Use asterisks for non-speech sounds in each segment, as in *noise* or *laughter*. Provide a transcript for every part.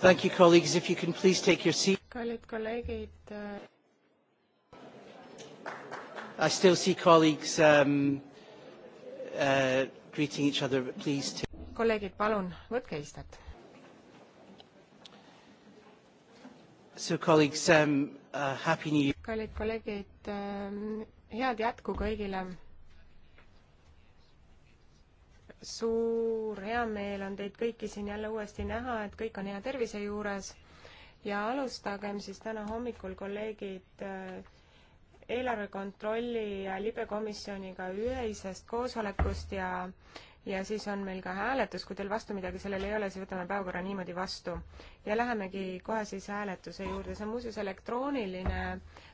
Thank you, colleagues. If you can please take your seat. kallid kolleegid. I still see colleagues um, uh, greeting each other, but please. kolleegid, palun võtke istet. So colleagues um,, uh, happy new year. kallid kolleegid um,, head jätku kõigile suur heameel on teid kõiki siin jälle uuesti näha, et kõik on hea tervise juures ja alustagem siis täna hommikul, kolleegid, äh, eelarve kontrolli ja libekomisjoniga ühisest koosolekust ja ja siis on meil ka hääletus, kui teil vastu midagi sellele ei ole, siis võtame päevakorra niimoodi vastu. ja lähemegi kohe siis hääletuse juurde, see on muuseas elektrooniline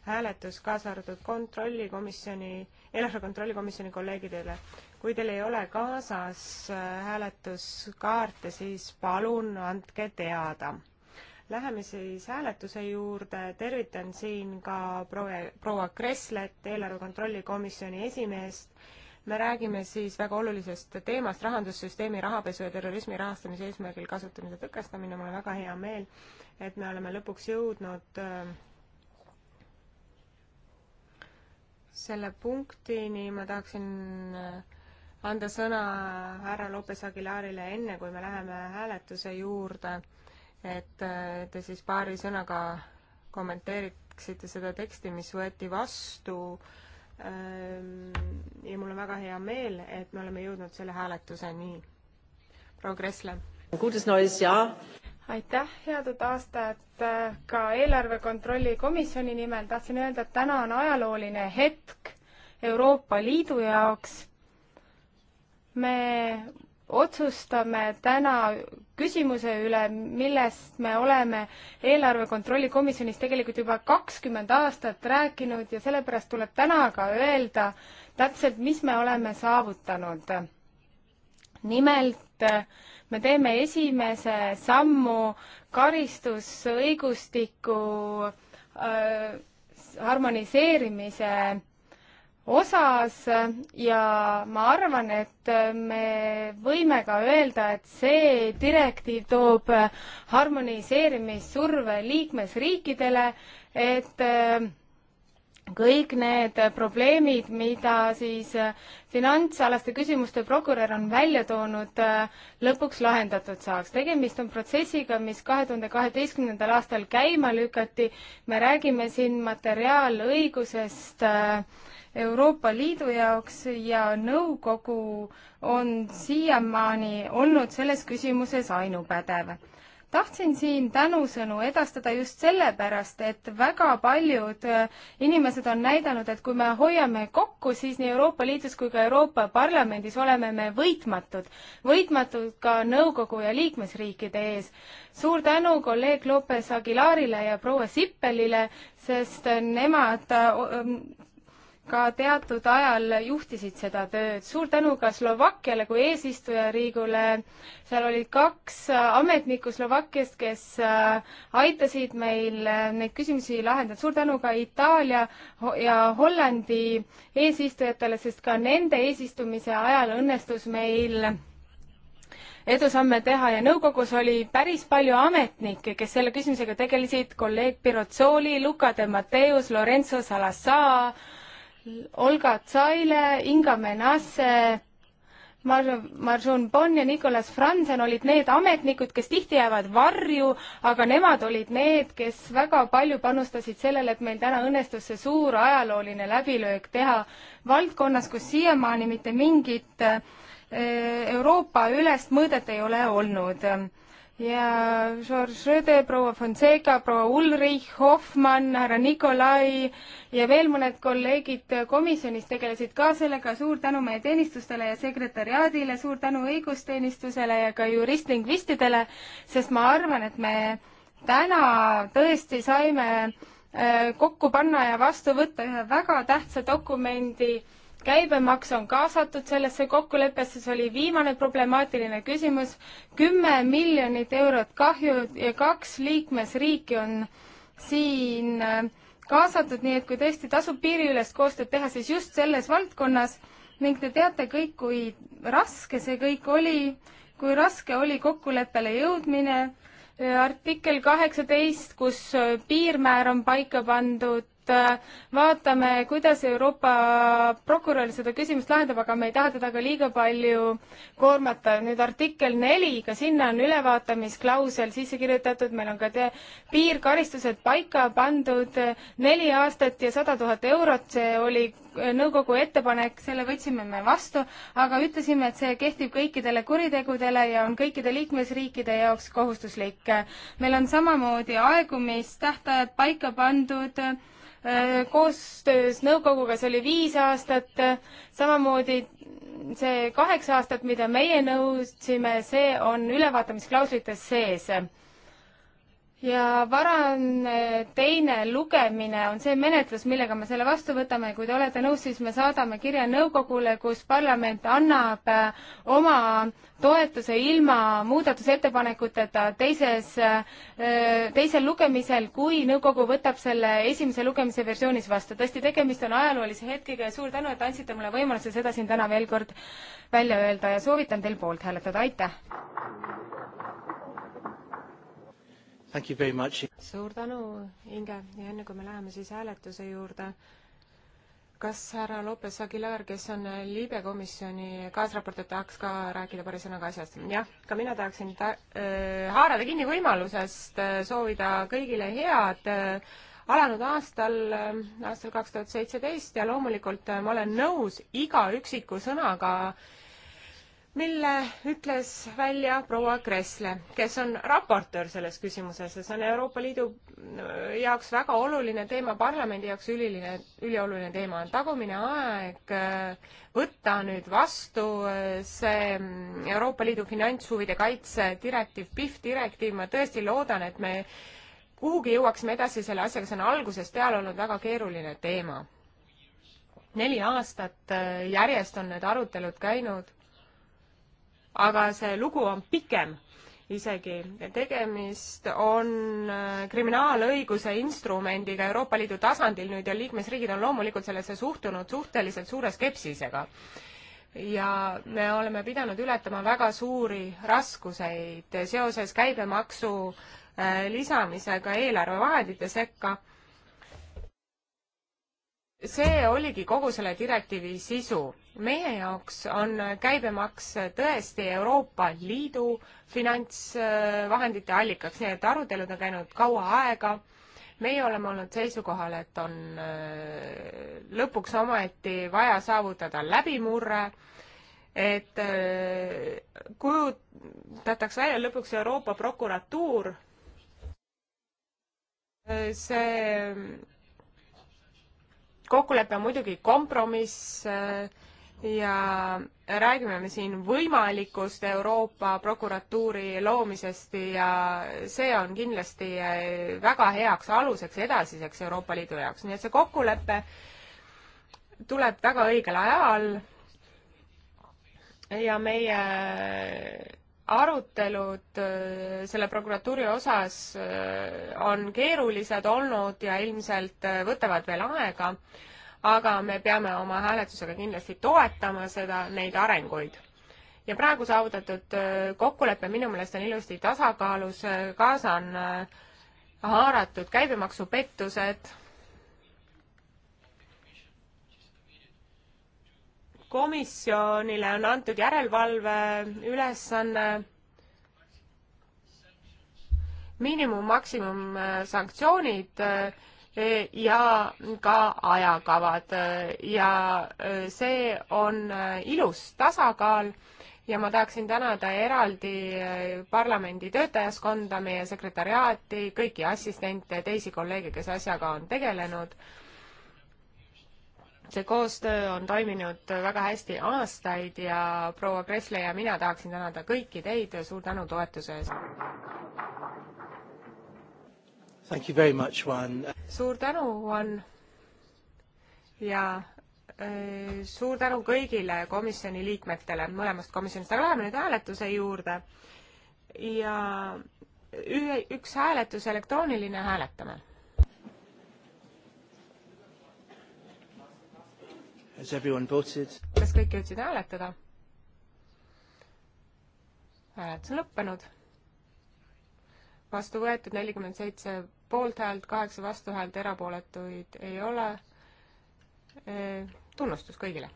hääletus, kaasa arvatud kontrollikomisjoni, eelarve kontrollikomisjoni kolleegidele kui teil ei ole kaasas äh, hääletuskaarte, siis palun andke teada. Läheme siis hääletuse juurde, tervitan siin ka proua, proua Kresslet, eelarve kontrolli komisjoni esimeest. me räägime siis väga olulisest teemast, rahandussüsteemi rahapesu ja terrorismi rahastamise eesmärgil kasutamise tõkestamine, mul on väga hea meel, et me oleme lõpuks jõudnud äh, selle punktini, ma tahaksin äh, anda sõna härra Lopes Aguilarile enne, kui me läheme hääletuse juurde, et äh, te siis paari sõnaga kommenteeriksite seda teksti, mis võeti vastu. Ähm, ja mul on väga hea meel, et me oleme jõudnud selle hääletuseni. proua Kressle. aitäh, head uut aastat äh, ka eelarve kontrolli komisjoni nimel tahtsin öelda, et täna on ajalooline hetk Euroopa Liidu jaoks me otsustame täna küsimuse üle, millest me oleme eelarve kontrolli komisjonis tegelikult juba kakskümmend aastat rääkinud ja sellepärast tuleb täna ka öelda täpselt, mis me oleme saavutanud. nimelt me teeme esimese sammu karistusõigustiku äh, harmoniseerimise äh, osas ja ma arvan, et me võime ka öelda, et see direktiiv toob harmoniseerimissurve liikmesriikidele, et äh, kõik need probleemid, mida siis äh, finantsalaste küsimuste prokurör on välja toonud, äh, lõpuks lahendatud saaks. tegemist on protsessiga, mis kahe tuhande kaheteistkümnendal aastal käima lükati. me räägime siin materiaalõigusest äh, Euroopa Liidu jaoks ja nõukogu on siiamaani olnud selles küsimuses ainupädev. tahtsin siin tänusõnu edastada just sellepärast, et väga paljud äh, inimesed on näidanud, et kui me hoiame kokku, siis nii Euroopa Liidus kui ka Euroopa Parlamendis oleme me võitmatud, võitmatud ka nõukogu ja liikmesriikide ees suur tänu kolleeg Lopez Aguilarile ja proua Sippelile, sest nemad äh, ka teatud ajal juhtisid seda tööd. suur tänu ka Slovakkiale kui eesistujariigule. seal olid kaks ametnikku Slovakkiast, kes äh, aitasid meil äh, neid küsimusi lahendada. suur tänu ka Itaalia ja Hollandi eesistujatele, sest ka nende eesistumise ajal õnnestus meil edusamme teha ja nõukogus oli päris palju ametnikke, kes selle küsimusega tegelesid, kolleeg Pirotsooli, Luka de Mateus, Lorenzo Salazar, Olga Tsaile, Inga Menasse, Mar-, Marjun Bonn ja Nicolas Franzen olid need ametnikud, kes tihti jäävad varju, aga nemad olid need, kes väga palju panustasid sellele, et meil täna õnnestus see suur ajalooline läbilöök teha valdkonnas, kus siiamaani mitte mingit äh, Euroopa ülest mõõdet ei ole olnud ja George Röde, proua Fonseca, proua Ulrich Hoffmann, härra Nikolai ja veel mõned kolleegid komisjonis tegelesid ka sellega. suur tänu meie teenistustele ja sekretäriaadile, suur tänu õigusteenistusele ja ka juristlingvistidele, sest ma arvan, et me täna tõesti saime äh, kokku panna ja vastu võtta ühe väga tähtsa dokumendi käibemaks on kaasatud sellesse kokkuleppesse, see oli viimane problemaatiline küsimus. kümme miljonit eurot kahju ja kaks liikmesriiki on siin äh, kaasatud, nii et kui tõesti tasub piiriülest koostööd teha, siis just selles valdkonnas ning te teate kõik, kui raske see kõik oli, kui raske oli kokkuleppele jõudmine äh, artikkel kaheksateist, kus äh, piirmäär on paika pandud Äh, vaatame, kuidas Euroopa prokurör seda küsimust lahendab, aga me ei taha teda ka liiga palju koormata. nüüd artikkel neli, ka sinna on ülevaatamisklausel sisse kirjutatud, meil on ka te-, piirkaristused paika pandud, neli aastat ja sada tuhat eurot, see oli nõukogu ettepanek, selle võtsime me vastu, aga ütlesime, et see kehtib kõikidele kuritegudele ja on kõikide liikmesriikide jaoks kohustuslik. meil on samamoodi aegumistähtajad paika pandud Äh, koostöös nõukoguga, see oli viis aastat, samamoodi see kaheksa aastat, mida meie nõudsime, see on ülevaatamisklauslites sees ja varane teine lugemine on see menetlus, millega me selle vastu võtame ja kui te olete nõus, siis me saadame kirja nõukogule, kus parlament annab äh, oma toetuse ilma muudatusettepanekuteta teises, äh, teisel lugemisel, kui nõukogu võtab selle esimese lugemise versioonis vastu. tõesti, tegemist on ajaloolise hetkega ja suur tänu, et andsite mulle võimaluse seda siin täna veel kord välja öelda ja soovitan teil poolt hääletada, aitäh! suur tänu, Inge, ja enne kui me läheme siis hääletuse juurde, kas härra Lopez Aguilar, kes on Liibe komisjoni kaasraportöör, tahaks ka rääkida paari sõnaga asjast? jah, ka mina tahaksin ta- äh,, haarada kinni võimalusest äh, soovida kõigile head äh, alanud aastal, äh, aastal kaks tuhat seitseteist ja loomulikult äh, ma olen nõus iga üksiku sõnaga äh, mille ütles välja proua Kressle, kes on raportöör selles küsimuses ja see on Euroopa Liidu äh, jaoks väga oluline teema, parlamendi jaoks üliline, ülioluline teema on tagumine aeg äh, võtta nüüd vastu äh, see mm, Euroopa Liidu finantshuvide kaitse direktiiv, PIF direktiiv, ma tõesti loodan, et me kuhugi jõuaksime edasi selle asjaga, see on algusest peale olnud väga keeruline teema. neli aastat järjest on need arutelud käinud aga see lugu on pikem isegi. tegemist on äh, kriminaalõiguse instrumendiga Euroopa Liidu tasandil nüüd ja liikmesriigid on loomulikult sellesse suhtunud suhteliselt suure skepsisega. ja me oleme pidanud ületama väga suuri raskuseid seoses käibemaksu äh, lisamist ka eelarvevahendite sekka see oligi kogu selle direktiivi sisu. meie jaoks on käibemaks tõesti Euroopa Liidu finantsvahendite allikaks, nii et arutelud on käinud kaua aega. meie oleme olnud seisukohal, et on äh, lõpuks ometi vaja saavutada läbimurre, et äh, kujutataks välja lõpuks Euroopa prokuratuur, äh, see kokkulepe on muidugi kompromiss äh, ja räägime me siin võimalikust Euroopa prokuratuuri loomisest ja see on kindlasti äh, väga heaks aluseks edasiseks Euroopa Liidu jaoks, nii et see kokkulepe tuleb väga õigel ajal ja meie arutelud äh, selle prokuratuuri osas äh, on keerulised olnud ja ilmselt äh, võtavad veel aega, aga me peame oma hääletusega kindlasti toetama seda, neid arenguid. ja praegu saavutatud kokkulepe minu meelest on ilusti tasakaalus, kaasa on haaratud käibemaksupettused komisjonile on antud järelevalve ülesanne miinimum, maksimum äh, sanktsioonid äh, ja ka ajakavad ja äh, see on ilus tasakaal ja ma tahaksin tänada eraldi parlamendi töötajaskonda, meie sekretäriaati, kõiki assistente, teisi kolleege, kes asjaga on tegelenud see koostöö on toiminud väga hästi aastaid ja proua Kressle ja mina tahaksin tänada kõiki teid, suur tänu toetuse eest! suur tänu, Juan! ja äh, suur tänu kõigile komisjoni liikmetele mõlemast komisjonist, aga läheme nüüd hääletuse juurde. ja ühe, üks hääletus, elektrooniline hääletame kas kõik jõudsid hääletada? hääletus on lõppenud. vastu võetud nelikümmend seitse poolthäält, kaheksa vastuhäält, erapooletuid ei ole. E, tunnustus kõigile.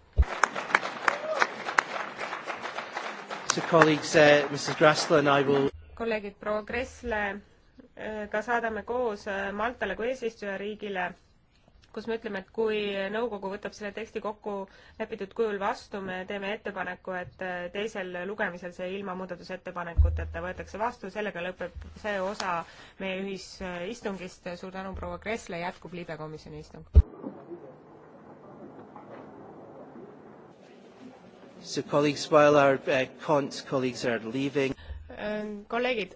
Uh, kolleegid, proua Kressle, e, ka saadame koos e, Maltale kui eesistujariigile kus me ütleme, et kui nõukogu võtab selle teksti kokku lepitud kujul vastu, me teeme ettepaneku, et äh, teisel lugemisel see ilma muudatusettepanekuteta võetakse vastu, sellega lõpeb see osa meie ühisistungist. suur tänu, proua Kressle, jätkub libe komisjoni istung. So colleagues, while our uh, Kant colleagues are leaving. Äh, kolleegid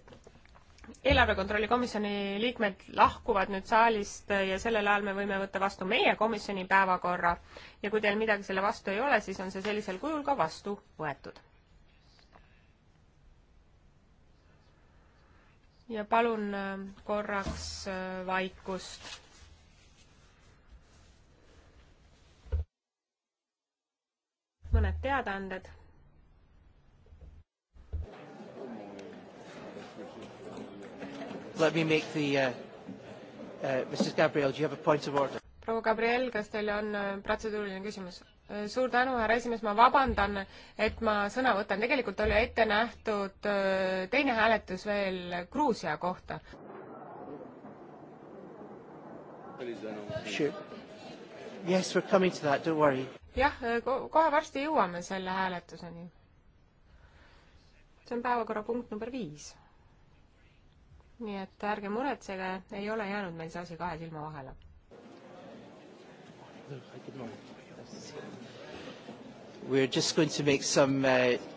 eelarve kontrolli komisjoni liikmed lahkuvad nüüd saalist ja sellel ajal me võime võtta vastu meie komisjoni päevakorra ja kui teil midagi selle vastu ei ole, siis on see sellisel kujul ka vastu võetud. ja palun äh, korraks äh, vaikust mõned teadaanded Let me make the uh, uh, Mrs Gabriel, do you have a point of order? proua Gabriel, kas teil on uh, protseduuriline küsimus? Uh, suur tänu, härra esimees, ma vabandan, et ma sõna võtan, tegelikult oli ette nähtud uh, teine hääletus veel Gruusia kohta. jah, kohe varsti jõuame selle hääletuseni. see on päevakorrapunkt number viis nii et ärge muretsege, ei ole jäänud meil see asi kahe silma vahele. Some... Uh,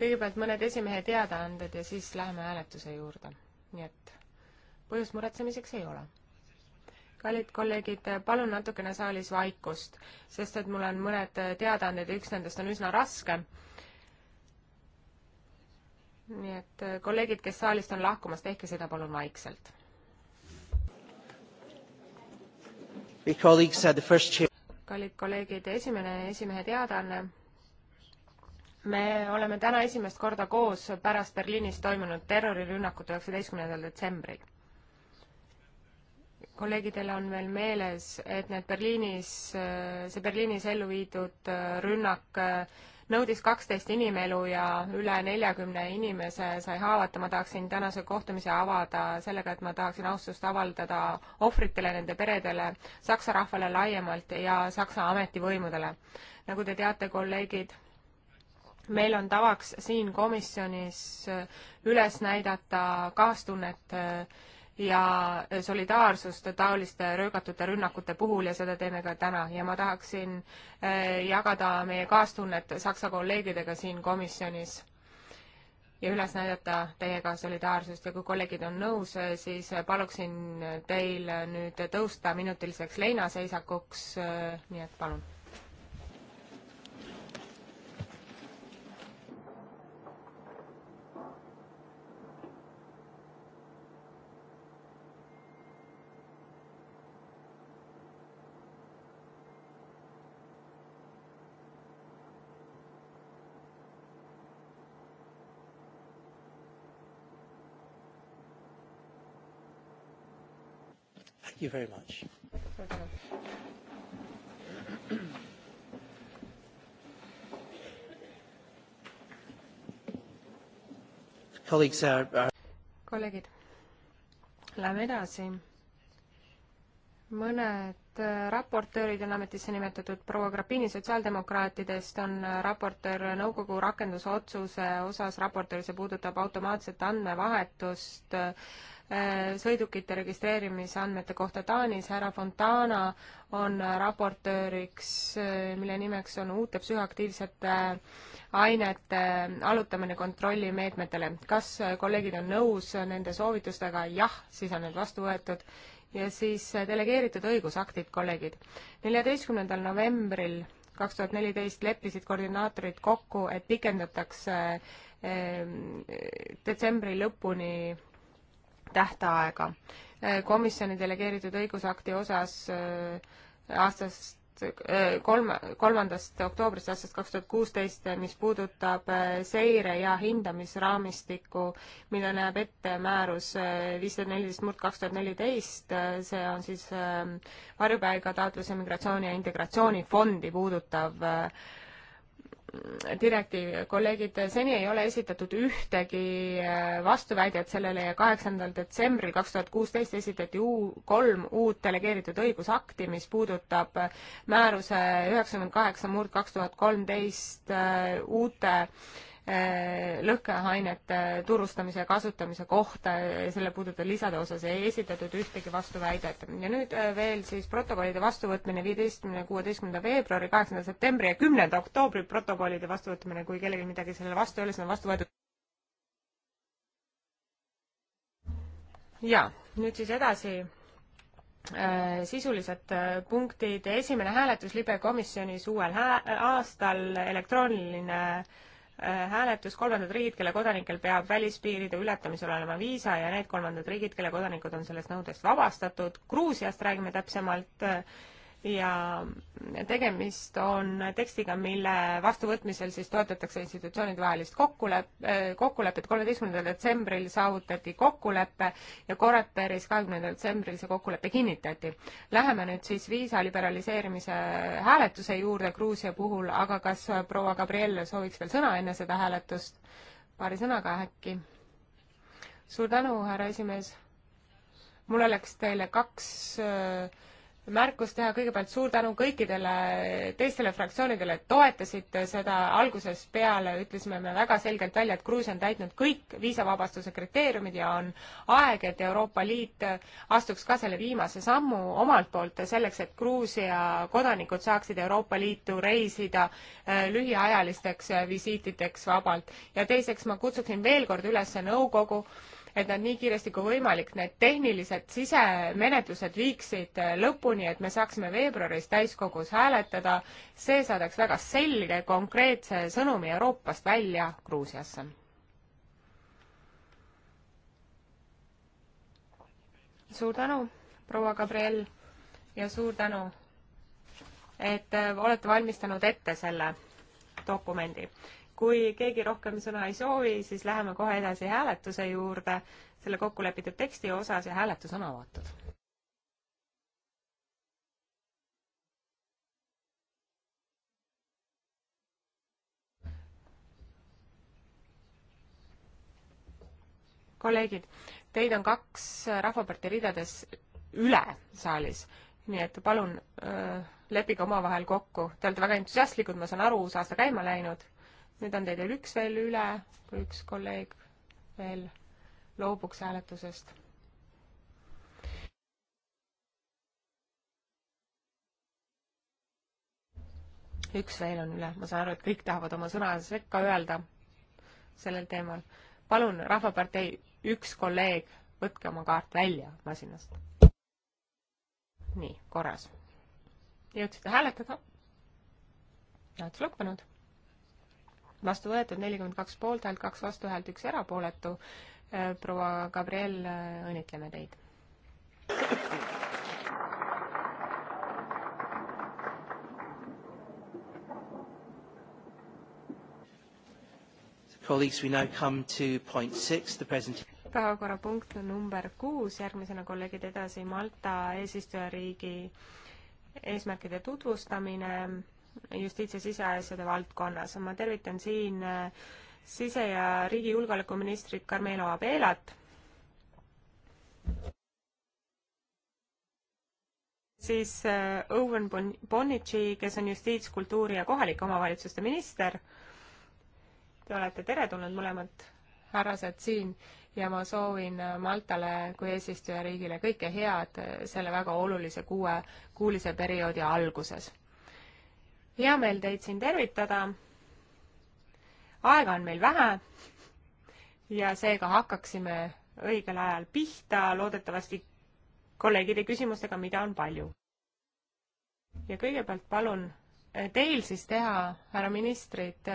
kõigepealt mõned esimehe teadaanded ja siis läheme hääletuse juurde, nii et põhjust muretsemiseks ei ole. kallid kolleegid, palun natukene saalis vaikust, sest et mul on mõned teadaanded ja üks nendest on üsna raske nii et äh, kolleegid, kes saalist on lahkumas, tehke seda palun vaikselt. kallid kolleegid, esimene esimehe teadaanne. me oleme täna esimest korda koos pärast Berliinis toimunud terrorirünnakut üheksateistkümnendal detsembril. kolleegidel on veel meeles, et need Berliinis, äh, see Berliinis ellu viidud äh, rünnak nõudis kaksteist inimelu ja üle neljakümne inimese sai haavata. ma tahaksin tänase kohtumise avada sellega, et ma tahaksin austust avaldada ohvritele, nende peredele, Saksa rahvale laiemalt ja Saksa ametivõimudele. nagu te teate, kolleegid, meil on tavaks siin komisjonis üles näidata kaastunnet ja solidaarsust taoliste röögatute rünnakute puhul ja seda teeme ka täna ja ma tahaksin äh, jagada meie kaastunnet Saksa kolleegidega siin komisjonis ja üles näidata teiega solidaarsust ja kui kolleegid on nõus, äh, siis äh, paluksin teil nüüd tõusta minutiliseks leinaseisakuks, nii et palun you very much. Colleagues are, uh, are... Uh, kolleegid, läheme edasi. mõned äh, raportöörid on ametisse nimetatud, proua Grapini sotsiaaldemokraatidest on äh, raportöör nõukogu rakendusotsuse osas raportöör, see puudutab automaatset andmevahetust äh, Äh, sõidukite registreerimise andmete kohta Taanis. härra Fontana on raportööriks, äh, mille nimeks on uute psühhoaktiivsete ainete allutamine kontrollimeetmetele. kas äh, kolleegid on nõus nende soovitustega? jah, siis on need vastu võetud ja siis delegeeritud õigusaktid, kolleegid. neljateistkümnendal novembril kaks tuhat neliteist leppisid koordinaatorid kokku, et pikendatakse detsembri lõpuni tähtaega. komisjoni delegeeritud õigusakti osas äh, aastast äh, kolm, kolmandast oktoobrist aastast kaks tuhat kuusteist, mis puudutab äh, seire- ja hindamisraamistikku, mida näeb ette määrus viissada neliteist murd kaks tuhat neliteist, see on siis varjupaigataotluse migratsiooni ja integratsioonifondi puudutav äh, direktiivi. kolleegid, seni ei ole esitatud ühtegi äh, vastuväidet sellele ja kaheksandal detsembril kaks tuhat kuusteist esitati uu-, kolm uut delegeeritud õigusakti, mis puudutab äh, määruse üheksakümmend kaheksa murd kaks tuhat kolmteist äh, uute Äh, lõhkeainete turustamise ja kasutamise kohta selle puudutav lisade osas ei esitatud ühtegi vastuväidet. ja nüüd äh, veel siis protokollide vastuvõtmine viieteistkümne, kuueteistkümnenda veebruari, kaheksanda septembri ja kümnenda oktoobri protokollide vastuvõtmine, kui kellelgi midagi sellele vastu ei ole, siis on vastu võetud. ja nüüd siis edasi äh, sisulised punktid, esimene hääletus libekomisjonis uuel hää-, aastal, elektrooniline äh, Äh, hääletus, kolmandad riigid, kelle kodanikel peab välispiiride ületamisel olema viisa ja need kolmandad riigid, kelle kodanikud on sellest nõudest vabastatud. Gruusiast räägime täpsemalt äh, ja tegemist on tekstiga, mille vastuvõtmisel siis toetatakse institutsioonide vahelist kokkulepp-, äh, kokkulepet. kolmeteistkümnendal detsembril saavutati kokkulepe ja Coreperis kahekümnendal detsembril see kokkulepe kinnitati. Läheme nüüd siis viisa liberaliseerimise hääletuse juurde Gruusia puhul, aga kas proua Gabriel sooviks veel sõna enne seda hääletust? paari sõnaga äkki? suur tänu, härra esimees. mul oleks teile kaks äh, märkus teha, kõigepealt suur tänu kõikidele teistele fraktsioonidele, et toetasite seda, algusest peale ütlesime me väga selgelt välja, et Gruusia on täitnud kõik viisavabastuse kriteeriumid ja on aeg, et Euroopa Liit astuks ka selle viimase sammu omalt poolt selleks, et Gruusia kodanikud saaksid Euroopa Liitu reisida äh, lühiajalisteks visiitideks vabalt. ja teiseks ma kutsuksin veel kord üles nõukogu no et nad nii kiiresti kui võimalik need tehnilised sisemenetlused viiksid lõpuni, et me saaksime veebruaris täiskogus hääletada. see saadaks väga selge konkreetse sõnumi Euroopast välja Gruusiasse. suur tänu, proua Gabriel ja suur tänu, et olete valmistanud ette selle dokumendi kui keegi rohkem sõna ei soovi, siis läheme kohe edasi hääletuse juurde selle kokkulepitud teksti osas ja hääletus on avatud. kolleegid, teid on kaks Rahvapartei ridades üle saalis, nii et palun öö, äh, leppige omavahel kokku, te olete väga entusiastlikud, ma saan aru, uus aasta käima läinud nüüd on teil veel üks veel üle, kui üks kolleeg veel loobuks hääletusest. üks veel on üle, ma saan aru, et kõik tahavad oma sõna sekka öelda sellel teemal. palun, Rahvapartei üks kolleeg, võtke oma kaart välja masinast. nii, korras. jõudsite hääletada? hääletus lõppenud vastu võetud, nelikümmend kaks poolthäält, kaks vastuhäält, üks erapooletu. Äh, proua Gabriel, äh, õnnitleme teid. Colleagues, we now come to point six, the present päevakorrapunkt number kuus, järgmisena kolleegid edasi Malta eesistujariigi eesmärkide tutvustamine justiits- ja siseasjade valdkonnas. ma tervitan siin äh, sise- ja riigi julgeolekuministrit Carmelo Abelat. siis äh, Owen Bon-, Bonnici, kes on justiits-, kultuuri- ja kohalike omavalitsuste minister. Te olete teretulnud mõlemad härrased siin ja ma soovin äh, Maltale kui eesistujariigile kõike head selle väga olulise kuue kuulise perioodi alguses hea meel teid siin tervitada. aega on meil vähe ja seega hakkaksime õigel ajal pihta, loodetavasti kolleegide küsimustega, mida on palju. ja kõigepealt palun teil siis teha, härra ministrid,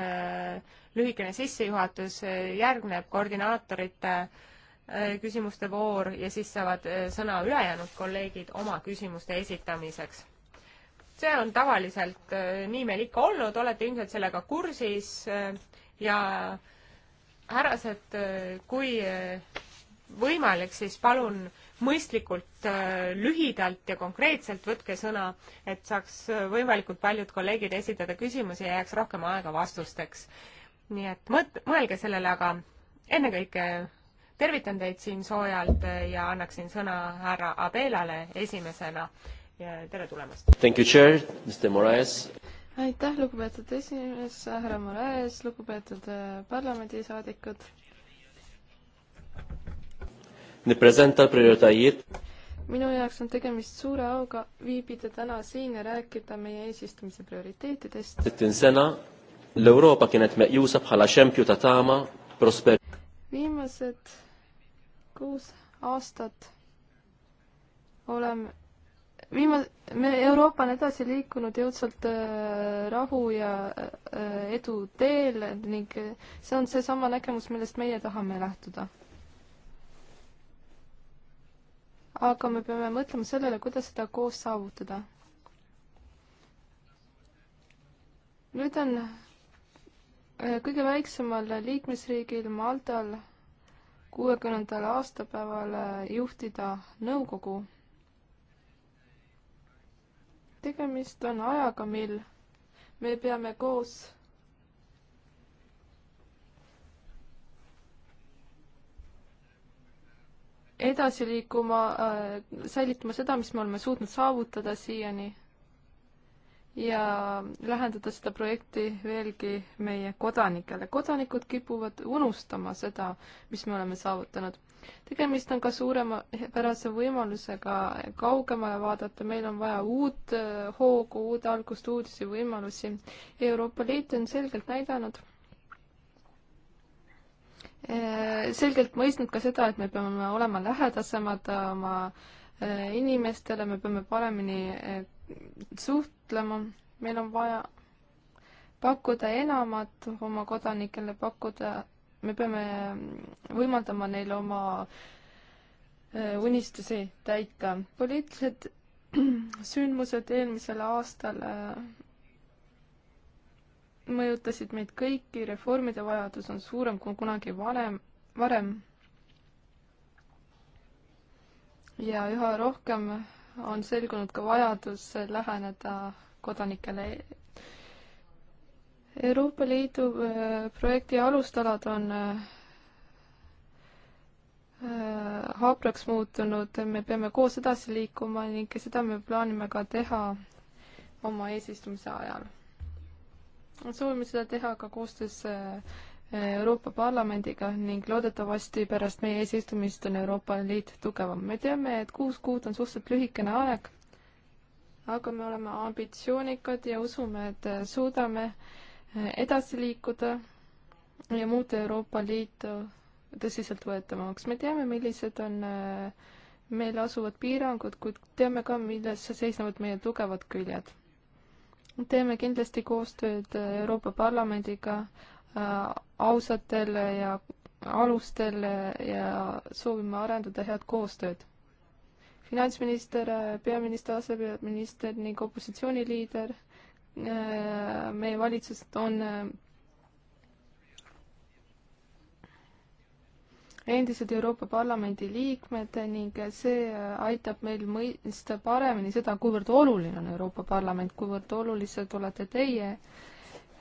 lühikene sissejuhatus, järgneb koordinaatorite äh, küsimuste voor ja siis saavad äh, sõna ülejäänud kolleegid oma küsimuste esitamiseks see on tavaliselt, äh, nii meil ikka olnud, olete ilmselt sellega kursis äh, ja härrased, äh, kui võimalik, siis palun mõistlikult lühidalt ja konkreetselt võtke sõna, et saaks võimalikult paljud kolleegid esitada küsimusi ja jääks rohkem aega vastusteks. nii et mõt-, mõelge sellele, aga ennekõike tervitan teid siin soojalt ja annaksin sõna härra Abelale esimesena ja tere tulemast! Thank you, chair, Mr Moraes! aitäh, lugupeetud esimees, härra Moraes, lugupeetud äh, parlamendisaadikud! minu jaoks on tegemist suure auga viibida täna siin ja rääkida meie eesistumise prioriteetidest. viimased kuus aastat oleme viima-, me Euroopa on edasi liikunud jõudsalt äh, rahu ja äh, edu teel ning äh, see on seesama nägemus, millest meie tahame lähtuda. aga me peame mõtlema sellele, kuidas seda koos saavutada. nüüd on kõige väiksemal liikmesriigil Maltal kuuekümnendal aastapäeval juhtida nõukogu tegemist on ajaga, mil me peame koos edasi liikuma äh,, säilitama seda, mis me oleme suutnud saavutada siiani ja lähendada seda projekti veelgi meie kodanikele. kodanikud kipuvad unustama seda, mis me oleme saavutanud tegemist on ka suuremapärase võimalusega kaugemale vaadata, meil on vaja uut äh, hoogu, uut algust, uusi võimalusi. Euroopa Liit on selgelt näidanud, äh, selgelt mõistnud ka seda, et me peame olema lähedasemad oma äh, inimestele, me peame paremini suhtlema, meil on vaja pakkuda enamat oma kodanikele, pakkuda me peame võimaldama neil oma äh, unistusi täita. poliitilised *clears throat* sündmused eelmisel aastal äh, mõjutasid meid kõiki, reformide vajadus on suurem kui kunagi varem, varem. ja üha rohkem on selgunud ka vajadus läheneda kodanikele Euroopa Liidu äh, projekti alustalad on äh, haabraks muutunud, me peame koos edasi liikuma ning seda me plaanime ka teha oma eesistumise ajal. soovime seda teha ka koostöös äh, Euroopa Parlamendiga ning loodetavasti pärast meie eesistumist on Euroopa Liit tugevam. me teame, et kuus kuud on suhteliselt lühikene aeg, aga me oleme ambitsioonikad ja usume, et suudame äh, edasi liikuda ja muuta Euroopa Liitu tõsiseltvõetavamaks. me teame, millised on äh, meil asuvad piirangud, kuid teame ka, milles seisnevad meie tugevad küljed. teeme kindlasti koostööd äh, Euroopa Parlamendiga äh, ausatel ja alustel ja soovime arendada head koostööd. finantsminister, peaminister, asepeaminister ning opositsiooniliider Äh, meie valitsused on äh, endised Euroopa Parlamendi liikmed ning see äh, aitab meil mõista paremini seda, kuivõrd oluline on Euroopa Parlament, kuivõrd olulised olete teie,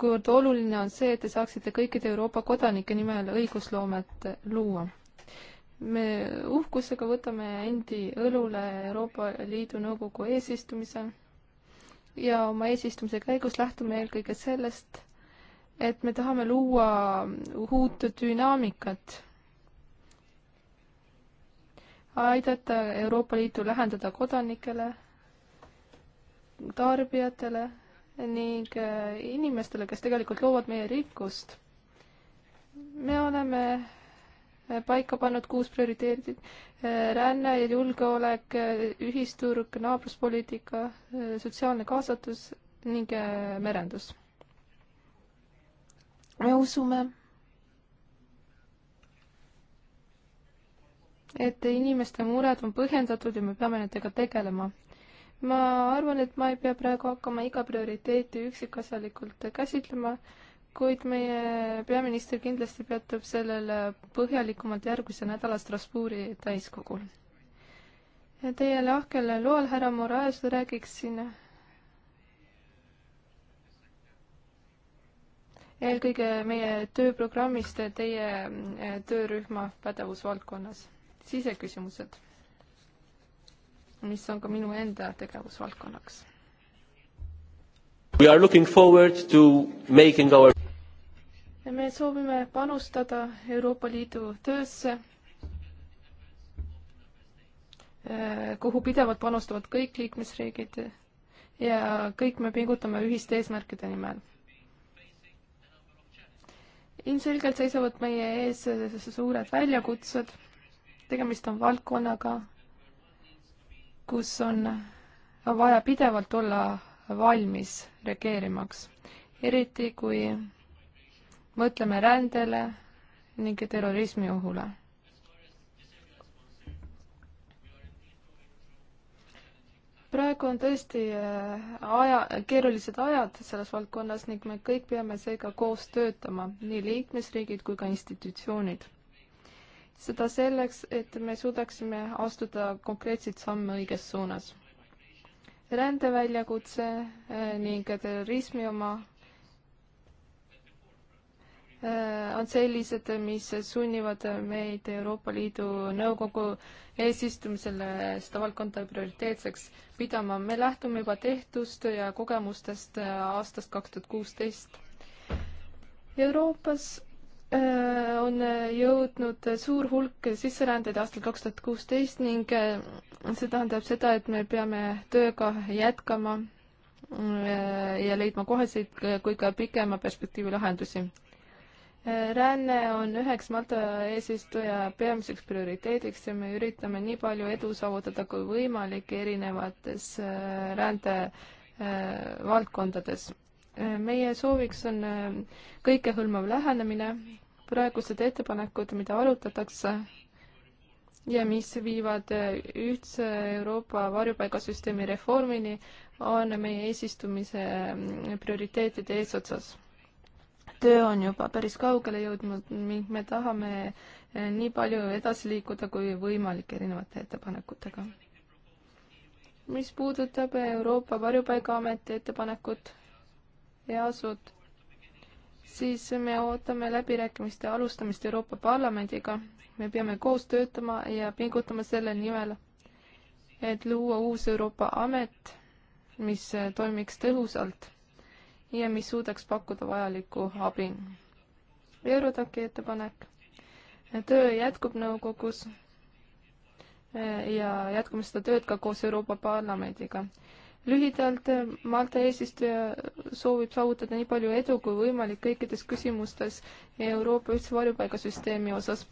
kuivõrd oluline on see, et te saaksite kõikide Euroopa kodanike nimel õigusloomet luua me uhkusega võtame endi õlule Euroopa Liidu Nõukogu eesistumise ja oma eesistumise käigus lähtume eelkõige sellest, et me tahame luua uut dünaamikat, aidata Euroopa Liitu lähendada kodanikele, tarbijatele ning äh, inimestele, kes tegelikult loovad meie rikkust. me oleme paika pannud kuus prioriteeti. Eh, ränne ja julgeolek, eh, ühisturg, naabruspoliitika, eh, sotsiaalne kaasatus ning merendus. me usume, et inimeste mured on põhjendatud ja me peame nendega tegelema ma arvan, et ma ei pea praegu hakkama iga prioriteeti üksikasjalikult käsitlema äh,, kuid meie peaminister kindlasti peatub sellele põhjalikumalt järgmise nädala Strasbourgi täiskogul. Teie lahkel loal, härra Moraes, räägiksin eelkõige meie tööprogrammist teie eh, töörühma pädevusvaldkonnas. siseküsimused, mis on ka minu enda tegevusvaldkonnaks. We are looking forward to making our me soovime panustada Euroopa Liidu töösse, äh, kuhu pidevalt panustavad kõik liikmesriigid ja kõik me pingutame ühiste eesmärkide nimel. ilmselgelt seisavad meie ees suured väljakutsed, tegemist on valdkonnaga, kus on vaja pidevalt olla valmis reageerimaks, eriti kui mõtleme rändele ning terrorismi ohule. praegu on tõesti äh, aja, keerulised ajad selles valdkonnas ning me kõik peame seega koos töötama, nii liikmesriigid kui ka institutsioonid. seda selleks, et me suudaksime astuda konkreetseid samme õiges suunas rändeväljakutse eh, ning terrorismi oma eh, on sellised, mis sunnivad meid Euroopa Liidu Nõukogu eesistumisel seda valdkonda prioriteetseks pidama. me lähtume juba tehtust ja kogemustest aastast kaks tuhat kuusteist. Euroopas Äh, on äh, jõudnud äh, suur hulk sisserändeid aastal kaks tuhat kuusteist ning see tähendab seda, et me peame tööga jätkama ja leidma koheseid kui ka pikema perspektiivi lahendusi. ränne on üheks Malta eesistuja peamiseks prioriteediks ja me üritame nii palju edu saavutada kui võimalik erinevates rände valdkondades meie sooviks on äh, kõikehõlmav lähenemine, praegused ettepanekud, mida arutatakse ja mis viivad äh, ühtse Euroopa varjupaigasüsteemi reformini, on meie eesistumise äh, prioriteetide eesotsas. töö on juba päris kaugele jõudnud ning me tahame nii palju edasi liikuda kui võimalik erinevate ettepanekutega. mis puudutab Euroopa Varjupaigaamet ettepanekut EASO-t, siis me ootame läbirääkimiste alustamist Euroopa Parlamendiga. me peame koos töötama ja pingutama selle nimel, et luua uus Euroopa amet, mis toimiks tõhusalt ja mis suudaks pakkuda vajalikku abi. Eurodaki ettepanek. töö jätkub nõukogus eh, ja jätkame seda tööd ka koos Euroopa Parlamendiga lühidalt, Malta eesistuja soovib saavutada nii palju edu kui võimalik kõikides küsimustes Euroopa ühtse varjupaigasüsteemi osas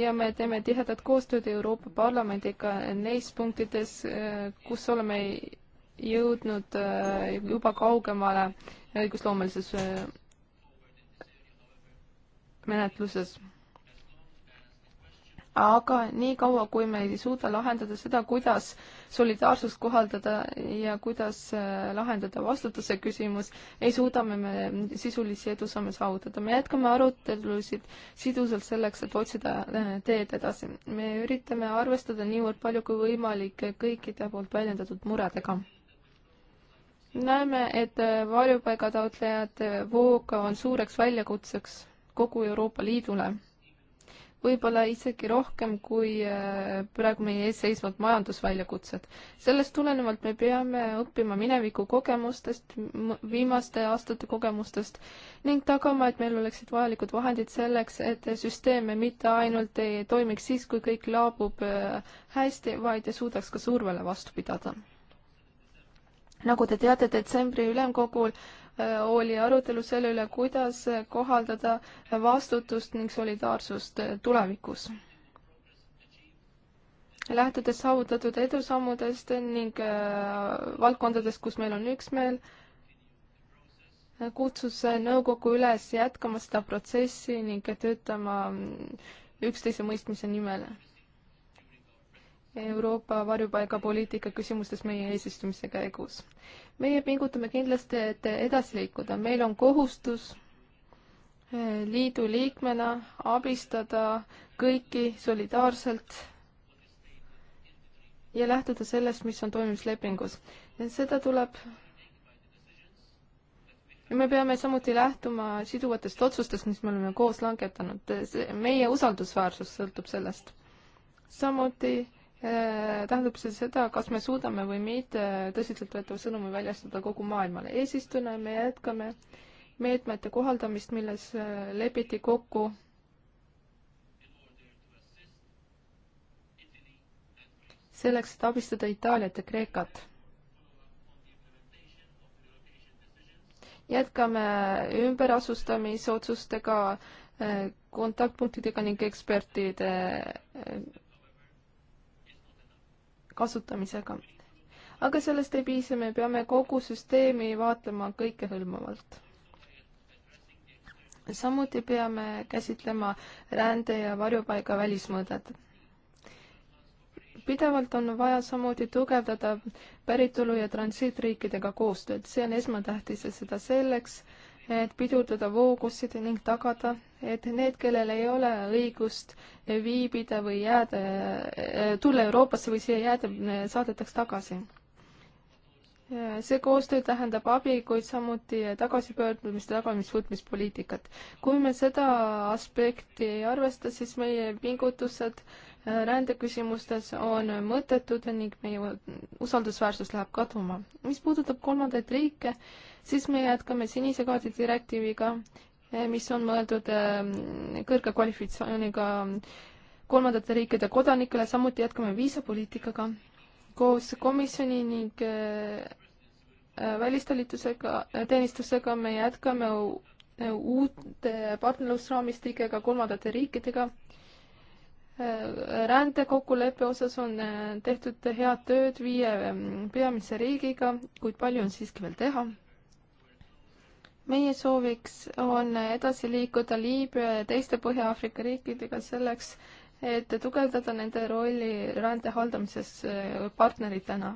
ja me teeme tihedat koostööd Euroopa Parlamendiga neis punktides, kus oleme jõudnud äh, juba kaugemale õigusloomelises äh, menetluses aga niikaua, kui me ei suuda lahendada seda, kuidas solidaarsust kohaldada ja kuidas äh, lahendada vastutuse küsimus, ei suuda me, me sisulisi edusamme saavutada. me jätkame arutelusid sidusalt selleks, et otsida äh, teed edasi. me üritame arvestada niivõrd palju kui võimalik kõikide poolt väljendatud muredega näeme, et äh, varjupaigataotlejate voog on suureks väljakutseks kogu Euroopa Liidule võib-olla isegi rohkem kui äh, praegu meie ees seisvad majandusväljakutsed. sellest tulenevalt me peame õppima mineviku kogemustest, viimaste aastate kogemustest ning tagama, et meil oleksid vajalikud vahendid selleks, et süsteem mitte ainult ei toimiks siis, kui kõik laabub äh, hästi, vaid suudaks ka survele vastu pidada nagu te teate, detsembri ülemkogul Äh, oli arutelu selle üle, kuidas kohaldada vastutust ning solidaarsust äh, tulevikus. lähtudes saavutatud edusammudest ning äh, valdkondadest, kus meil on üksmeel, kutsus nõukogu üles jätkama seda protsessi ning töötama mm, üksteise mõistmise nimel Euroopa varjupaigapoliitika küsimustes meie eesistumise käigus. meie pingutame kindlasti, et edasi liikuda, meil on kohustus eh, liidu liikmena abistada kõiki solidaarselt ja lähtuda sellest, mis on toimimislepingus. seda tuleb ja me peame samuti lähtuma siduvatest otsustest, mis me oleme koos langetanud, meie usaldusväärsus sõltub sellest. samuti Äh, tähendab see seda, kas me suudame või mitte tõsiseltvõetava sõnumi väljastada kogu maailmale. eesistujana me jätkame meetmete kohaldamist, milles äh, lepiti kokku selleks, et abistada Itaaliat ja Kreekat. jätkame ümberasustamisotsustega, äh, kontaktpunktidega ning ekspertide kasutamisega. aga sellest ei piisa, me peame kogu süsteemi vaatlema kõikehõlmavalt. samuti peame käsitlema rände ja varjupaiga välismõõdet. pidevalt on vaja samuti tugevdada päritolu- ja transiitriikidega koostööd, see on esmatähtis ja seda selleks, et pidurdada voogusid ning tagada, et need, kellel ei ole õigust viibida või jääda, äh, tulla Euroopasse või siia jääda, saadetaks tagasi. see koostöö tähendab abi, kuid samuti tagasipöördumist ja tagamisvõtmispoliitikat. kui me seda aspekti ei arvesta, siis meie pingutused äh, rändeküsimustes on mõttetud ning meie usaldusväärsus läheb kaduma. mis puudutab kolmandaid riike, siis me jätkame sinise kaardi direktiiviga, eh, mis on mõeldud eh, kõrge kvalifikatsiooniga kolmandate riikide kodanikele, samuti jätkame viisapoliitikaga koos komisjoni ning eh, välistalitusega, teenistusega me jätkame uute partnerlusraamistikega kolmandate riikidega rändekokkuleppe osas on äh, tehtud head tööd viie ähm, peamise riigiga, kuid palju on siiski veel teha. meie sooviks on edasi liikuda Liibüa ja teiste Põhja-Aafrika riikidega selleks, et tugevdada nende rolli rände haldamises äh, partneritena.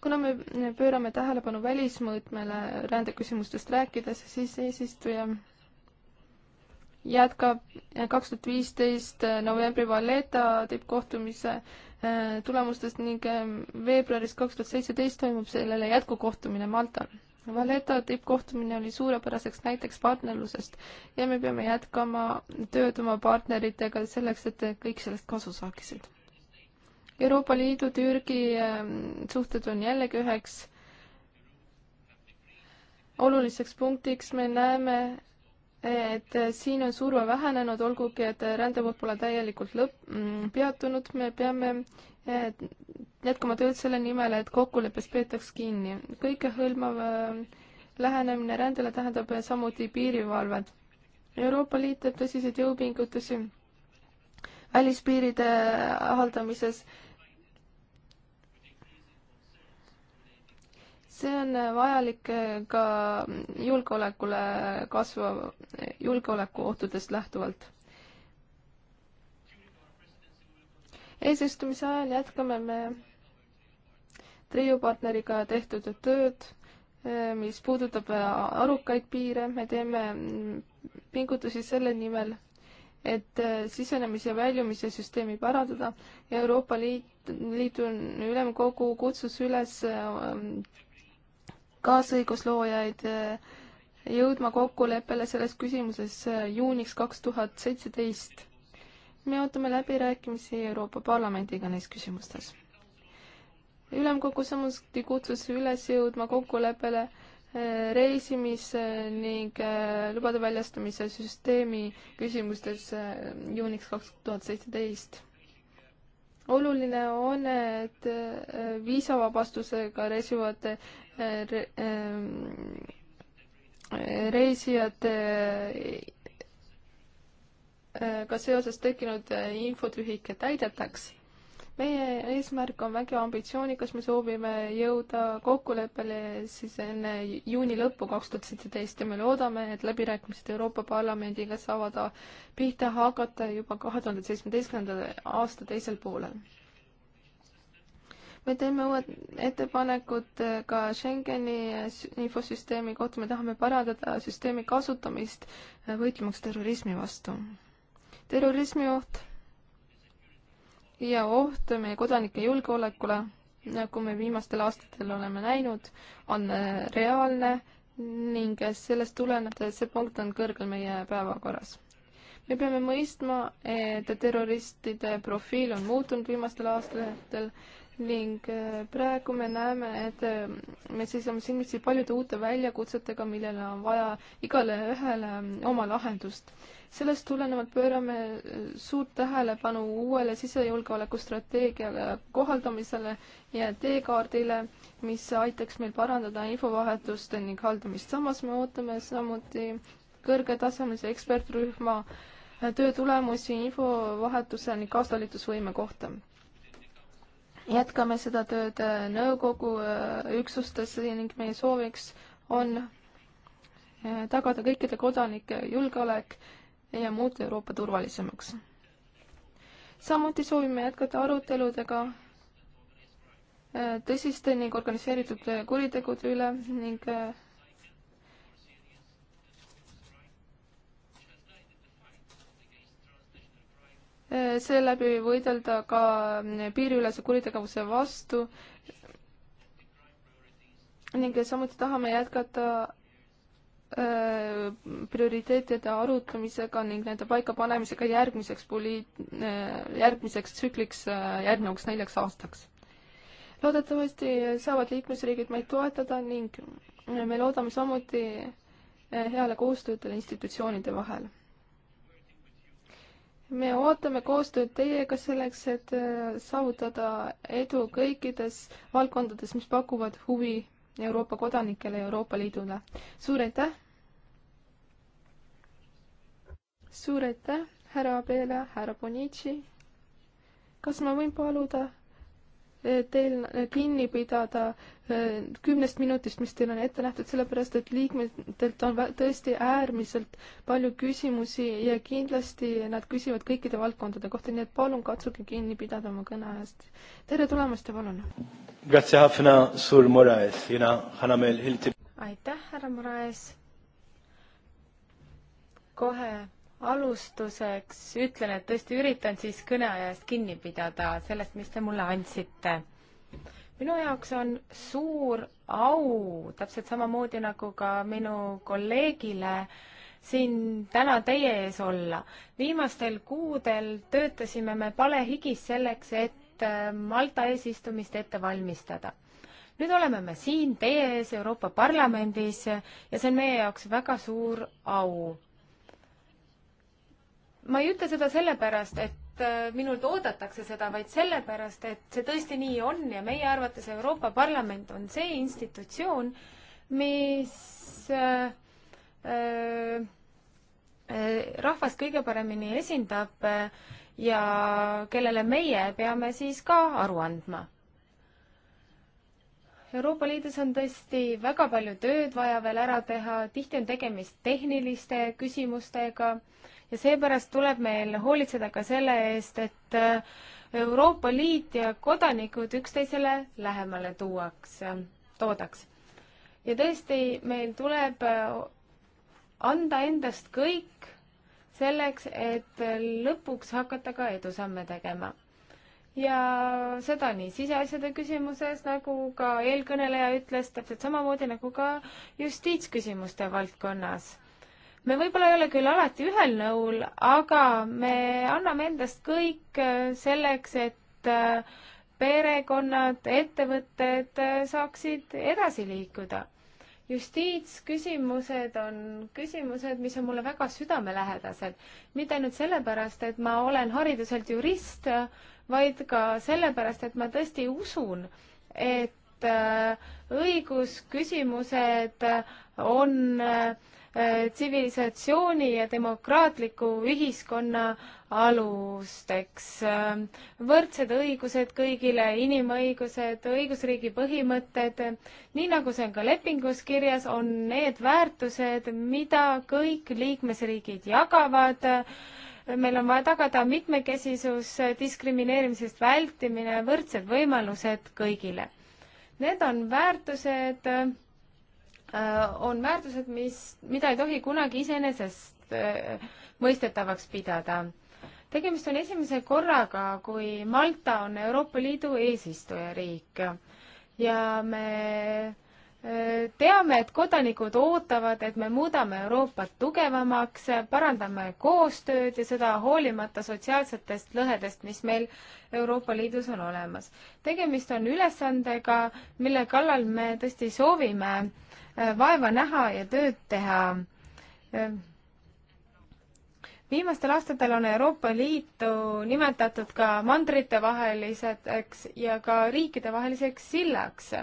kuna me pöörame tähelepanu välismõõtmele rändeküsimustest rääkides, siis eesistuja jätkab kaks tuhat viisteist novembri Valletta tippkohtumise äh, tulemustest ning äh, veebruaris kaks tuhat seitseteist toimub sellele jätkukohtumine Maltal. Valletta tippkohtumine oli suurepäraseks näiteks partnerlusest ja me peame jätkama tööd oma partneritega selleks, et kõik sellest kasu saaksid. Euroopa Liidu, Türgi ähm, suhted on jällegi üheks oluliseks punktiks, me näeme, et siin on surve vähenenud, olgugi et rändevood pole täielikult lõpp, mm, peatunud, me peame jätkama tööd selle nimel, et kokkuleppes peetaks kinni. kõikehõlmav äh, lähenemine rändele tähendab samuti piirivalvet. Euroopa Liit teeb tõsiseid jõupingutusi välispiiride haldamises see on vajalik eh, ka julgeolekule kasva, eh, julgeolekuohtudest lähtuvalt. eesistumise ajal jätkame me trio-partneriga tehtud tööd, eh, mis puudutab arukaid piire, me teeme mm, pingutusi selle nimel, et sisenemise ja väljumise süsteemi parandada ja Euroopa Liit, Liidu Ülemkogu kutsus üles kaasõigusloojaid eh, jõudma kokkuleppele selles küsimuses eh, juuniks kaks tuhat seitseteist. me ootame läbirääkimisi Euroopa Parlamendiga neis küsimustes. ülemkogu samuti kutsus üles jõudma kokkuleppele eh, reisimis- ning lubade väljastamise süsteemi küsimustes juuniks kaks tuhat seitseteist. oluline on, et viisavabastusega reisivate Ähm, reisijate äh, äh, ka seoses tekkinud äh, infotühike täidetaks. meie eesmärk on väga ambitsioonikas, me soovime jõuda kokkuleppele siis enne juuni lõppu kaks tuhat seitseteist ja me loodame, et läbirääkimised Euroopa Parlamendiga saavad pihta hakata juba kahe tuhande seitsmeteistkümnenda aasta teisel poolel me teeme uued ettepanekud eh, ka Schengeni eh, infosüsteemi kohta, me tahame parandada süsteemi kasutamist eh, võitlemaks terrorismi vastu. terrorismi oht ja oht meie kodanike julgeolekule, nagu me viimastel aastatel oleme näinud, on reaalne ning sellest tuleneb, et see punkt on kõrgel meie päevakorras me peame mõistma, et terroristide profiil on muutunud viimastel aastatel ning äh, praegu me näeme, et äh, me seisame silmitsi paljude uute väljakutsetega, millele on vaja igale ühele ähm, oma lahendust. sellest tulenevalt pöörame äh, suurt tähelepanu uuele sisejulgeoleku strateegiale kohaldamisele ja teekaardile, mis aitaks meil parandada infovahetust ning haldamist. samas me ootame samuti kõrgetasemelise ekspertrühma töö tulemusi infovahetuse ning kaastalitusvõime kohta jätkame seda tööd äh, nõukogu äh, üksustes ning meie sooviks on äh, tagada kõikide kodanike julgeolek ja muuta Euroopa turvalisemaks. samuti soovime jätkata aruteludega tõsiste ning organiseeritud kuritegude üle ning seeläbi võidelda ka piiriülese kuritegevuse vastu ning samuti tahame jätkata äh, prioriteetide arutamisega ning nende paikapanemisega järgmiseks poliit-, äh, järgmiseks tsükliks, äh, järgnevaks neljaks aastaks. loodetavasti saavad liikmesriigid meid toetada ning me loodame samuti heale koostöödele institutsioonide vahel me ootame koostööd teiega selleks, et äh, saavutada edu kõikides valdkondades, mis pakuvad huvi Euroopa kodanikele ja Euroopa Liidule. suur aitäh! suur aitäh, härra Abele, härra Bonici. kas ma võin paluda teil kinni pidada eh, kümnest minutist, mis teil on ette nähtud, sellepärast et liikmetelt on tõesti äärmiselt palju küsimusi ja kindlasti nad küsivad kõikide valdkondade kohta, nii et palun katsuge kinni pidada oma kõneajast. tere tulemast ja palun! aitäh, härra Moraes! kohe alustuseks ütlen, et tõesti üritan siis kõneajast kinni pidada, sellest, mis te mulle andsite. minu jaoks on suur au, täpselt samamoodi nagu ka minu kolleegile, siin täna teie ees olla. viimastel kuudel töötasime me palehigis selleks, et äh, Malta eesistumist ette valmistada. nüüd oleme me siin teie ees Euroopa Parlamendis ja see on meie jaoks väga suur au ma ei ütle seda sellepärast, et äh, minult oodatakse seda, vaid sellepärast, et see tõesti nii on ja meie arvates Euroopa Parlament on see institutsioon, mis äh, äh, äh rahvast kõige paremini esindab äh, ja kellele meie peame siis ka aru andma. Euroopa Liidus on tõesti väga palju tööd vaja veel ära teha, tihti on tegemist tehniliste küsimustega äh,, ja seepärast tuleb meil hoolitseda ka selle eest, et äh, Euroopa Liit ja kodanikud üksteisele lähemale tuuaks, äh, toodaks. ja tõesti, meil tuleb äh, anda endast kõik selleks, et lõpuks hakata ka edusamme tegema ja seda nii siseasjade küsimuses, nagu ka eelkõneleja ütles, täpselt samamoodi nagu ka justiitsküsimuste valdkonnas me võib-olla ei ole küll alati ühel nõul, aga me anname endast kõik äh, selleks, et äh, perekonnad, ettevõtted äh, saaksid edasi liikuda. justiitsküsimused on küsimused, mis on mulle väga südamelähedased. mitte ainult sellepärast, et ma olen hariduselt jurist, vaid ka sellepärast, et ma tõesti usun, et õigusküsimused on äh, Äh, tsivilisatsiooni ja demokraatliku ühiskonna alusteks. Ähm, võrdsed õigused kõigile, inimõigused, õigusriigi põhimõtted, nii nagu see on ka lepingus kirjas, on need väärtused, mida kõik liikmesriigid jagavad meil on vaja tagada mitmekesisus, diskrimineerimisest vältimine, võrdsed võimalused kõigile. Need on väärtused, Äh, on väärtused, mis, mida ei tohi kunagi iseenesest äh, mõistetavaks pidada. tegemist on esimese korraga, kui Malta on Euroopa Liidu eesistujariik ja me äh, teame, et kodanikud ootavad, et me muudame Euroopat tugevamaks, parandame koostööd ja seda hoolimata sotsiaalsetest lõhedest, mis meil Euroopa Liidus on olemas. tegemist on ülesandega, mille kallal me tõesti soovime vaeva näha ja tööd teha. viimastel aastatel on Euroopa Liitu nimetatud ka mandritevaheliseks ja ka riikidevaheliseks sillaks.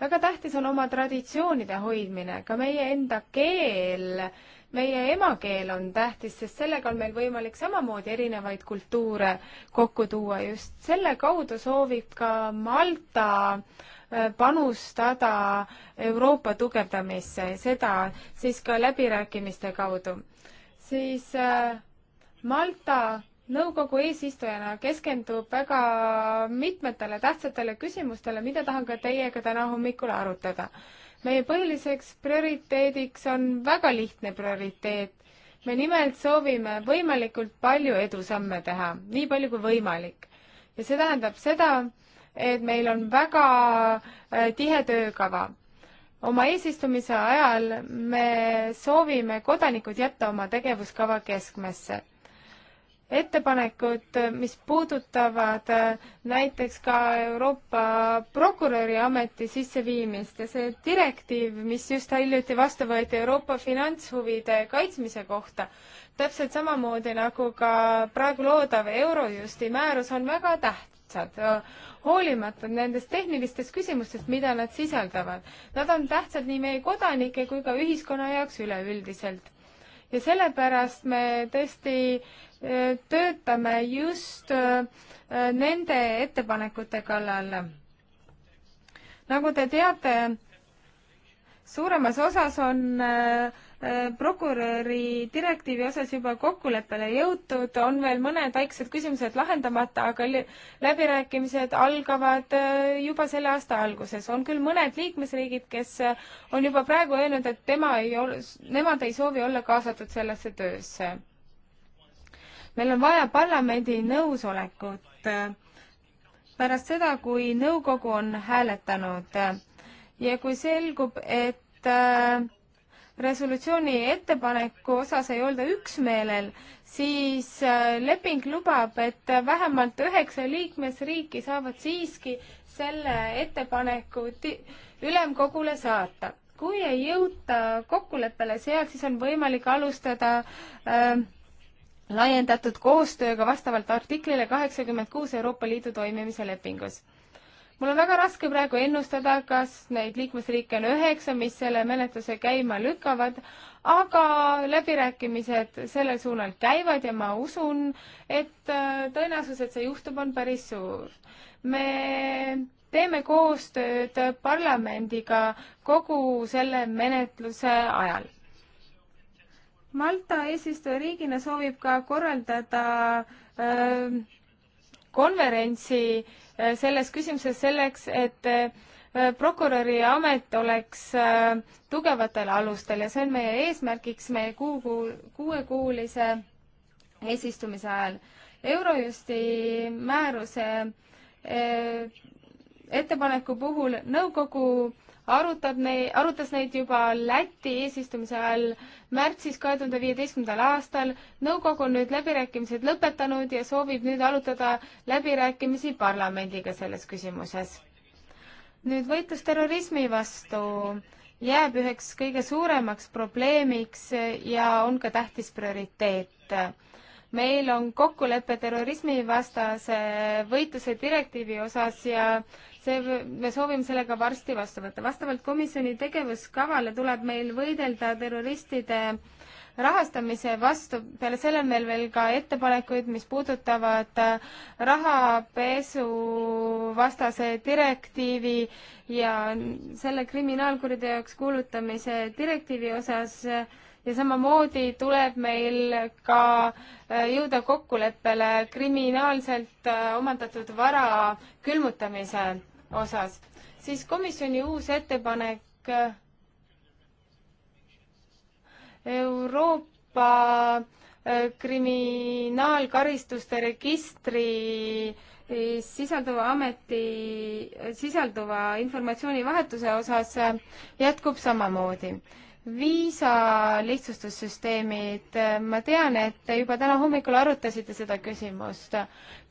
väga tähtis on oma traditsioonide hoidmine, ka meie enda keel meie emakeel on tähtis, sest sellega on meil võimalik samamoodi erinevaid kultuure kokku tuua. just selle kaudu soovib ka Malta äh, panustada Euroopa tugevdamisse, seda siis ka läbirääkimiste kaudu. siis äh, Malta nõukogu eesistujana keskendub väga mitmetele tähtsatele küsimustele, mida tahan ka teiega täna hommikul arutada. meie põhiliseks prioriteediks on väga lihtne prioriteet. me nimelt soovime võimalikult palju edusamme teha, nii palju kui võimalik. ja see tähendab seda, et meil on väga äh, tihe töökava. oma eesistumise ajal me soovime kodanikud jätta oma tegevuskava keskmesse ettepanekud, mis puudutavad äh, näiteks ka Euroopa prokuröri ameti sisseviimist ja see direktiiv, mis just hiljuti vastu võeti Euroopa finantshuvide kaitsmise kohta, täpselt samamoodi nagu ka praegu loodav Eurojusti määrus on väga tähtsad hoolimata nendest tehnilistest küsimustest, mida nad sisaldavad. Nad on tähtsad nii meie kodanike kui ka ühiskonna jaoks üleüldiselt. ja sellepärast me tõesti eh, töötame just eh, nende ettepanekute kallal. nagu te teate, suuremas osas on äh, Äh, prokuröri direktiivi osas juba kokkuleppele jõutud, on veel mõned väiksed küsimused lahendamata, aga läbirääkimised algavad äh, juba selle aasta alguses. on küll mõned liikmesriigid, kes äh, on juba praegu öelnud, et tema ei ole, nemad ei soovi olla kaasatud sellesse töösse. meil on vaja parlamendi nõusolekut pärast seda, kui nõukogu on hääletanud ja kui selgub, et äh, resolutsiooni ettepaneku osas ei olda üksmeelel, siis äh, leping lubab, et vähemalt üheksa liikmesriiki saavad siiski selle ettepaneku ülemkogule saata. kui ei jõuta kokkuleppele seal, siis on võimalik alustada äh, laiendatud koostööga vastavalt artiklile kaheksakümmend kuus Euroopa Liidu toimimise lepingus mul on väga raske praegu ennustada, kas neid liikmesriike on üheksa, mis selle menetluse käima lükkavad, aga läbirääkimised sellel suunal käivad ja ma usun, et äh, tõenäosus, et see juhtub, on päris suur. me teeme koostööd parlamendiga kogu selle menetluse ajal. Malta eesistujariigina soovib ka korraldada öö, äh, konverentsi äh, Äh, selles küsimuses selleks, et äh, prokuröri amet oleks äh, tugevatel alustel ja see on meie eesmärgiks meie kuu, kuuekuulise eesistumise ajal. Eurojusti määruse ettepaneku puhul nõukogu arutab neid, arutas neid juba Läti eesistumise ajal märtsis kahe tuhande viieteistkümnendal aastal. nõukogu on nüüd läbirääkimised lõpetanud ja soovib nüüd arutada läbirääkimisi parlamendiga selles küsimuses. nüüd võitlus terrorismi vastu jääb üheks kõige suuremaks probleemiks ja on ka tähtis prioriteet meil on kokkulepe terrorismivastase võitluse direktiivi osas ja see, me soovime sellega varsti vastu võtta. vastavalt komisjoni tegevuskavale tuleb meil võidelda terroristide rahastamise vastu, peale selle on meil veel ka ettepanekuid, mis puudutavad äh, rahapesuvastase direktiivi ja selle kriminaalkuriteo jaoks kuulutamise direktiivi osas ja samamoodi tuleb meil ka äh, jõuda kokkuleppele kriminaalselt äh, omandatud vara külmutamise osas, siis komisjoni uus ettepanek äh, Euroopa äh, kriminaalkaristuste registri äh, sisalduva ameti, sisalduva informatsioonivahetuse osas jätkub samamoodi viisa lihtsustussüsteemid, ma tean, et te juba täna hommikul arutasite seda küsimust.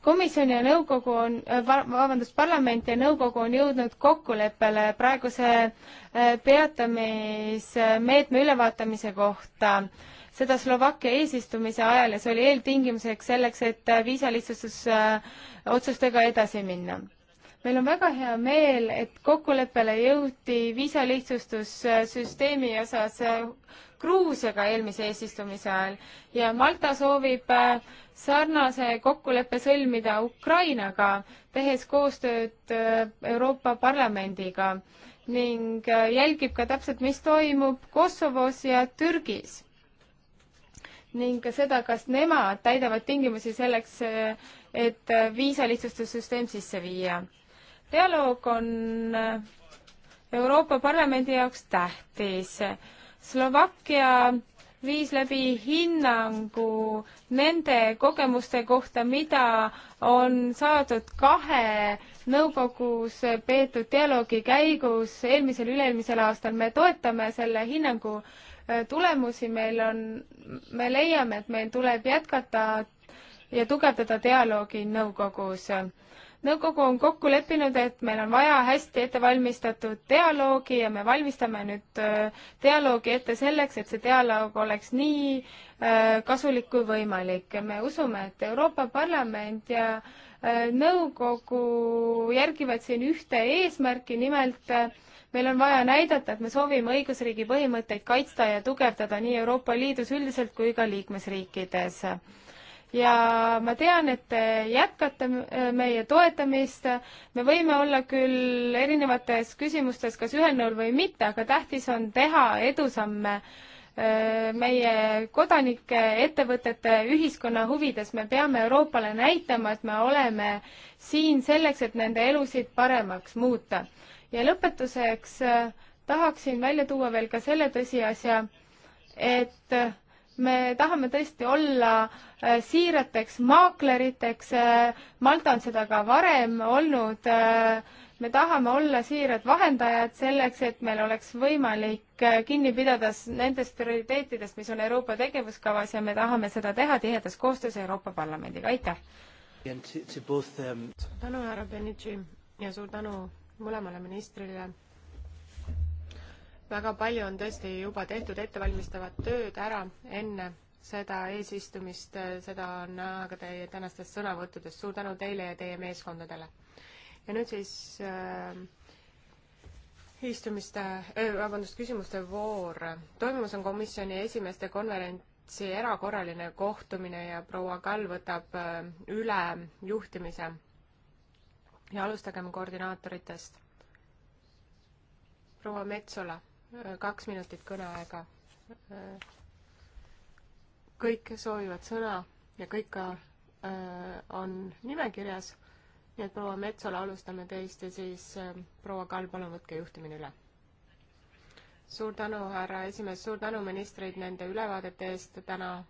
komisjon ja nõukogu on, äh, vabandust, parlament ja nõukogu on jõudnud kokkuleppele praeguse äh, peatamismeetme ülevaatamise kohta. seda Slovakkia eesistumise ajal ja see oli eeltingimuseks selleks, et viisalihtsustusotsustega äh, edasi minna meil on väga hea meel, et kokkuleppele jõuti viisalihtsustussüsteemi osas äh, Gruusiaga eelmise eesistumise ajal ja Malta soovib äh, sarnase kokkuleppe sõlmida Ukrainaga, tehes koostööd äh, Euroopa Parlamendiga ning jälgib ka täpselt, mis toimub Kosovos ja Türgis. ning ka seda, kas nemad täidavad tingimusi selleks, et viisalihtsustussüsteem sisse viia dialoog on Euroopa Parlamendi jaoks tähtis. Slovakkia viis läbi hinnangu nende kogemuste kohta, mida on saadud kahe nõukogus peetud dialoogi käigus eelmisel, üle-eelmisel aastal. me toetame selle hinnangu äh, tulemusi, meil on, me leiame, et meil tuleb jätkata ja tugevdada dialoogi nõukogus nõukogu on kokku leppinud, et meil on vaja hästi ettevalmistatud dialoogi ja me valmistame nüüd äh, dialoogi ette selleks, et see dialoog oleks nii äh, kasulik kui võimalik. me usume, et Euroopa Parlament ja äh, nõukogu järgivad siin ühte eesmärki, nimelt meil on vaja näidata, et me soovime õigusriigi põhimõtteid kaitsta ja tugevdada nii Euroopa Liidus üldiselt kui ka liikmesriikides ja ma tean, et te jätkate äh, meie toetamist. me võime olla küll erinevates küsimustes kas ühel nõul või mitte, aga tähtis on teha edusamme äh, meie kodanike, ettevõtete, ühiskonna huvides. me peame Euroopale näitama, et me oleme siin selleks, et nende elusid paremaks muuta. ja lõpetuseks äh, tahaksin välja tuua veel ka selle tõsiasja, et me tahame tõesti olla äh, siireteks maakleriteks, äh, Malta on seda ka varem olnud, äh, me tahame olla siirad vahendajad selleks, et meil oleks võimalik kinni pidada nendest prioriteetidest, mis on Euroopa tegevuskavas ja me tahame seda teha tihedas koostöös Euroopa Parlamendiga, aitäh! Um, suur tänu, härra Benici ja suur tänu mõlemale ministrile väga palju on tõesti juba tehtud ettevalmistavat tööd ära enne seda eesistumist, seda on ka teie tänastest sõnavõttudest. suur tänu teile ja teie meeskondadele. ja nüüd siis äh, istumiste äh,, vabandust, küsimuste voor. toimumas on komisjoni esimeeste konverentsi erakorraline kohtumine ja proua Kall võtab äh, üle juhtimise. ja alustagem koordinaatoritest. proua Metsola kaks minutit kõneaega. kõik soovivad sõna ja kõik ka äh, on nimekirjas. nii et proua Metsola, alustame teist ja siis äh, proua Kall, palun võtke juhtimine üle. suur tänu, härra esimees, suur tänu ministreid nende ülevaadete eest täna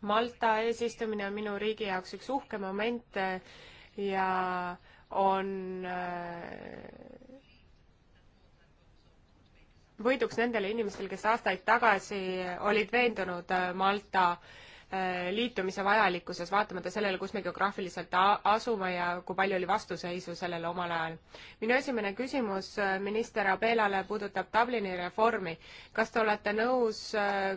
Malta eesistumine on minu riigi jaoks üks uhke moment ja on äh, võiduks nendele inimestele, kes aastaid tagasi olid veendunud äh, Malta äh, liitumise vajalikkuses, vaatamata sellele, kus me geograafiliselt asume ja kui palju oli vastuseisu sellele omal ajal. minu esimene küsimus äh, minister Abelale puudutab Dublini reformi. kas te olete nõus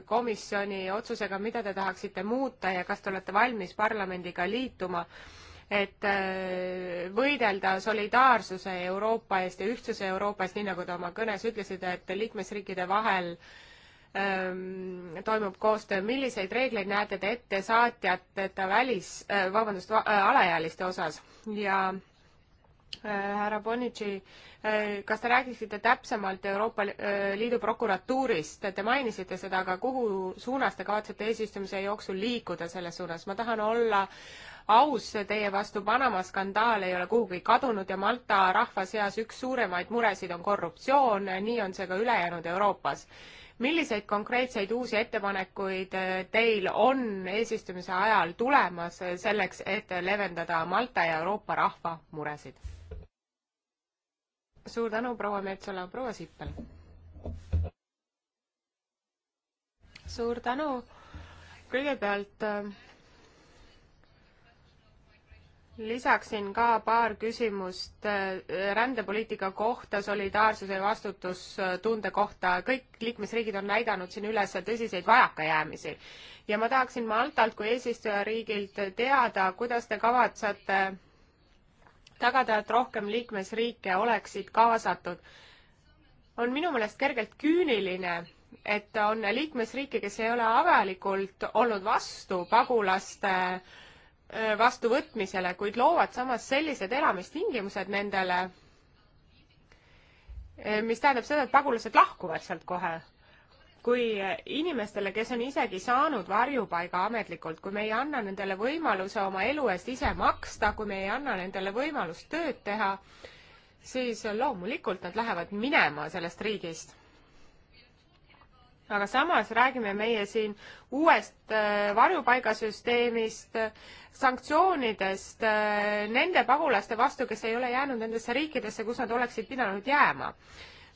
komisjoni otsusega, mida te tahaksite muuta ja kas te olete valmis parlamendiga liituma? et äh, võidelda solidaarsuse Euroopa eest ja ühtsuse Euroopa eest, nii nagu te oma kõnes ütlesite, et liikmesriikide vahel ähm, toimub koostöö, milliseid reegleid näete te ette saatjateta välis äh,, vabandust va, äh,, alaealiste osas ja äh, härra Bonici, äh, kas te räägiksite täpsemalt Euroopa Liidu prokuratuurist, te mainisite seda, aga kuhu suunas te kavatsete eesistumise jooksul liikuda selles suunas? ma tahan olla aus teie vastu, Panama skandaal ei ole kuhugi kadunud ja Malta rahva seas üks suuremaid muresid on korruptsioon, nii on see ka ülejäänud Euroopas. milliseid konkreetseid uusi ettepanekuid äh, teil on eesistumise ajal tulemas äh, selleks, et leevendada Malta ja Euroopa rahva muresid? suur tänu, proua Metsola, proua Sippel. suur tänu kõigepealt äh, lisaksin ka paar küsimust äh, rändepoliitika kohta, solidaarsuse ja vastutustunde kohta. kõik liikmesriigid on näidanud siin üles tõsiseid vajakajäämisi ja ma tahaksin Maltalt kui eesistujariigilt teada, kuidas te kavatsete tagada, et rohkem liikmesriike oleksid kaasatud. on minu meelest kergelt küüniline et on liikmesriike, kes ei ole avalikult olnud vastu pagulaste äh, Äh, vastuvõtmisele, kuid loovad samas sellised elamistingimused nendele, äh, mis tähendab seda, et pagulased lahkuvad sealt kohe. kui äh, inimestele, kes on isegi saanud varjupaiga ametlikult, kui me ei anna nendele võimaluse oma elu eest ise maksta, kui me ei anna nendele võimalust tööd teha, siis loomulikult nad lähevad minema sellest riigist aga samas räägime meie siin uuest äh, varjupaigasüsteemist, sanktsioonidest äh, nende pagulaste vastu, kes ei ole jäänud nendesse riikidesse, kus nad oleksid pidanud jääma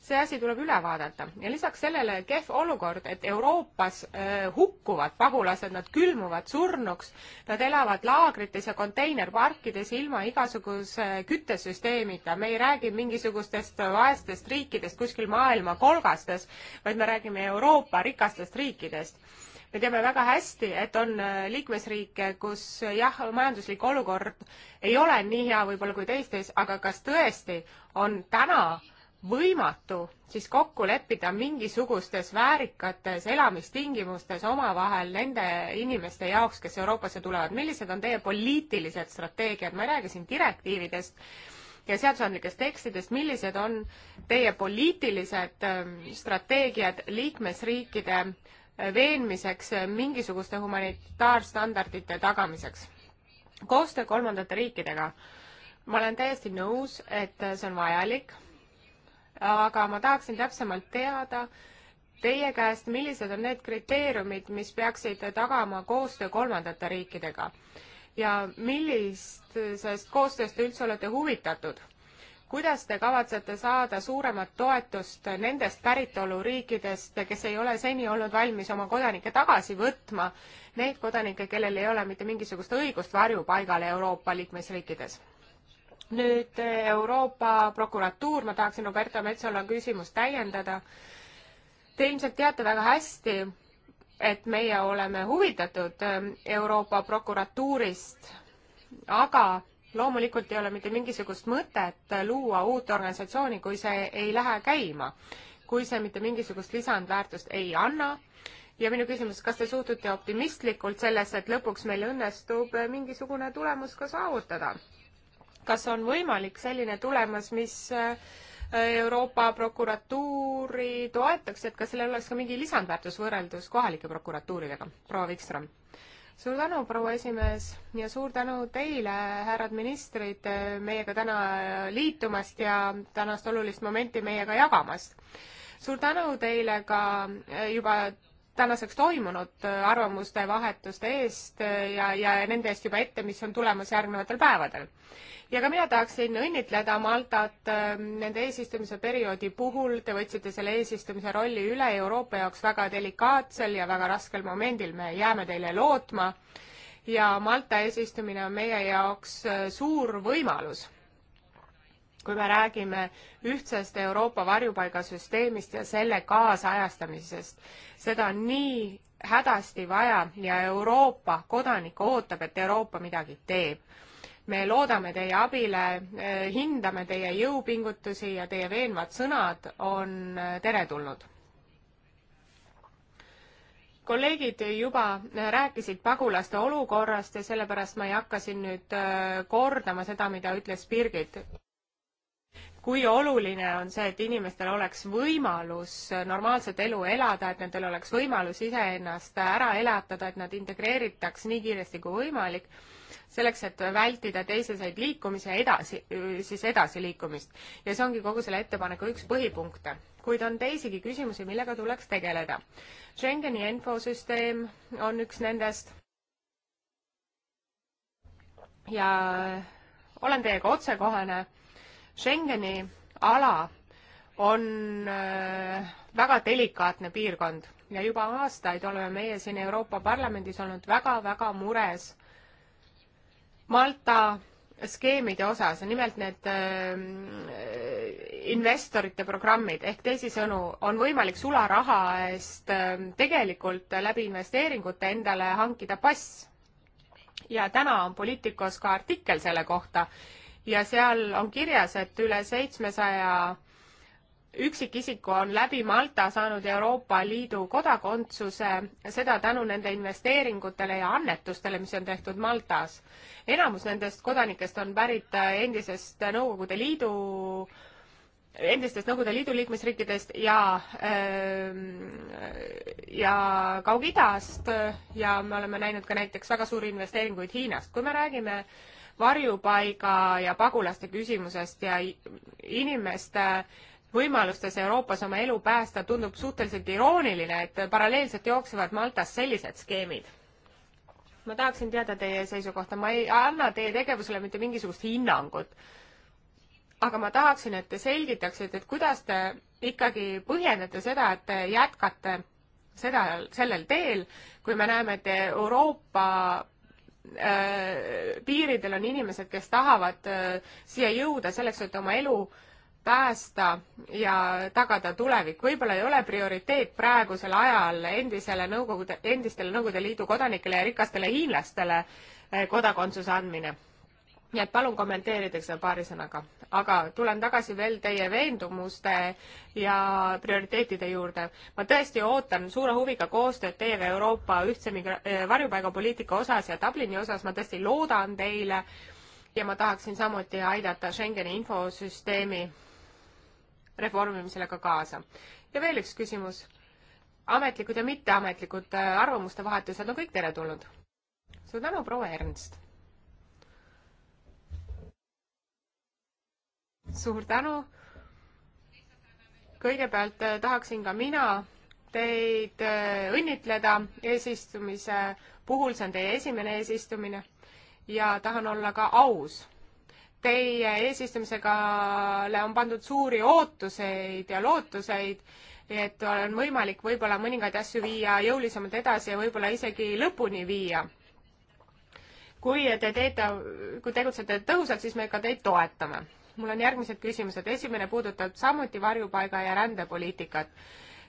see asi tuleb üle vaadata ja lisaks sellele kehv olukord, et Euroopas äh, hukkuvad pagulased, nad külmuvad surnuks, nad elavad laagrites ja konteinerparkides ilma igasuguse äh, küttesüsteemita, me ei räägi mingisugustest vaestest riikidest kuskil maailma kolgastes, vaid me räägime Euroopa rikastest riikidest me teame väga hästi, et on äh, liikmesriike, kus äh, jah, majanduslik olukord ei ole nii hea võib-olla kui teistes, aga kas tõesti on täna äh, võimatu siis kokku leppida mingisugustes väärikates elamistingimustes omavahel nende inimeste jaoks, kes Euroopasse tulevad. millised on teie poliitilised strateegiad, ma ei räägi siin direktiividest ja seadusandlikest tekstidest, millised on teie poliitilised ähm, strateegiad liikmesriikide äh, veenmiseks äh, mingisuguste humanitaarstandardite tagamiseks? koostöö kolmandate riikidega. ma olen täiesti nõus, et äh, see on vajalik aga ma tahaksin täpsemalt teada teie käest, millised on need kriteeriumid, mis peaksid tagama koostöö kolmandate riikidega ja millisest koostööst te üldse olete huvitatud? kuidas te kavatsete saada suuremat toetust nendest päritoluriikidest, kes ei ole seni olnud valmis oma kodanikke tagasi võtma, neid kodanikke, kellel ei ole mitte mingisugust õigust varjupaigale Euroopa liikmesriikides? nüüd eh, Euroopa prokuratuur, ma tahaksin Roberta Metsola küsimust täiendada. Te ilmselt teate väga hästi, et meie oleme huvitatud eh, Euroopa prokuratuurist, aga loomulikult ei ole mitte mingisugust mõtet luua uut organisatsiooni, kui see ei lähe käima, kui see mitte mingisugust lisandväärtust ei anna. ja minu küsimus, kas te suhtute optimistlikult sellesse, et lõpuks meil õnnestub eh, mingisugune tulemus ka saavutada? kas on võimalik selline tulemas, mis äh, Euroopa prokuratuuri toetaks, et kas sellel oleks ka mingi lisandväärtus võrreldus kohalike prokuratuuridega? proua Vikström. suur tänu, proua esimees ja suur tänu teile, härrad ministrid, meiega täna liitumast ja tänast olulist momenti meiega jagamast suur tänu teile ka äh, juba tänaseks toimunud äh, arvamuste vahetuste eest äh, ja, ja nende eest juba ette, mis on tulemas järgnevatel päevadel. ja ka mina tahaksin õnnitleda Maltat äh, nende eesistumise perioodi puhul, te võtsite selle eesistumise rolli üle Euroopa jaoks väga delikaatsel ja väga raskel momendil, me jääme teile lootma ja Malta eesistumine on meie jaoks suur võimalus kui me räägime ühtsest Euroopa varjupaigasüsteemist ja selle kaasajastamisest. seda on nii hädasti vaja ja Euroopa kodanik ootab, et Euroopa midagi teeb. me loodame teie abile, eh, hindame teie jõupingutusi ja teie veenvad sõnad on eh, teretulnud. kolleegid juba eh, rääkisid pagulaste olukorrast ja sellepärast ma ei hakka siin nüüd kordama seda, mida ütles Birgit kui oluline on see, et inimestel oleks võimalus normaalset elu elada, et nendel oleks võimalus iseennast ära elatada, et nad integreeritaks nii kiiresti kui võimalik, selleks, et vältida teiseseid liikumisi ja edasi, siis edasiliikumist. ja see ongi kogu selle ettepaneku üks põhipunkte. kuid on teisigi küsimusi, millega tuleks tegeleda. Schengeni infosüsteem on üks nendest ja olen teiega otsekohene Schengeni ala on äh, väga delikaatne piirkond ja juba aastaid oleme meie siin Euroopa Parlamendis olnud väga-väga mures Malta skeemide osas, nimelt need äh, investorite programmid, ehk teisisõnu, on võimalik sularaha eest äh, tegelikult läbi investeeringute endale hankida pass. ja täna on Politicos ka artikkel selle kohta ja seal on kirjas, et üle seitsmesaja üksikisiku on läbi Malta saanud Euroopa Liidu kodakondsuse, seda tänu nende investeeringutele ja annetustele, mis on tehtud Maltas. enamus nendest kodanikest on pärit endisest Nõukogude Liidu endistest Nõukogude Liidu liikmesriikidest ja ähm, ja Kaug-Idast ja me oleme näinud ka näiteks väga suuri investeeringuid Hiinast. kui me räägime äh, varjupaiga ja pagulaste küsimusest ja inimeste võimalustes Euroopas oma elu päästa, tundub suhteliselt irooniline, et paralleelselt jooksevad Maltas sellised skeemid. ma tahaksin teada teie seisukohta, ma ei anna teie tegevusele mitte mingisugust hinnangut. aga ma tahaksin, et te selgitaksite, et kuidas te ikkagi põhjendate seda, et te jätkate seda, sellel teel, kui me näeme, et Euroopa Äh, piiridel on inimesed, kes tahavad äh, siia jõuda selleks, et oma elu päästa ja tagada tulevik. võib-olla ei ole prioriteet praegusel ajal endisele Nõukogude, endistele Nõukogude Liidu kodanikele ja rikastele hiinlastele äh, kodakondsuse andmine nii et palun kommenteerige seda paari sõnaga. aga tulen tagasi veel teie veendumuste ja prioriteetide juurde. ma tõesti ootan suure huviga koostööd teiega Euroopa ühtse migra-, eh, varjupaigapoliitika osas ja Dublini osas, ma tõesti loodan teile ja ma tahaksin samuti aidata Schengeni infosüsteemi reformimisele ka kaasa. ja veel üks küsimus. ametlikud ja mitteametlikud eh, arvamuste vahetused on kõik teretulnud. suur tänu, proua Ernst! suur tänu. kõigepealt eh, tahaksin ka mina teid eh, õnnitleda eesistumise puhul, see on teie esimene eesistumine ja tahan olla ka aus. Teie eesistumisegale on pandud suuri ootuseid ja lootuseid, et on võimalik võib-olla mõningaid asju viia jõulisemalt edasi ja võib-olla isegi lõpuni viia. kui te teete, kui tegutsete tõhusalt, siis me ka teid toetame mul on järgmised küsimused, esimene puudutab samuti varjupaiga ja rändepoliitikat.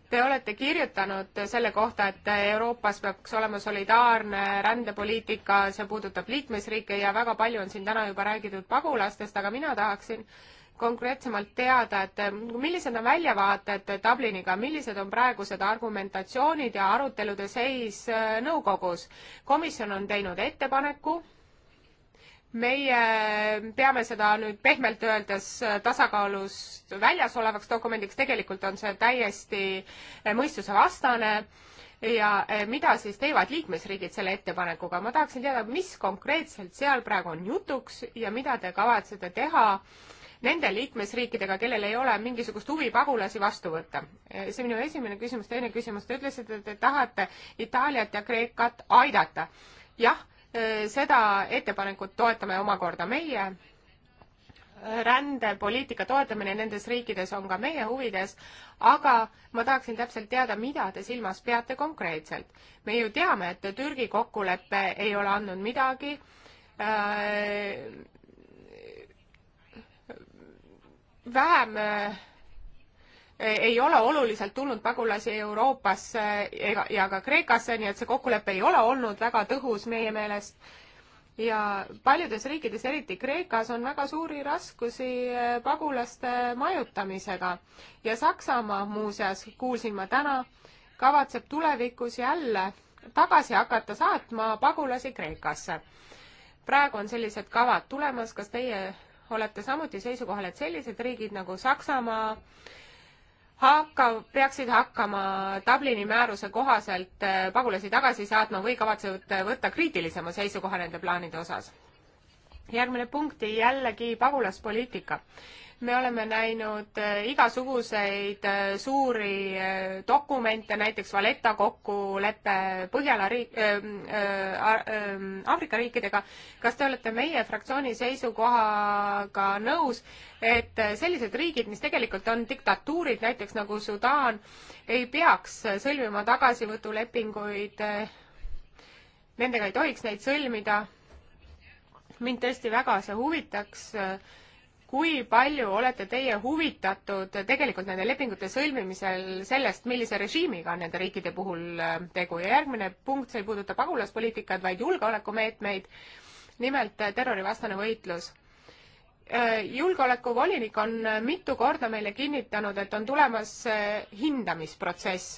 Te olete kirjutanud selle kohta, et Euroopas peaks olema solidaarne rändepoliitika, see puudutab liikmesriike ja väga palju on siin täna juba räägitud pagulastest, aga mina tahaksin konkreetsemalt teada, et millised on väljavaated Dubliniga, millised on praegused argumentatsioonid ja arutelude seis nõukogus? komisjon on teinud ettepaneku meie peame seda nüüd pehmelt öeldes tasakaalust väljas olevaks dokumendiks, tegelikult on see täiesti eh, mõistusevastane ja eh, mida siis teevad liikmesriigid selle ettepanekuga, ma tahaksin teada, mis konkreetselt seal praegu on jutuks ja mida te kavatsete teha nende liikmesriikidega, kellel ei ole mingisugust huvi pagulasi vastu võtta? Eh, see minu esimene küsimus, teine küsimus, te ütlesite, et te tahate Itaaliat ja Kreekat aidata. jah Äh, seda ettepanekut toetame omakorda meie. rändepoliitika toetamine nendes riikides on ka meie huvides, aga ma tahaksin täpselt teada, mida te silmas peate konkreetselt. me ju teame, et Türgi kokkulepe ei ole andnud midagi äh, vähem äh, ei ole oluliselt tulnud pagulasi Euroopasse ega, ja ka Kreekasse, nii et see kokkulepe ei ole olnud väga tõhus meie meelest. ja paljudes riikides, eriti Kreekas, on väga suuri raskusi eh, pagulaste majutamisega. ja Saksamaa muuseas, kuulsin ma täna, kavatseb tulevikus jälle tagasi hakata saatma pagulasi Kreekasse. praegu on sellised kavad tulemas, kas teie olete samuti seisukohal, et sellised riigid nagu Saksamaa, hakkav, peaksid hakkama Dublini määruse kohaselt äh, pagulasi tagasi saatma või kavatsevad võtta kriitilisema seisukoha nende plaanide osas. järgmine punkt jällegi pagulaspoliitika me oleme näinud äh, igasuguseid äh, suuri äh, dokumente, näiteks Valeta kokkulepe Põhjala riik ähm, äh,, ähm, Aafrika äh, äh, riikidega. kas te olete meie fraktsiooni seisukohaga nõus, et sellised riigid, mis tegelikult on diktatuurid, näiteks nagu Sudaan, ei peaks sõlmima tagasivõtulepinguid nendega ei tohiks neid sõlmida. mind tõesti väga see huvitaks, kui palju olete teie huvitatud tegelikult nende lepingute sõlmimisel sellest, millise režiimiga on nende riikide puhul äh, tegu ja järgmine punkt, see ei puuduta pagulaspoliitikat, vaid julgeolekumeetmeid, nimelt äh, terrorivastane võitlus äh, julgeolekuvolinik on mitu korda meile kinnitanud, et on tulemas hindamisprotsess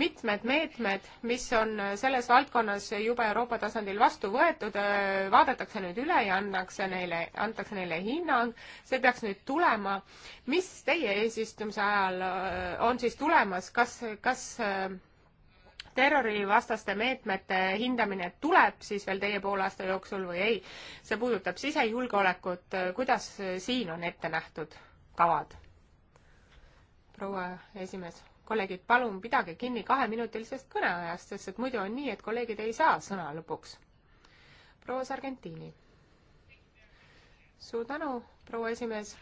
mitmed meetmed, mis on selles valdkonnas juba Euroopa tasandil vastu võetud, vaadatakse nüüd üle ja annakse neile, antakse neile hinnang, see peaks nüüd tulema. mis teie eesistumise ajal äh, on siis tulemas, kas, kas äh, terrorivastaste meetmete hindamine tuleb siis veel teie poole aasta jooksul või ei? see puudutab sisejulgeolekut, kuidas siin on ette nähtud kavad? proua esimees kolleegid, palun pidage kinni kaheminutilisest kõneajast, sest et muidu on nii, et kolleegid ei saa sõna lõpuks. proua Sargentini. suur tänu, proua esimees.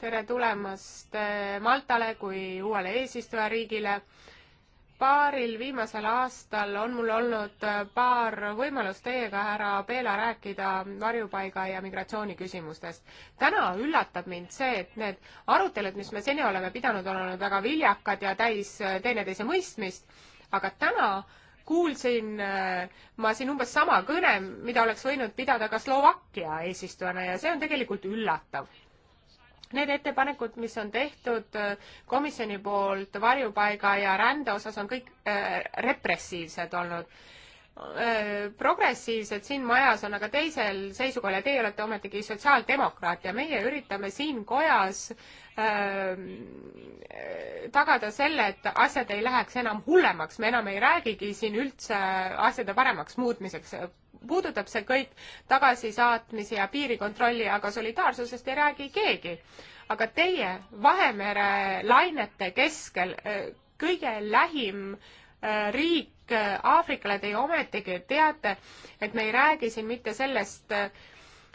tere tulemast eh, Maltale kui uuele eesistujariigile paaril viimasel aastal on mul olnud äh, paar võimalust teiega, härra Peela, rääkida varjupaiga ja migratsiooniküsimustest. täna üllatab mind see, et need arutelud, mis me seni oleme pidanud, on olnud väga viljakad ja täis äh, teineteise mõistmist, aga täna kuulsin äh, ma siin umbes sama kõne, mida oleks võinud pidada ka Slovakkia eesistujana ja see on tegelikult üllatav Need ettepanekud, mis on tehtud äh, komisjoni poolt varjupaiga ja rände osas, on kõik äh, repressiivsed olnud progressiivsed siin majas on aga teisel seisukohal ja teie olete ometigi sotsiaaldemokraat ja meie üritame siin kojas äh, tagada selle, et asjad ei läheks enam hullemaks, me enam ei räägigi siin üldse asjade paremaks muutmiseks. puudutab see kõik tagasisaatmisi ja piirikontrolli, aga solidaarsusest ei räägi keegi. aga teie Vahemere lainete keskel äh, kõige lähim äh, Äh, riik äh, Aafrikale, te ju ometigi teate, et me ei räägi siin mitte sellest,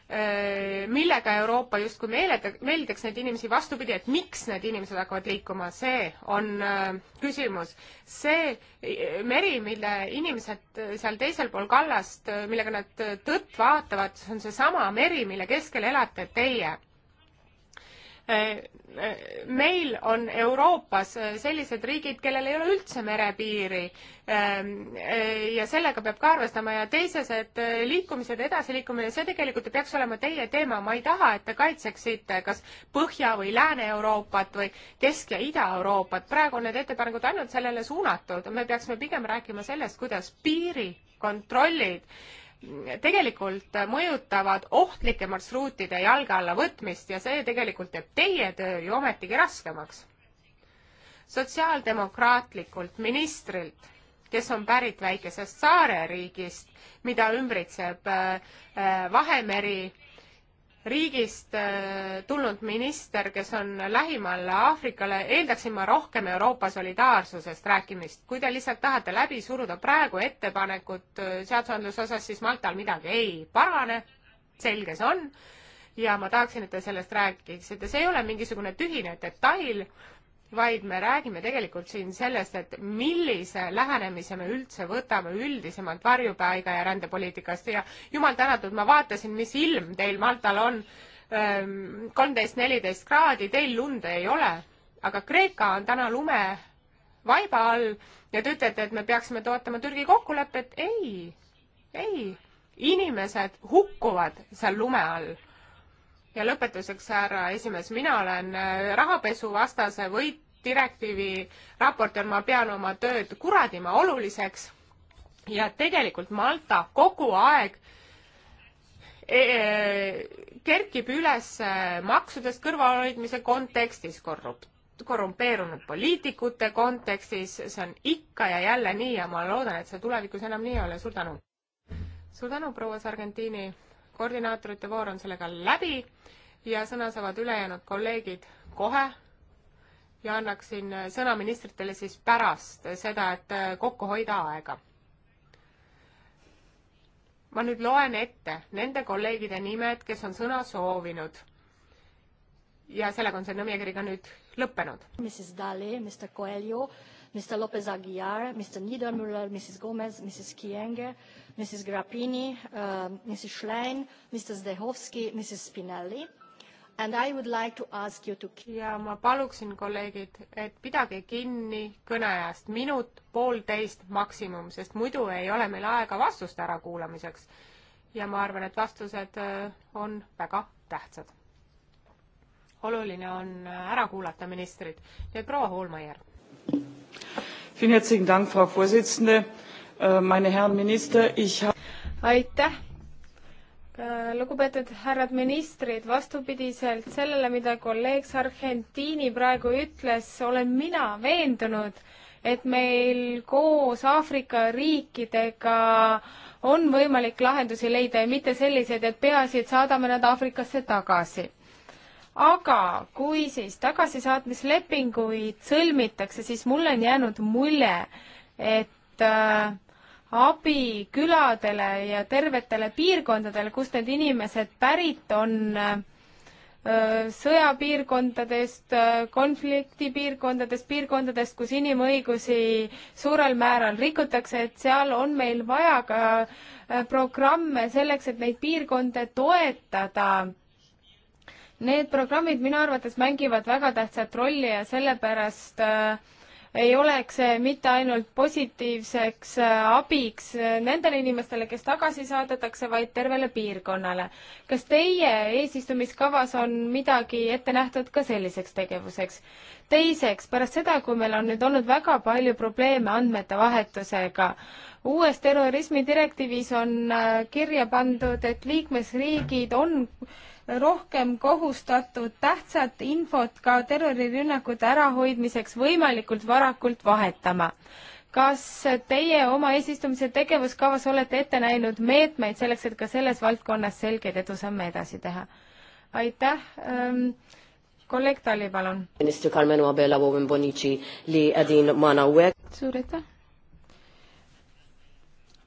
äh, millega Euroopa justkui meeleta-, meelditaks neid inimesi, vastupidi, et miks need inimesed hakkavad liikuma, see on küsimus. see e, meri, mille inimesed seal teisel pool kallast, millega nad tõtt vaatavad, see on seesama meri, mille keskel elate teie meil on Euroopas sellised riigid, kellel ei ole üldse merepiiri ehm, eh, ja sellega peab ka arvestama ja teises, et liikumised, edasiliikumine, see tegelikult ei peaks olema teie teema, ma ei taha, et te kaitseksite kas Põhja- või Lääne-Euroopat või Kesk- ja Ida-Euroopat, praegu on need ettepanekud ainult sellele suunatud, me peaksime pigem rääkima sellest, kuidas piirikontrollid tegelikult mõjutavad ohtlike marsruutide jalge alla võtmist ja see tegelikult teeb teie töö ju ometigi raskemaks. sotsiaaldemokraatlikult ministrilt, kes on pärit väikesest saareriigist, mida ümbritseb äh, äh, Vahemeri riigist äh, tulnud minister, kes on lähimal Aafrikale, eeldaksin ma rohkem Euroopa solidaarsusest rääkimist. kui te lihtsalt tahate läbi suruda praegu ettepanekut äh, seadusandluse osas, siis Maltal midagi ei parane, selge see on, ja ma tahaksin, et te sellest räägiksite, see ei ole mingisugune tühine detail, vaid me räägime tegelikult siin sellest, et millise lähenemise me üldse võtame üldisemalt varjupaiga ja rändepoliitikast ja jumal tänatud, ma vaatasin, mis ilm teil Maltal on, ehm, kolmteist, neliteist kraadi, teil lund ei ole, aga Kreeka on täna lumevaiba all ja te ütlete, et me peaksime toetama Türgi kokkulepet, ei, ei, inimesed hukkuvad seal lume all ja lõpetuseks, härra esimees, mina olen eh, rahapesuvastase võit-, direktiivi raportöör, ma pean oma tööd kuradima oluliseks ja tegelikult Malta kogu aeg e, e, kerkib üles maksudest kõrvalhoidmise kontekstis, korrup-, korrumpeerunud poliitikute kontekstis, see on ikka ja jälle nii ja ma loodan, et see tulevikus enam nii ei ole, suur tänu! suur tänu, proua Sargentini, koordinaatorite voor on sellega läbi ja sõna saavad ülejäänud kolleegid kohe ja annaksin äh, sõna ministritele siis pärast seda, et äh, kokku hoida aega. ma nüüd loen ette nende kolleegide nimed, kes on sõna soovinud. ja sellega on see nimekiri ka nüüd lõppenud. Mrs Dali, Mr Coelho, Mr Lopez Aguiar, Mr Niedermüller, Mrs Gomez, Mrs Kienge, Mrs Grappini uh,, äh, Mrs Schlein, Mr Zdehovski, Mrs Spinelli Like to... ja ma paluksin, kolleegid, et pidage kinni kõneajast, minut, poolteist maksimum, sest muidu ei ole meil aega vastuste ärakuulamiseks. ja ma arvan, et vastused äh, on väga tähtsad. oluline on äh, ära kuulata ministrid. nii et proua Hoolmeier. Äh, aitäh, Äh, lugupeetud härrad ministrid, vastupidiselt sellele, mida kolleeg Sargentini praegu ütles, olen mina veendunud, et meil koos Aafrika riikidega on võimalik lahendusi leida ja mitte selliseid, et peaasi, et saadame nad Aafrikasse tagasi. aga kui siis tagasisaatmislepinguid sõlmitakse, siis mulle on jäänud mulje, et äh, abi küladele ja tervetele piirkondadele, kust need inimesed pärit on, äh, sõjapiirkondadest, äh, konfliktipiirkondadest, piirkondadest, kus inimõigusi suurel määral rikutakse, et seal on meil vaja ka äh, programme selleks, et neid piirkonda toetada need programmid minu arvates mängivad väga tähtsat rolli ja sellepärast äh, ei oleks see eh, mitte ainult positiivseks eh, abiks eh, nendele inimestele, kes tagasi saadetakse, vaid tervele piirkonnale. kas teie eesistumiskavas on midagi ette nähtud ka selliseks tegevuseks? teiseks, pärast seda, kui meil on nüüd olnud väga palju probleeme andmete vahetusega, uues terrorismidirektiivis on kirja pandud, et liikmesriigid on rohkem kohustatud tähtsat infot ka terrorirünnakute ärahoidmiseks võimalikult varakult vahetama. kas teie oma eesistumise tegevuskavas olete ette näinud meetmeid selleks, et ka selles valdkonnas selgeid edusamme edasi teha? aitäh ähm,. kolleeg Tali, palun. minister Carmen Abela, Women Bonici, Li Adin Manauek. suur aitäh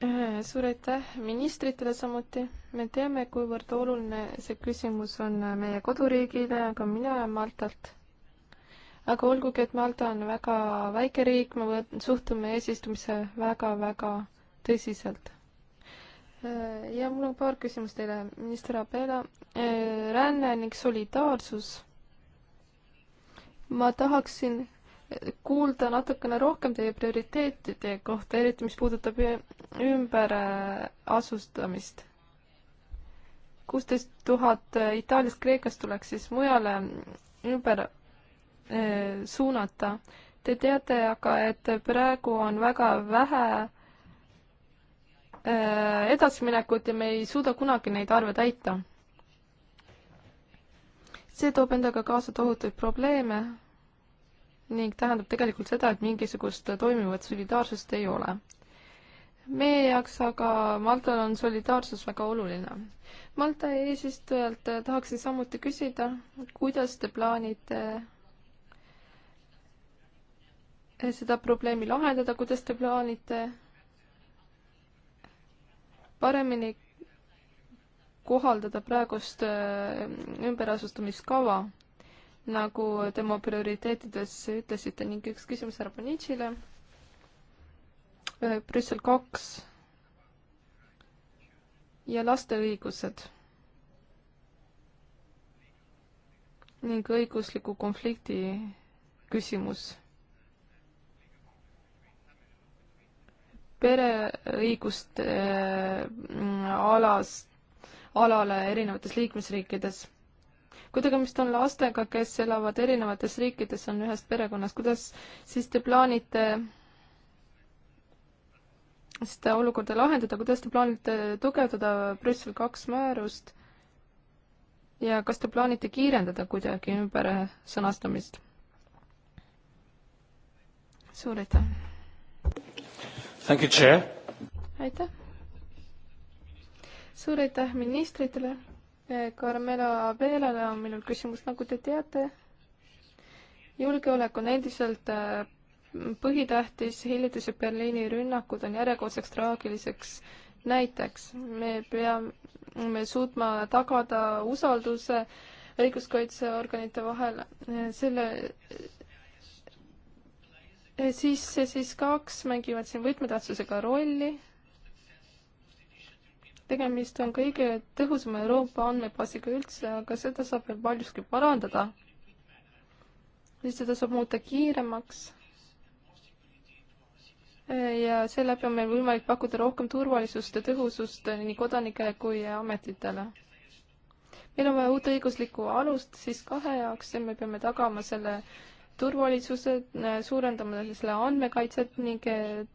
Äh, suur aitäh ministritele samuti. me teame, kuivõrd oluline see küsimus on äh, meie koduriigile, aga mina olen Maltalt. aga olgugi, et Malta on väga väike riik, me suhtume eesistumisse väga-väga tõsiselt. Äh, ja mul on paar küsimust teile, minister Abela. ränne ning solidaarsus. ma tahaksin kuulda natukene rohkem teie prioriteetide kohta, eriti mis puudutab ümberasustamist. Äh, kuusteist tuhat äh, Itaaliast, Kreekast tuleks siis mujale äh, ümber suunata. Te teate aga, et praegu on väga vähe edasiminekut ja me ei suuda kunagi neid arve täita. see toob endaga kaasa tohutuid probleeme ning tähendab tegelikult seda, et mingisugust toimivat solidaarsust ei ole. meie jaoks aga Maltal on solidaarsus väga oluline. Malta eesistujalt tahaksin samuti küsida, kuidas te plaanite seda probleemi lahendada, kuidas te plaanite paremini kohaldada praegust ümberasustamiskava nagu te oma prioriteetides ütlesite ning üks küsimus härra Bonitšile. Äh, Brüssel kaks ja laste õigused ning õigusliku konflikti küsimus. pereõiguste äh, alas, alale erinevates liikmesriikides kui tegemist on lastega, kes elavad erinevates riikides, on ühes perekonnas, kuidas siis te plaanite seda olukorda lahendada, kuidas te plaanite tugevdada Brüssel kaks määrust ja kas te plaanite kiirendada kuidagi ümber sõnastamist? suur aitäh! aitäh! suur aitäh ministritele Carmela Abelale on minul küsimus, nagu te teate, julgeolek on endiselt äh, põhitähtis, hiljutised Berliini rünnakud on järjekordseks traagiliseks näiteks. me peame suutma tagada usalduse õiguskaitseorganite vahel selle siis, siis kaks mängivad siin võtmetähtsusega rolli tegemist on kõige tõhusama Euroopa andmebaasiga üldse, aga seda saab veel paljuski parandada. seda saab muuta kiiremaks. ja seeläbi on meil võimalik pakkuda rohkem turvalisust ja tõhusust nii kodanikele kui ametitele meil on vaja uut õiguslikku alust siis kahe jaoks ja me peame tagama selle turvalisuse, suurendama selle andmekaitset ning eh,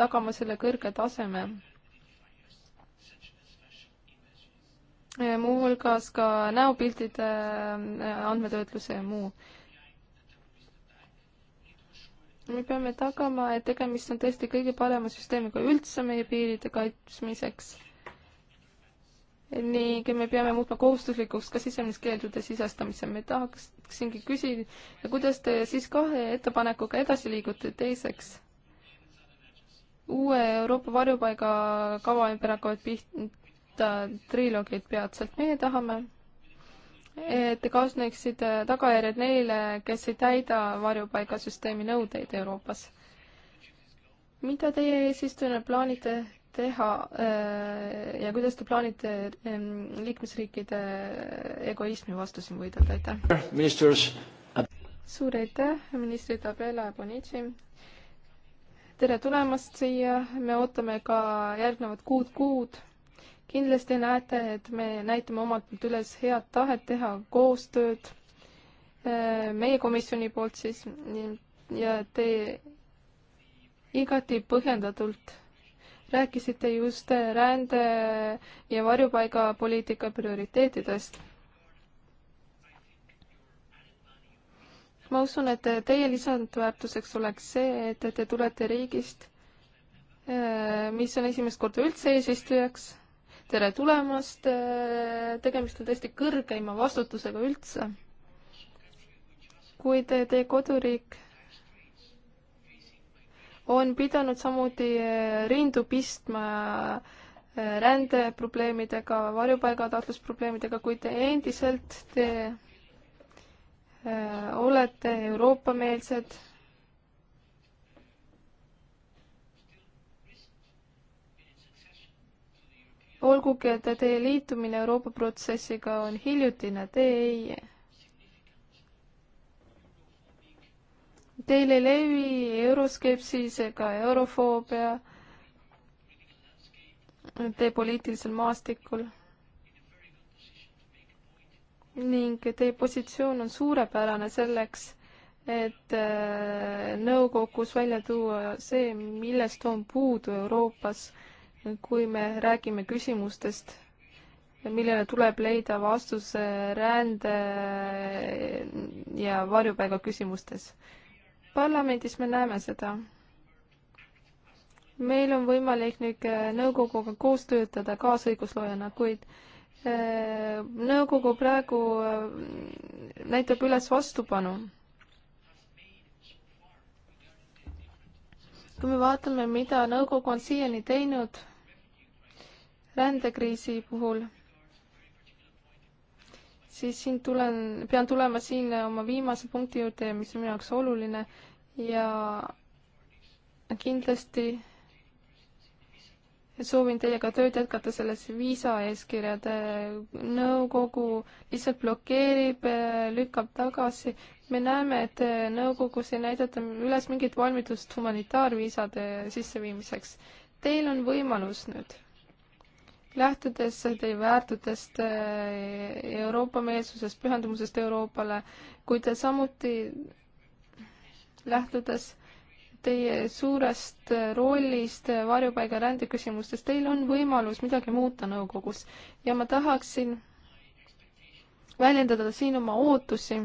tagama selle kõrge taseme. muuhulgas ka näopiltide äh, andmetöötluse ja muu. me peame tagama, et tegemist on tõesti kõige parema süsteemiga üldse meie piiride kaitsmiseks ning me peame muutma kohustuslikuks ka sisemiskeeldude sisestamise. me tahaksingi küsida, kuidas te siis kahe ettepanekuga edasi liigute, teiseks uue Euroopa varjupaigakava ümber hakkavad piht-, Äh, triloogid peatselt. meie tahame, et kaasneksid äh, tagajärjed neile, kes ei täida varjupaigasüsteemi nõudeid Euroopas. mida teie eesistujana plaanite teha äh, ja kuidas te plaanite ähm, liikmesriikide egoismi vastu siin võidelda, aitäh! ministers! suur aitäh, ministrid Abela ja Bonici! tere tulemast siia, me ootame ka järgnevad kuud-kuud kindlasti näete, et me näitame omalt poolt üles head tahet teha koostööd äh, meie komisjoni poolt siis ja te igati põhjendatult rääkisite just rände ja varjupaigapoliitika prioriteetidest. ma usun, et teie lisandväärtuseks oleks see, et te tulete riigist, äh, mis on esimest korda üldse eesistujaks tere tulemast, äh, tegemist on tõesti kõrgeima vastutusega üldse. kuid te, teie koduriik on pidanud samuti äh, rindu pistma äh, rändeprobleemidega, varjupaigataotlusprobleemidega, kuid endiselt te olete Euroopa-meelsed olgugi, et teie liitumine Euroopa protsessiga on hiljutine, te ei, teil ei levi euroskepsis ega eurofoobia teie poliitilisel maastikul. ning teie positsioon on suurepärane selleks, et äh, nõukogus välja tuua see, millest on puudu Euroopas äh, kui me räägime küsimustest, millele tuleb leida vastus rände ja varjupaiga küsimustes. parlamendis me näeme seda. meil on võimalik nüüd nõukoguga koos töötada kaasõigusloojana, kuid eh, nõukogu praegu eh, näitab üles vastupanu. kui me vaatame, mida nõukogu on siiani teinud rändekriisi puhul, siis siin tulen, pean tulema siin oma viimase punkti juurde, mis on minu jaoks oluline ja kindlasti soovin teiega tööd jätkata selles viisaeeskirjade nõukogu lihtsalt blokeerib, lükkab tagasi. me näeme, et nõukogus ei näidata üles mingit valmidust humanitaarviisade sisseviimiseks. Teil on võimalus nüüd lähtudes teie väärtudest, eh, Euroopa meelsusest, pühendumusest Euroopale, kuid samuti lähtudes teie suurest rollist varjupaiga rändeküsimustes, teil on võimalus midagi muuta nõukogus ja ma tahaksin väljendada siin oma ootusi.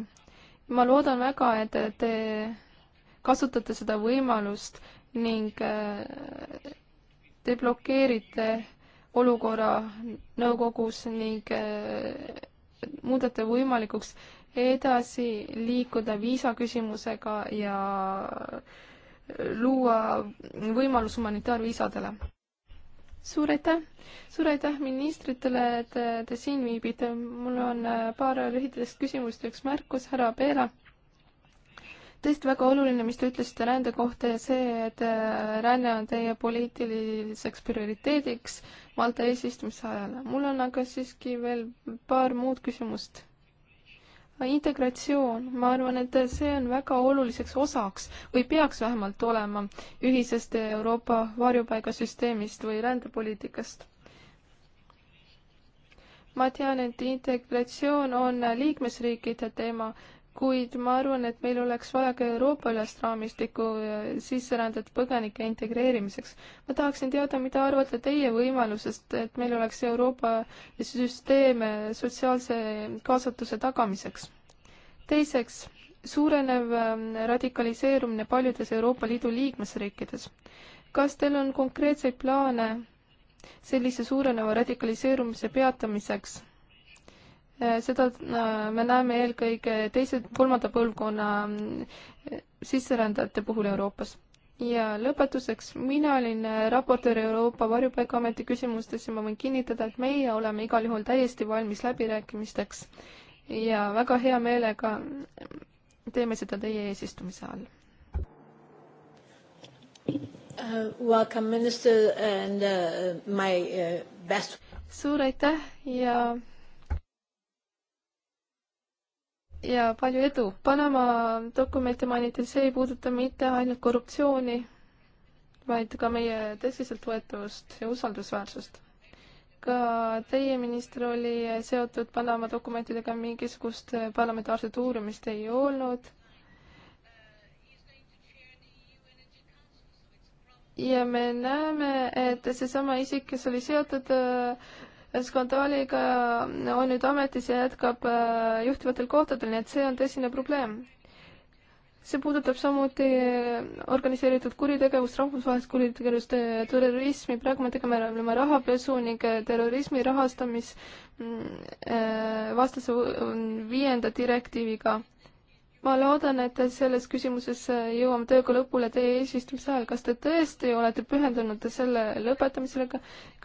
ma loodan väga, et te kasutate seda võimalust ning eh, te blokeerite olukorra nõukogus ning eh, muudate võimalikuks edasi liikuda viisaküsimusega ja luua võimalus humanitaarviisadele. suur aitäh, suur aitäh ministritele, et te siin viibite. mul on eh, paar lühidast küsimust, üks märkus, härra Peera tõesti väga oluline, mis te ütlesite rände kohta ja see, et äh, ränne on teie poliitiliseks prioriteediks Malta eesistumise ajal. mul on aga siiski veel paar muud küsimust. integratsioon, ma arvan, et see on väga oluliseks osaks või peaks vähemalt olema ühisest Euroopa varjupaigasüsteemist või rändepoliitikast ma tean, et integratsioon on liikmesriikide teema kuid ma arvan, et meil oleks vaja ka Euroopa-ülest raamistikku äh, sisserändajate põgenike integreerimiseks. ma tahaksin teada, mida arvate teie võimalusest, et meil oleks Euroopa süsteem sotsiaalse kaasatuse tagamiseks? teiseks, suurenev ähm, radikaliseerumine paljudes Euroopa Liidu liikmesriikides. kas teil on konkreetseid plaane sellise suureneva radikaliseerumise peatamiseks? Äh, seda äh, me näeme eelkõige teise, kolmanda põlvkonna äh, sisserändajate puhul Euroopas. ja lõpetuseks, mina olin raportöör Euroopa Varjupaigaameti küsimustes ja ma võin kinnitada, et meie oleme igal juhul täiesti valmis läbirääkimisteks ja väga hea meelega teeme seda teie eesistumise all. Uh, welcome minister and uh, my uh, best suur aitäh ja ja palju edu. Panama dokumente mainiti, see ei puuduta mitte ainult korruptsiooni, vaid ka meie tõsiseltvõetavust ja usaldusväärsust. ka teie minister oli seotud Panama dokumentidega, mingisugust parlamentaarset uurimist ei olnud. ja me näeme, et seesama isik, kes oli seotud äh, skandaaliga on nüüd ametis ja jätkab äh, juhtivatel kohtadel, nii et see on tõsine probleem. see puudutab samuti organiseeritud kuritegevust, rahvusvahelist kuritegevust, äh, terrorismi, praegu me tegeleme rahapesu ning äh, terrorismi rahastamis mm, vastase mm, viienda direktiiviga ma loodan, et selles küsimuses jõuame tööga lõpule teie eesistumise ajal. kas te tõesti olete pühendunud selle lõpetamisele,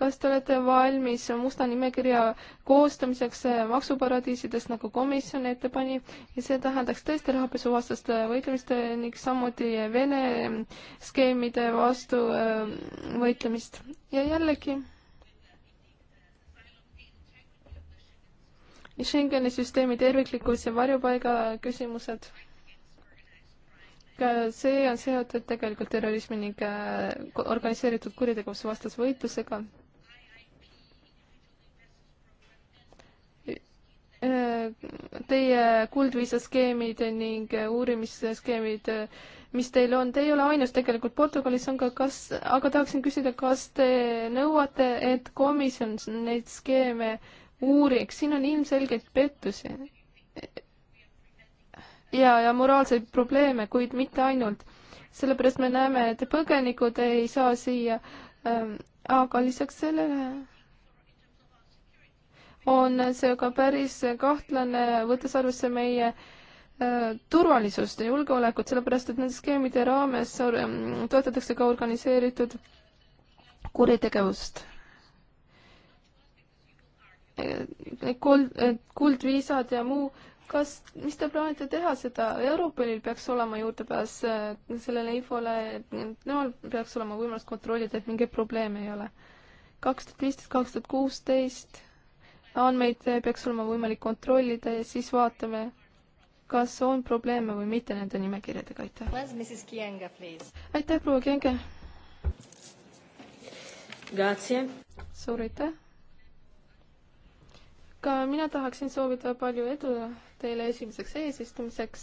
kas te olete valmis musta nimekirja koostamiseks maksuparadiisidest, nagu komisjon ette pani ja see tähendaks tõesti rahapesuvastast võitlemist ning samuti Vene skeemide vastu äh, võitlemist ja jällegi Schengeni süsteemi terviklikkus ja varjupaiga küsimused. ka see on seotud tegelikult terrorismi ning äh, organiseeritud kuritegevuse vastase võitlusega äh, teie kuldviisaskeemid ning uurimisskeemid, mis teil on, te ei ole ainus tegelikult, Portugalis on ka, kas, aga tahaksin küsida, kas te nõuate, et komisjon neid skeeme äh, uuriks, siin on ilmselgeid pettusi ja, ja moraalseid probleeme, kuid mitte ainult. sellepärast me näeme, et põgenikud ei saa siia ähm,, aga lisaks sellele on see ka päris kahtlane, võttes arvesse meie äh, turvalisust ja julgeolekut, sellepärast et nende skeemide raames ähm, toetatakse ka organiseeritud kuritegevust kuld, kuldviisad ja muu, kas, mis te plaanite teha seda, Europolil peaks olema juurdepääs äh, sellele infole, nemal peaks olema võimalus kontrollida, et mingeid probleeme ei ole. kaks tuhat viisteist, kaks tuhat kuusteist andmeid peaks olema võimalik kontrollida ja siis vaatame, kas on probleeme või mitte nende nimekirjadega, aitäh. aitäh, proua Kienge. suur aitäh ka mina tahaksin soovida palju edu teile esimeseks eesistumiseks.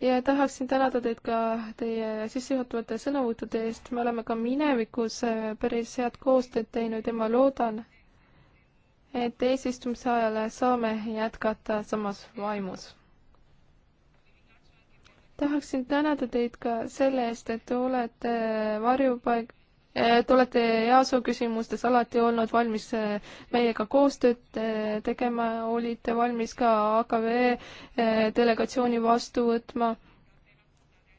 ja tahaksin tänada teid ka teie sissejuhatavate sõnavõttude eest, me oleme ka minevikus äh, päris head koostööd teinud ja ma loodan, et eesistumise ajal saame jätkata samas vaimus tahaksin tänada teid ka selle eest, et te olete varjupaik, Te olete EASO küsimustes alati olnud valmis äh, meiega koostööd äh, tegema, olite valmis ka AKV äh, delegatsiooni vastu võtma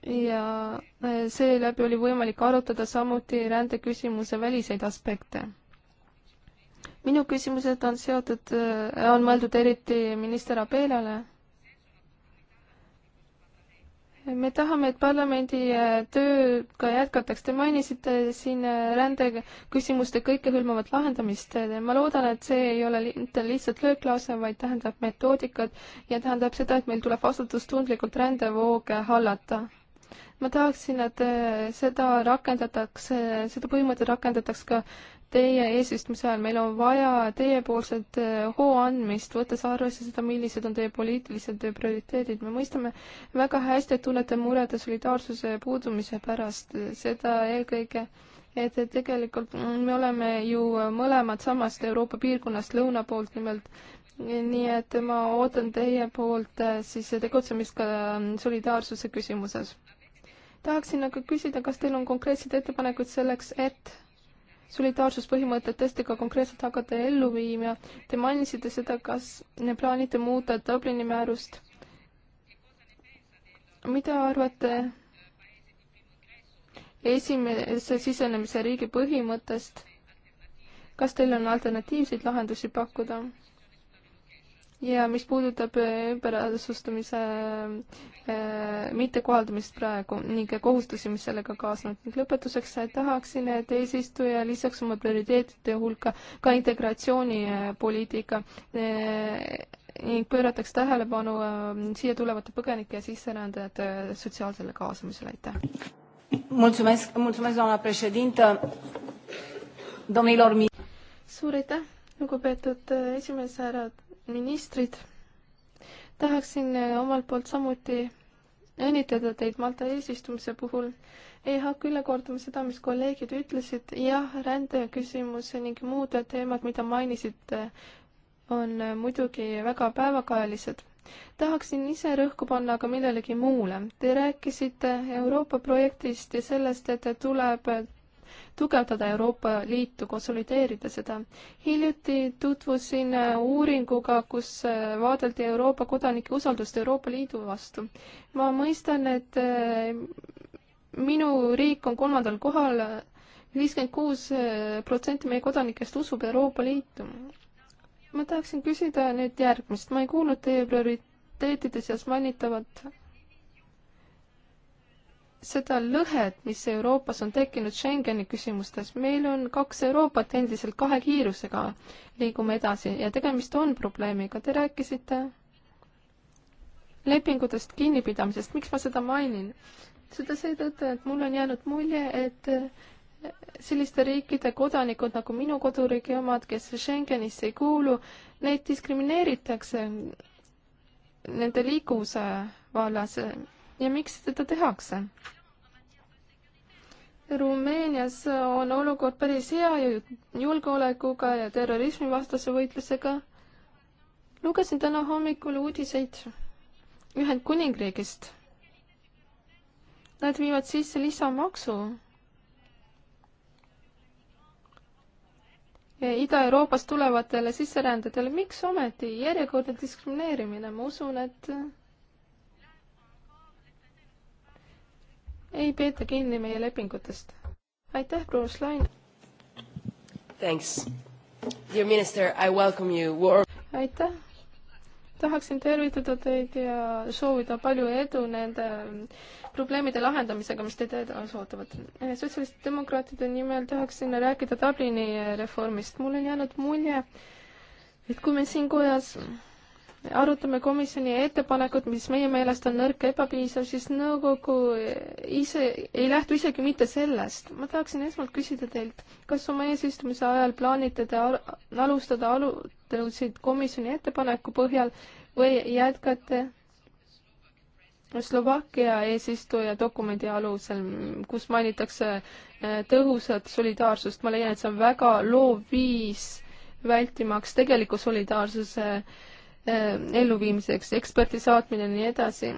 ja seeläbi oli võimalik arutada samuti rändeküsimuse väliseid aspekte. minu küsimused on seotud, on mõeldud eriti minister Abelale me tahame, et parlamendi äh, tööga jätkataks. Te mainisite siin äh, rändeküsimuste kõikehõlmavat lahendamist. ma loodan, et see ei ole lihtsalt lööklause, vaid tähendab metoodikat ja tähendab seda, et meil tuleb vastutustundlikult rändevooge hallata. ma tahaksin, et äh, seda rakendatakse, seda põhimõtet rakendataks ka äh, teie eesistumise ajal, meil on vaja teiepoolset äh, hoo andmist, võttes arvesse seda, millised on teie poliitilised äh, prioriteedid. me mõistame väga hästi, et tunnete muret solidaarsuse puudumise pärast, seda eelkõige et, et tegelikult me oleme ju mõlemad samast Euroopa piirkonnast lõuna poolt nimelt, nii et ma ootan teie poolt äh, siis tegutsemist ka ähm, solidaarsuse küsimuses. tahaksin aga küsida, kas teil on konkreetseid ettepanekuid selleks, et solidaarsuspõhimõtet tõesti ka konkreetselt hakata ellu viima. Te mainisite seda, kas plaanite muuta Dublini määrust. mida arvate esimese sisenemise riigi põhimõttest? kas teil on alternatiivseid lahendusi pakkuda? ja mis puudutab äh, ümberasustamise äh, mittekohaldumist praegu ning kohustusi, mis sellega kaasnevad. ning lõpetuseks äh, tahaksin, et eesistuja lisaks oma prioriteetide hulka ka integratsioonipoliitika ning pöörataks tähelepanu siia tulevate põgenike ja sisserändajate sotsiaalsele kaasamisele, aitäh. mulțumesc, mulțumesc, doamna președintă, domnilor. suur aitäh, lugupeetud esimees, härrad ministrid, tahaksin äh, omalt poolt samuti õnnitleda teid Malta eesistumise puhul. ei hakka üle kordama seda, mis kolleegid ütlesid, jah, rändeküsimus ning muud teemad, mida mainisite, on äh, muidugi väga päevakajalised. tahaksin ise rõhku panna aga millelegi muule. Te rääkisite Euroopa projektist ja sellest, et tuleb tugevdada Euroopa Liitu, konsolideerida seda. hiljuti tutvusin äh, uuringuga, kus äh, vaadeldi Euroopa kodanike usaldust Euroopa Liidu vastu. ma mõistan, et äh, minu riik on kolmandal kohal, viiskümmend kuus protsenti meie kodanikest usub Euroopa Liitu. ma tahaksin küsida nüüd järgmist, ma ei kuulnud teie prioriteetide seas mainitavat seda lõhet, mis Euroopas on tekkinud Schengeni küsimustes. meil on kaks Euroopat endiselt kahe kiirusega, liigume edasi ja tegemist on probleemiga. Te rääkisite lepingutest kinnipidamisest, miks ma seda mainin? seda seetõttu, et mul on jäänud mulje, et selliste riikide kodanikud nagu minu koduriigi omad, kes Schengenisse ei kuulu, neid diskrimineeritakse nende liikuvuse vallas ja miks seda tehakse? Rumeenias on olukord päris hea julgeolekuga ja terrorismivastase võitlusega. lugesin täna hommikul uudiseid Ühendkuningriigist. Nad viivad sisse lisamaksu. Ida-Euroopast tulevatele sisserändajatele, miks ometi järjekordne diskrimineerimine, ma usun, et ei peeta kinni meie lepingutest. aitäh, proua Schlein! Thanks! Dear minister, I welcome you warm-. aitäh! tahaksin tervitada teid ja soovida palju edu nende probleemide lahendamisega, mis teid edasi ootavad. Eh, sotsialistide demokraatide nimel tahaksin rääkida Dublini reformist. mul on jäänud mulje, et kui me siin kojas arutame komisjoni ettepanekut, mis meie meelest on nõrk ja ebapiisav, siis nõukogu ise ei lähtu isegi mitte sellest. ma tahaksin esmalt küsida teilt, kas oma eesistumise ajal plaanite te ar alustada arutelusid komisjoni ettepaneku põhjal või jätkate Slovakkia eesistuja dokumendi alusel, kus mainitakse eh, tõhusat solidaarsust, ma leian, et see on väga loov viis vältimaks tegeliku solidaarsuse äh, Äh, elluviimiseks, eksperti saatmine ja nii edasi.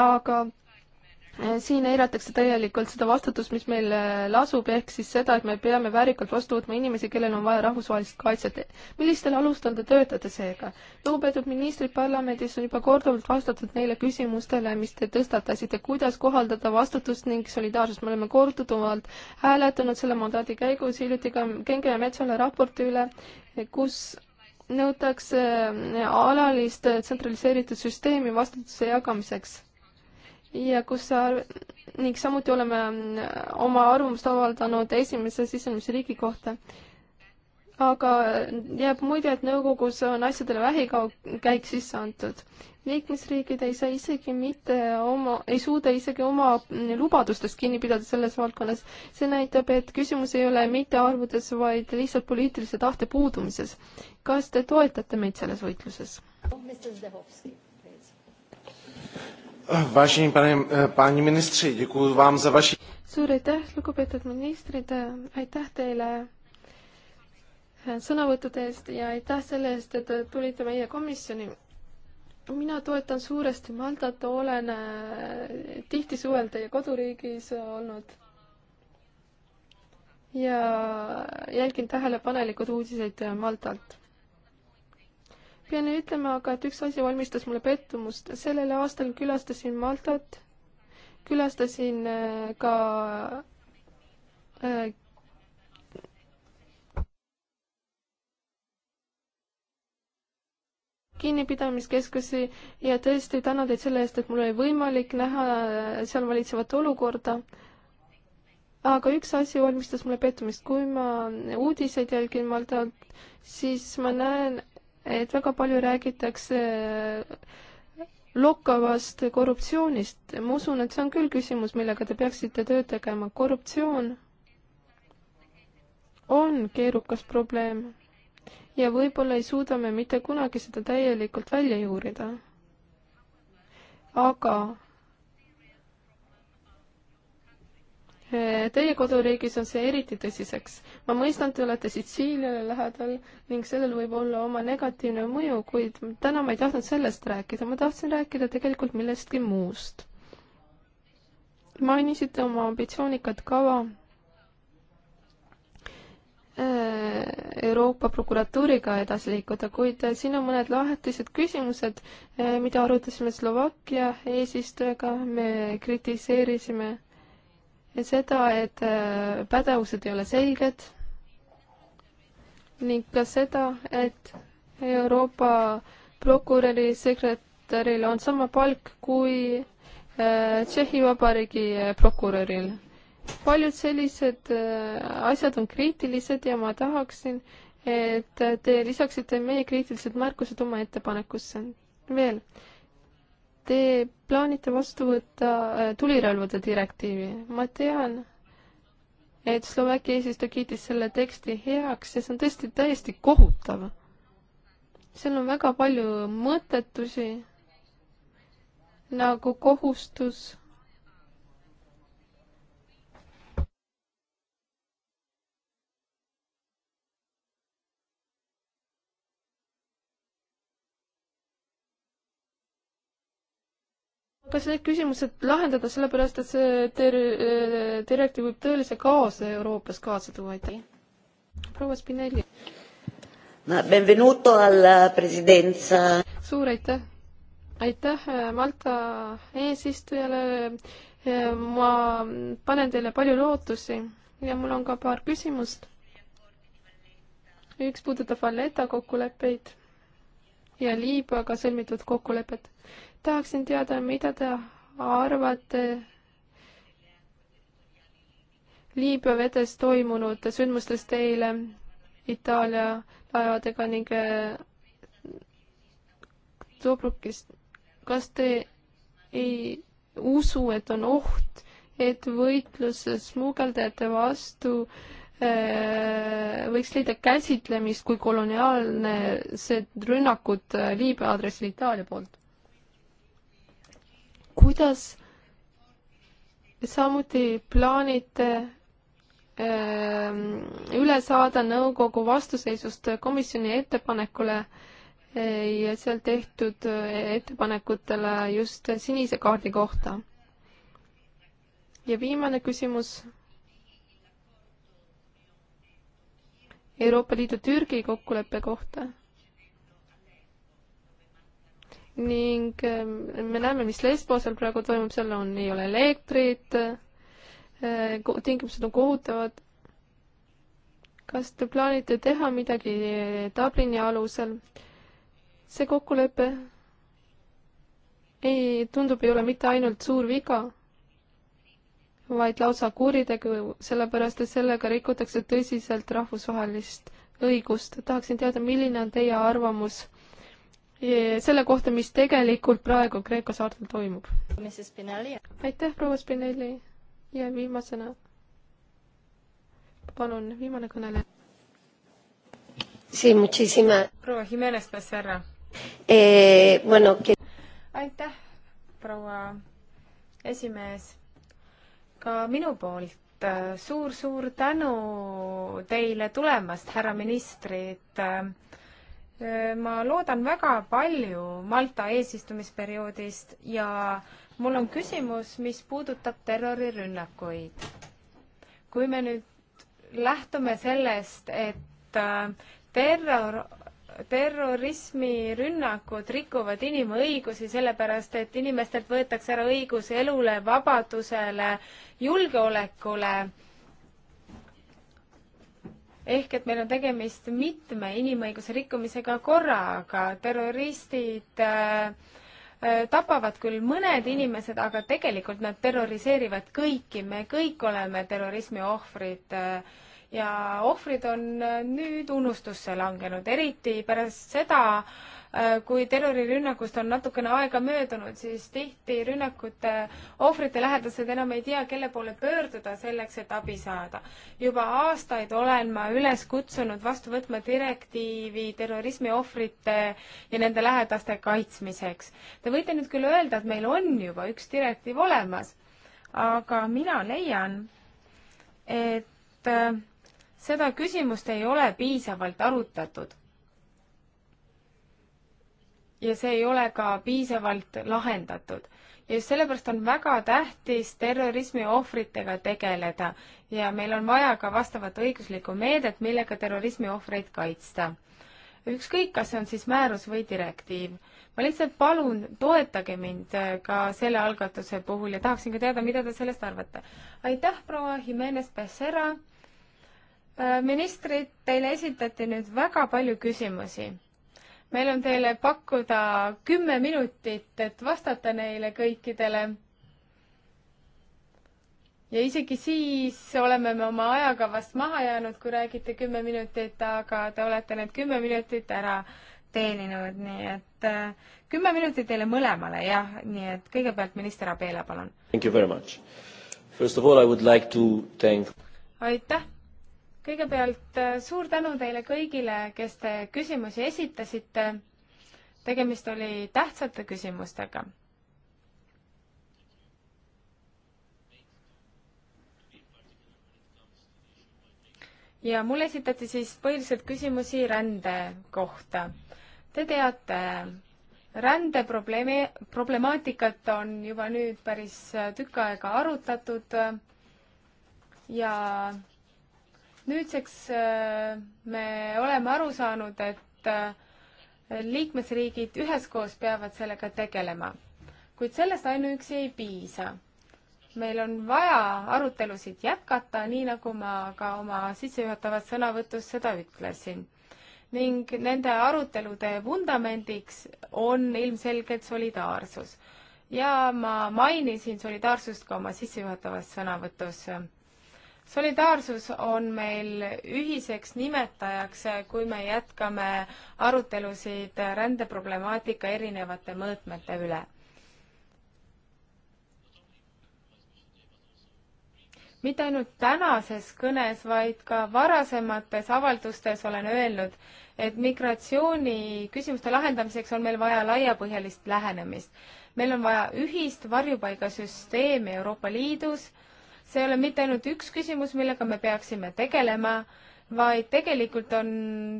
aga äh, siin eiratakse täielikult seda vastutust, mis meil äh, lasub, ehk siis seda, et me peame väärikalt vastu võtma inimesi, kellel on vaja rahvusvahelist kaitset. millistel alustel te töötate seega? lugupeetud ministrid parlamendis on juba korduvalt vastatud neile küsimustele, mis te tõstatasite, kuidas kohaldada vastutust ning solidaarsust. me oleme korduvalt hääletanud selle mandaadi käigus hiljuti ka Genge ja Metsola raporti üle, kus nõutakse äh, alalist äh, tsentraliseeritud süsteemi vastutuse jagamiseks ja kus sa, ning samuti oleme äh, oma arvamust avaldanud esimese sisenemisriigi kohta aga jääb mulje, et nõukogus on asjadele vähikäik sisse antud. liikmesriigid ei saa isegi mitte oma, ei suuda isegi oma lubadustest kinni pidada selles valdkonnas. see näitab, et küsimus ei ole mitte arvudes, vaid lihtsalt poliitilise tahte puudumises. kas te toetate meid selles võitluses? Vážení pane, páni ministři, děkuji vám za vaši... Suur aitäh, lugupeetud ministrid, aitäh teile sõnavõttude eest ja aitäh selle eest, et tulite meie komisjoni. mina toetan suuresti Maltat, olen äh, tihti suvel teie koduriigis olnud ja jälgin tähelepanelikud uudiseid äh, Maltalt. pean ütlema aga, et üks asi valmistas mulle pettumust, sellel aastal külastasin Maltat, külastasin äh, ka kinnipidamiskeskusi ja tõesti tänan teid selle eest, et mul oli võimalik näha seal valitsevat olukorda. aga üks asi valmistas mulle pettumist, kui ma uudiseid jälgin Maltalt, siis ma näen, et väga palju räägitakse lokkavast korruptsioonist. ma usun, et see on küll küsimus, millega te peaksite tööd tegema. korruptsioon on keerukas probleem ja võib-olla ei suuda me mitte kunagi seda täielikult välja juurida. aga eh, Teie koduriigis on see eriti tõsiseks. ma mõistan, te olete Sitsiiliale lähedal ning sellel võib olla oma negatiivne mõju, kuid täna ma ei tahtnud sellest rääkida, ma tahtsin rääkida tegelikult millestki muust. mainisite oma ambitsioonikat kava Äh, Euroopa prokuratuuriga edasi liikuda, kuid äh, siin on mõned lahtised küsimused, äh, mida arutasime Slovakkia eesistujaga, me kritiseerisime seda, et pädevused ei ole selged ning ka seda, et Euroopa prokuröri sekretäril on sama palk kui Tšehhi Vabariigi prokuröril paljud sellised äh, asjad on kriitilised ja ma tahaksin, et te lisaksite meie kriitilised märkused oma ettepanekusse. veel, te plaanite vastu võtta äh, tulirelvade direktiivi, ma tean, et Slovakkia eesistuja kiitis selle teksti heaks ja see on tõesti täiesti kohutav. seal on väga palju mõttetusi, nagu kohustus kas need küsimused lahendada, sellepärast et see ter-, äh, direktiiv võib tõelise kaose Euroopas kaasa tuua, aitäh. proua Spinelli. Benvenuto alla presidenza. suur aitäh. aitäh äh, Malta eesistujale. Äh, ma panen teile palju lootusi ja mul on ka paar küsimust. üks puudutab Valletta kokkuleppeid ja Liibüaga sõlmitud kokkulepet tahaksin teada, mida te arvate Liibüa vetes toimunud sündmustest eile Itaalia laevadega ning eh, Tobrukist. kas te ei usu, et on oht, et võitlus smugeldajate vastu eh, võiks leida käsitlemist kui koloniaalne see rünnakud eh, Liibüa aadressil Itaalia poolt? kuidas samuti plaanite ähm, üle saada nõukogu vastuseisust komisjoni ettepanekule äh, ja seal tehtud äh, ettepanekutele just sinise kaardi kohta. ja viimane küsimus. Euroopa Liidu Türgi kokkuleppe kohta ning ähm, me näeme, mis Lesbosel praegu toimub, seal on, ei ole elektrit, äh, tingimused on kohutavad. kas te plaanite teha midagi Dublini alusel? see kokkulepe ei, tundub, ei ole mitte ainult suur viga, vaid lausa kuritegu, sellepärast et sellega rikutakse tõsiselt rahvusvahelist õigust. tahaksin teada, milline on teie arvamus selle kohta, mis tegelikult praegu Kreeka saartel toimub. aitäh, proua Spinelli ja viimasena, palun, viimane kõneleja. proua Jimenez Becerra eh,. Bueno, que... aitäh, proua esimees. ka minu poolt suur-suur eh, tänu teile tulemast, härra ministrid eh, Äh, ma loodan väga palju Malta eesistumisperioodist ja mul on küsimus, mis puudutab terrorirünnakuid. kui me nüüd lähtume sellest, et äh, terror, terrorismirünnakud rikuvad inimõigusi, sellepärast et inimestelt võetakse ära õigus elule, vabadusele, julgeolekule ehk et meil on tegemist mitme inimõiguse rikkumisega korraga, terroristid äh, äh, tapavad küll mõned inimesed, aga tegelikult nad terroriseerivad kõiki, me kõik oleme terrorismi ohvrid äh, ja ohvrid on äh, nüüd unustusse langenud, eriti pärast seda äh,, Äh, kui terrorirünnakust on natukene aega möödunud, siis tihti rünnakute ohvrite lähedased enam ei tea, kelle poole pöörduda selleks, et abi saada. juba aastaid olen ma üles kutsunud vastu võtma direktiivi terrorismi ohvrite ja nende lähedaste kaitsmiseks. Te võite nüüd küll öelda, et meil on juba üks direktiiv olemas, aga mina leian, et äh, seda küsimust ei ole piisavalt arutatud ja see ei ole ka piisavalt lahendatud. ja just sellepärast on väga tähtis terrorismi ohvritega tegeleda ja meil on vaja ka vastavat õiguslikku meedet, millega terrorismi ohvreid kaitsta. ükskõik, kas see on siis määrus või direktiiv. ma lihtsalt palun, toetage mind äh, ka selle algatuse puhul ja tahaksin ka teada, mida te sellest arvate. aitäh, proua Jimenez Becerra. Äh, ministrid, teile esitati nüüd väga palju küsimusi meil on teile pakkuda kümme minutit, et vastata neile kõikidele. ja isegi siis oleme me oma ajakavast maha jäänud, kui räägite kümme minutit, aga te olete need kümme minutit ära teeninud, nii et äh, kümme minutit teile mõlemale, jah, nii et kõigepealt minister Abela, palun. Thank you very much. First of all I would like to thank aitäh kõigepealt äh, suur tänu teile kõigile, kes te küsimusi esitasite. tegemist oli tähtsate küsimustega. ja mulle esitati siis põhiliselt küsimusi rände kohta. Te teate, rändeprobleemi, problemaatikat on juba nüüd päris tükk aega arutatud ja nüüdseks äh, me oleme aru saanud, et äh, liikmesriigid üheskoos peavad sellega tegelema, kuid sellest ainuüksi ei piisa. meil on vaja arutelusid jätkata, nii nagu ma ka oma sissejuhatavas sõnavõtus seda ütlesin ning nende arutelude vundamendiks on ilmselgelt solidaarsus. ja ma mainisin solidaarsust ka oma sissejuhatavas sõnavõtus solidaarsus on meil ühiseks nimetajaks, kui me jätkame arutelusid rändeproblemaatika erinevate mõõtmete üle. mitte ainult tänases kõnes, vaid ka varasemates avaldustes olen öelnud, et migratsiooni küsimuste lahendamiseks on meil vaja laiapõhjalist lähenemist. meil on vaja ühist varjupaigasüsteemi Euroopa Liidus see ei ole mitte ainult üks küsimus, millega me peaksime tegelema, vaid tegelikult on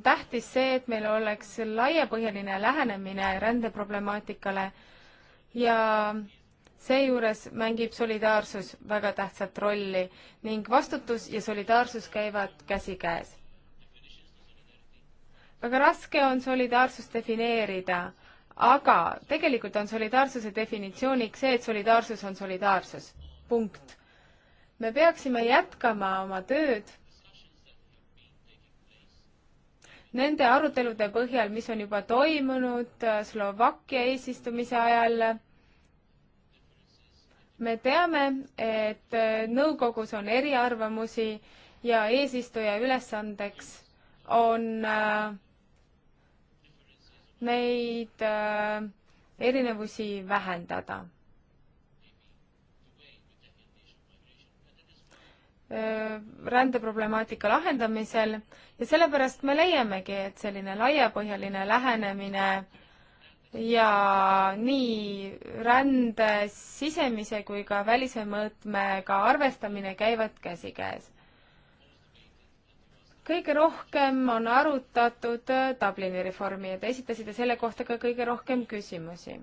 tähtis see, et meil oleks laiapõhjaline lähenemine rändeproblemaatikale ja seejuures mängib solidaarsus väga tähtsat rolli ning vastutus ja solidaarsus käivad käsikäes. väga raske on solidaarsust defineerida, aga tegelikult on solidaarsuse definitsiooniks see, et solidaarsus on solidaarsus. punkt me peaksime jätkama oma tööd nende arutelude põhjal, mis on juba toimunud äh, Slovakkia eesistumise ajal me teame, et äh, nõukogus on eriarvamusi ja eesistuja ülesandeks on äh, neid erinevusi vähendada Äh, rändeproblemaatika lahendamisel ja sellepärast me leiamegi, et selline laiapõhjaline lähenemine ja nii rände sisemise kui ka välise mõõtmega arvestamine käivad käsikäes. kõige rohkem on arutatud äh, Dublini reformi ja te esitasite selle kohta ka kõige rohkem küsimusi.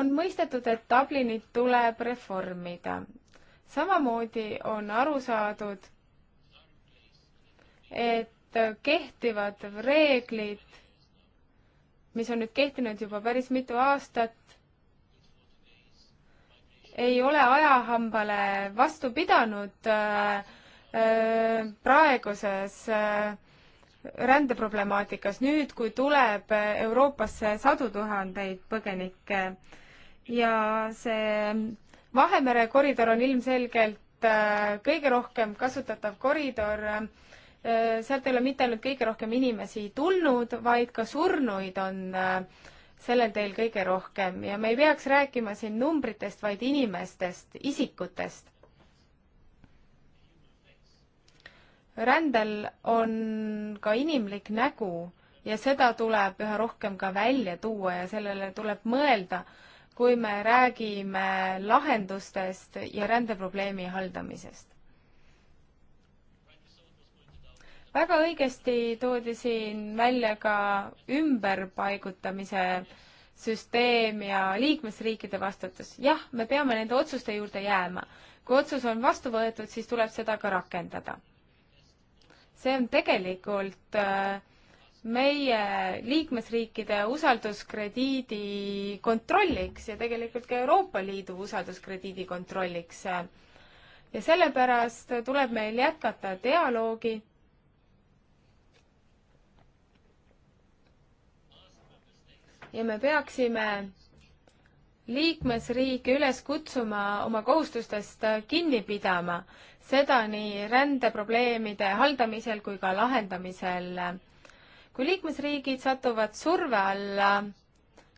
on mõistetud, et Dublinit tuleb reformida samamoodi on aru saadud, et kehtivad reeglid, mis on nüüd kehtinud juba päris mitu aastat, ei ole ajahambale vastu pidanud äh, äh, praeguses äh, rändeproblemaatikas, nüüd kui tuleb Euroopasse sadu tuhandeid põgenikke ja see Vahemere koridor on ilmselgelt äh, kõige rohkem kasutatav koridor. Äh, sealt ei ole mitte ainult kõige rohkem inimesi tulnud, vaid ka surnuid on äh, sellel teel kõige rohkem ja me ei peaks rääkima siin numbritest, vaid inimestest, isikutest. rändel on ka inimlik nägu ja seda tuleb üha rohkem ka välja tuua ja sellele tuleb mõelda kui me räägime lahendustest ja rändeprobleemi haldamisest. väga õigesti toodi siin välja ka ümberpaigutamise süsteem ja liikmesriikide vastutus. jah, me peame nende otsuste juurde jääma. kui otsus on vastu võetud, siis tuleb seda ka rakendada. see on tegelikult äh, meie liikmesriikide usalduskrediidi kontrolliks ja tegelikult ka Euroopa Liidu usalduskrediidi kontrolliks. ja sellepärast tuleb meil jätkata dialoogi. ja me peaksime liikmesriike üles kutsuma oma kohustustest kinni pidama, seda nii rändeprobleemide haldamisel kui ka lahendamisel kui liikmesriigid satuvad surve alla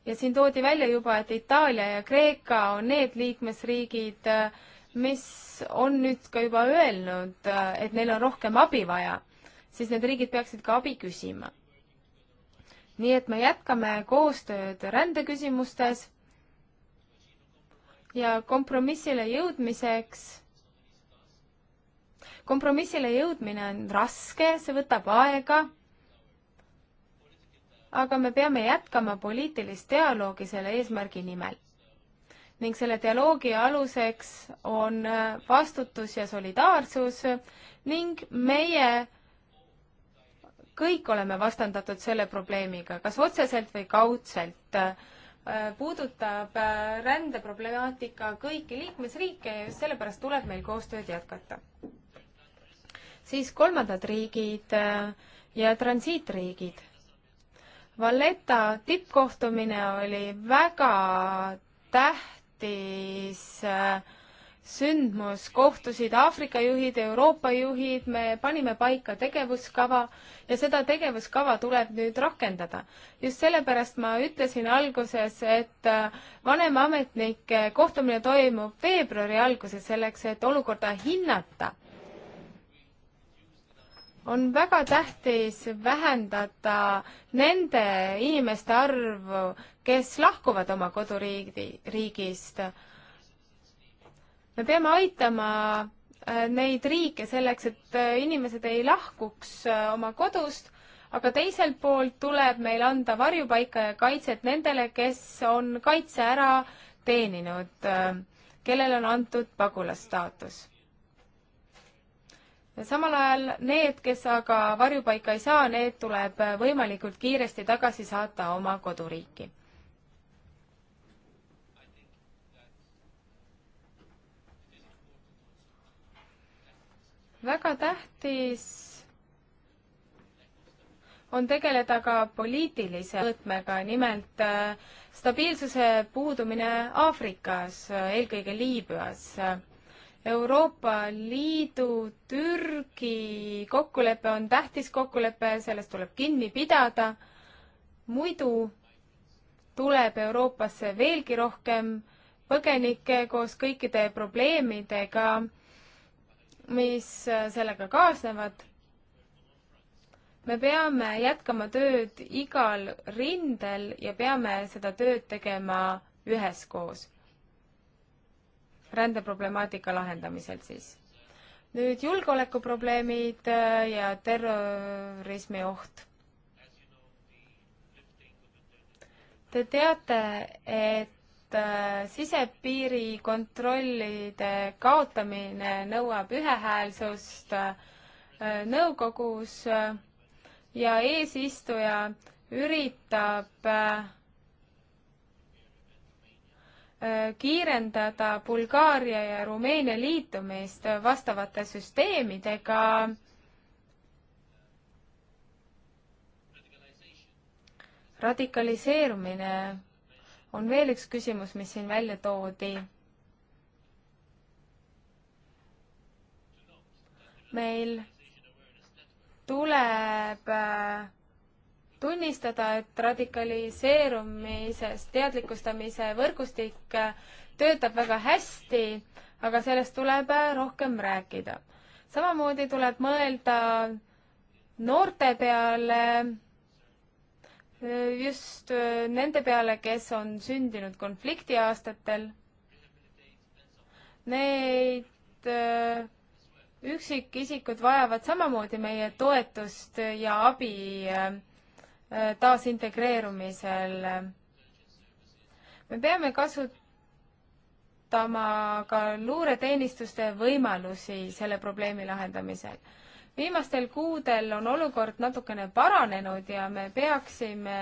ja siin toodi välja juba, et Itaalia ja Kreeka on need liikmesriigid, mis on nüüd ka juba öelnud, et neil on rohkem abi vaja, siis need riigid peaksid ka abi küsima. nii et me jätkame koostööd rändeküsimustes ja kompromissile jõudmiseks kompromissile jõudmine on raske, see võtab aega aga me peame jätkama poliitilist dialoogi selle eesmärgi nimel. ning selle dialoogi aluseks on äh, vastutus ja solidaarsus ning meie kõik oleme vastandatud selle probleemiga, kas otseselt või kaudselt, äh, puudutab äh, rändeproblemaatika kõiki liikmesriike ja just sellepärast tuleb meil koostööd jätkata. siis kolmandad riigid ja transiitriigid Valletta tippkohtumine oli väga tähtis äh, sündmus, kohtusid Aafrika juhid, Euroopa juhid, me panime paika tegevuskava ja seda tegevuskava tuleb nüüd rakendada. just sellepärast ma ütlesin alguses, et äh, vanemametnike kohtumine toimub veebruari alguses, selleks et olukorda hinnata on väga tähtis vähendada nende inimeste arvu, kes lahkuvad oma koduriigi, riigist. me peame aitama äh, neid riike selleks, et äh, inimesed ei lahkuks äh, oma kodust, aga teiselt poolt tuleb meil anda varjupaika ja kaitset nendele, kes on kaitse ära teeninud, kellele on antud pagulasstaatus samal ajal need, kes aga varjupaika ei saa, need tuleb võimalikult kiiresti tagasi saata oma koduriiki. väga tähtis on tegeleda ka poliitilise mõõtmega, nimelt äh, stabiilsuse puudumine Aafrikas, äh, eelkõige Liibüas Euroopa Liidu Türgi kokkulepe on tähtis kokkulepe, sellest tuleb kinni pidada, muidu tuleb Euroopasse veelgi rohkem põgenikke koos kõikide probleemidega, mis sellega kaasnevad. me peame jätkama tööd igal rindel ja peame seda tööd tegema üheskoos rändeproblemaatika lahendamisel siis. nüüd julgeolekuprobleemid äh, ja terrorismioht. Te teate, et äh, sisepiiri kontrollide kaotamine nõuab ühehäälsust äh, nõukogus ja eesistuja üritab äh, Äh, kiirendada Bulgaaria ja Rumeenia liitumist vastavate süsteemidega radikaliseerumine on veel üks küsimus, mis siin välja toodi. meil tuleb äh, tunnistada, et radikaliseerumisest teadlikustamise võrgustik äh, töötab väga hästi, aga sellest tuleb äh, rohkem rääkida. samamoodi tuleb mõelda noorte peale, äh, just nende peale, kes on sündinud konfliktiaastatel. Neid üksikisikud vajavad samamoodi meie toetust ja abi äh, Äh, taasintegreerumisel. me peame kasutama ka luureteenistuste võimalusi selle probleemi lahendamisel. viimastel kuudel on olukord natukene paranenud ja me peaksime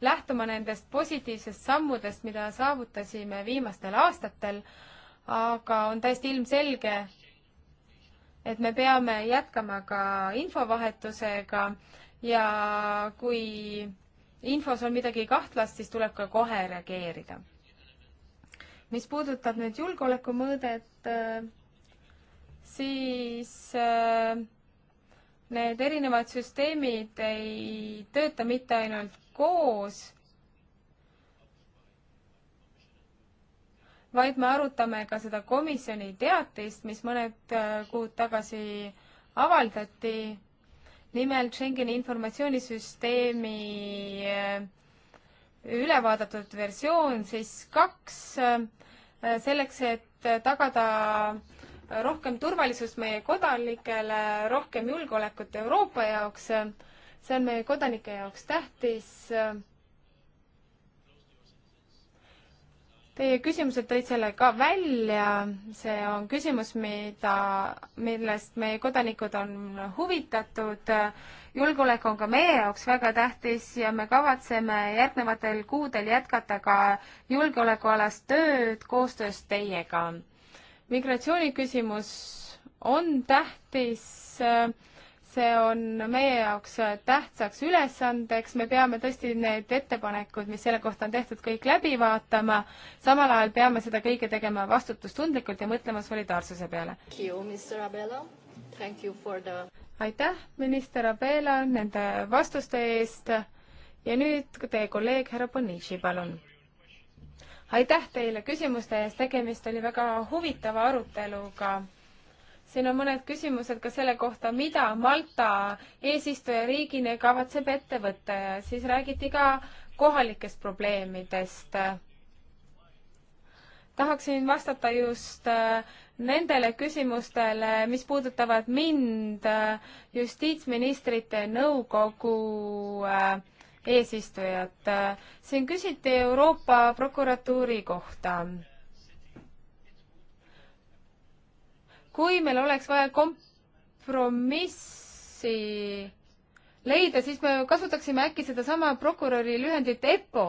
lähtuma nendest positiivsest sammudest, mida saavutasime viimastel aastatel, aga on täiesti ilmselge, et me peame jätkama ka infovahetusega ja kui infos on midagi kahtlast, siis tuleb ka kohe reageerida. mis puudutab nüüd julgeolekumõõdet, äh, siis äh, need erinevad süsteemid ei tööta mitte ainult koos vaid me arutame ka seda komisjoni teatist, mis mõned äh, kuud tagasi avaldati, nimelt Schengeni informatsioonisüsteemi äh, ülevaadatud versioon siis kaks, äh, selleks, et tagada rohkem turvalisust meie kodanikele, rohkem julgeolekut Euroopa jaoks, see on meie kodanike jaoks tähtis Teie küsimused tõid selle ka välja, see on küsimus, mida, millest meie kodanikud on huvitatud. julgeolek on ka meie jaoks väga tähtis ja me kavatseme järgnevatel kuudel jätkata ka julgeolekualast tööd koostöös teiega. migratsiooniküsimus on tähtis see on meie jaoks tähtsaks ülesandeks, me peame tõesti need ettepanekud, mis selle kohta on tehtud, kõik läbi vaatama, samal ajal peame seda kõike tegema vastutustundlikult ja mõtlema solidaarsuse peale. The... aitäh, minister Abela, nende vastuste eest ja nüüd teie kolleeg härra Bonici, palun. aitäh teile küsimuste eest, tegemist oli väga huvitava aruteluga siin on mõned küsimused ka selle kohta, mida Malta eesistujariigina kavatseb ette võtta ja siis räägiti ka kohalikest probleemidest. tahaksin vastata just äh, nendele küsimustele, mis puudutavad mind äh, justiitsministrite nõukogu äh, eesistujat. siin küsiti Euroopa prokuratuuri kohta kui meil oleks vaja kompromissi leida, siis me kasutaksime äkki sedasama prokuröri lühendit EPPO.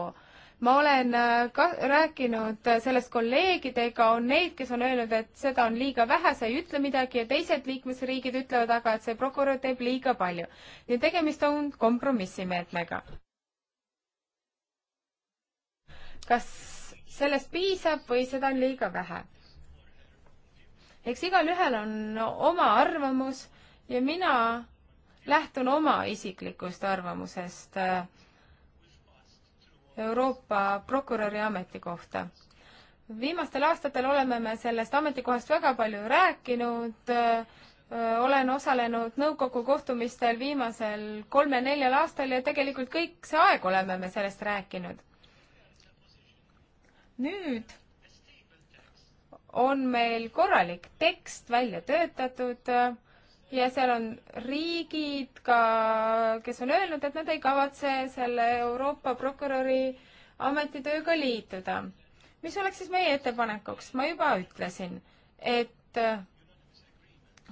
ma olen äh, ka rääkinud äh, sellest kolleegidega, on neid, kes on öelnud, et seda on liiga vähe, sa ei ütle midagi ja teised liikmesriigid ütlevad aga, et see prokurör teeb liiga palju. nii tegemist on kompromissimeetmega. kas sellest piisab või seda on liiga vähe? eks igalühel on oma arvamus ja mina lähtun oma isiklikust arvamusest äh, Euroopa prokuröri ametikohta. viimastel aastatel oleme me sellest ametikohast väga palju rääkinud, äh, olen osalenud nõukogu kohtumistel viimasel kolmel-neljal aastal ja tegelikult kõik see aeg oleme me sellest rääkinud. nüüd on meil korralik tekst välja töötatud äh, ja seal on riigid ka, kes on öelnud, et nad ei kavatse selle Euroopa prokuröri ametitööga liituda. mis oleks siis meie ettepanekuks? ma juba ütlesin, et äh,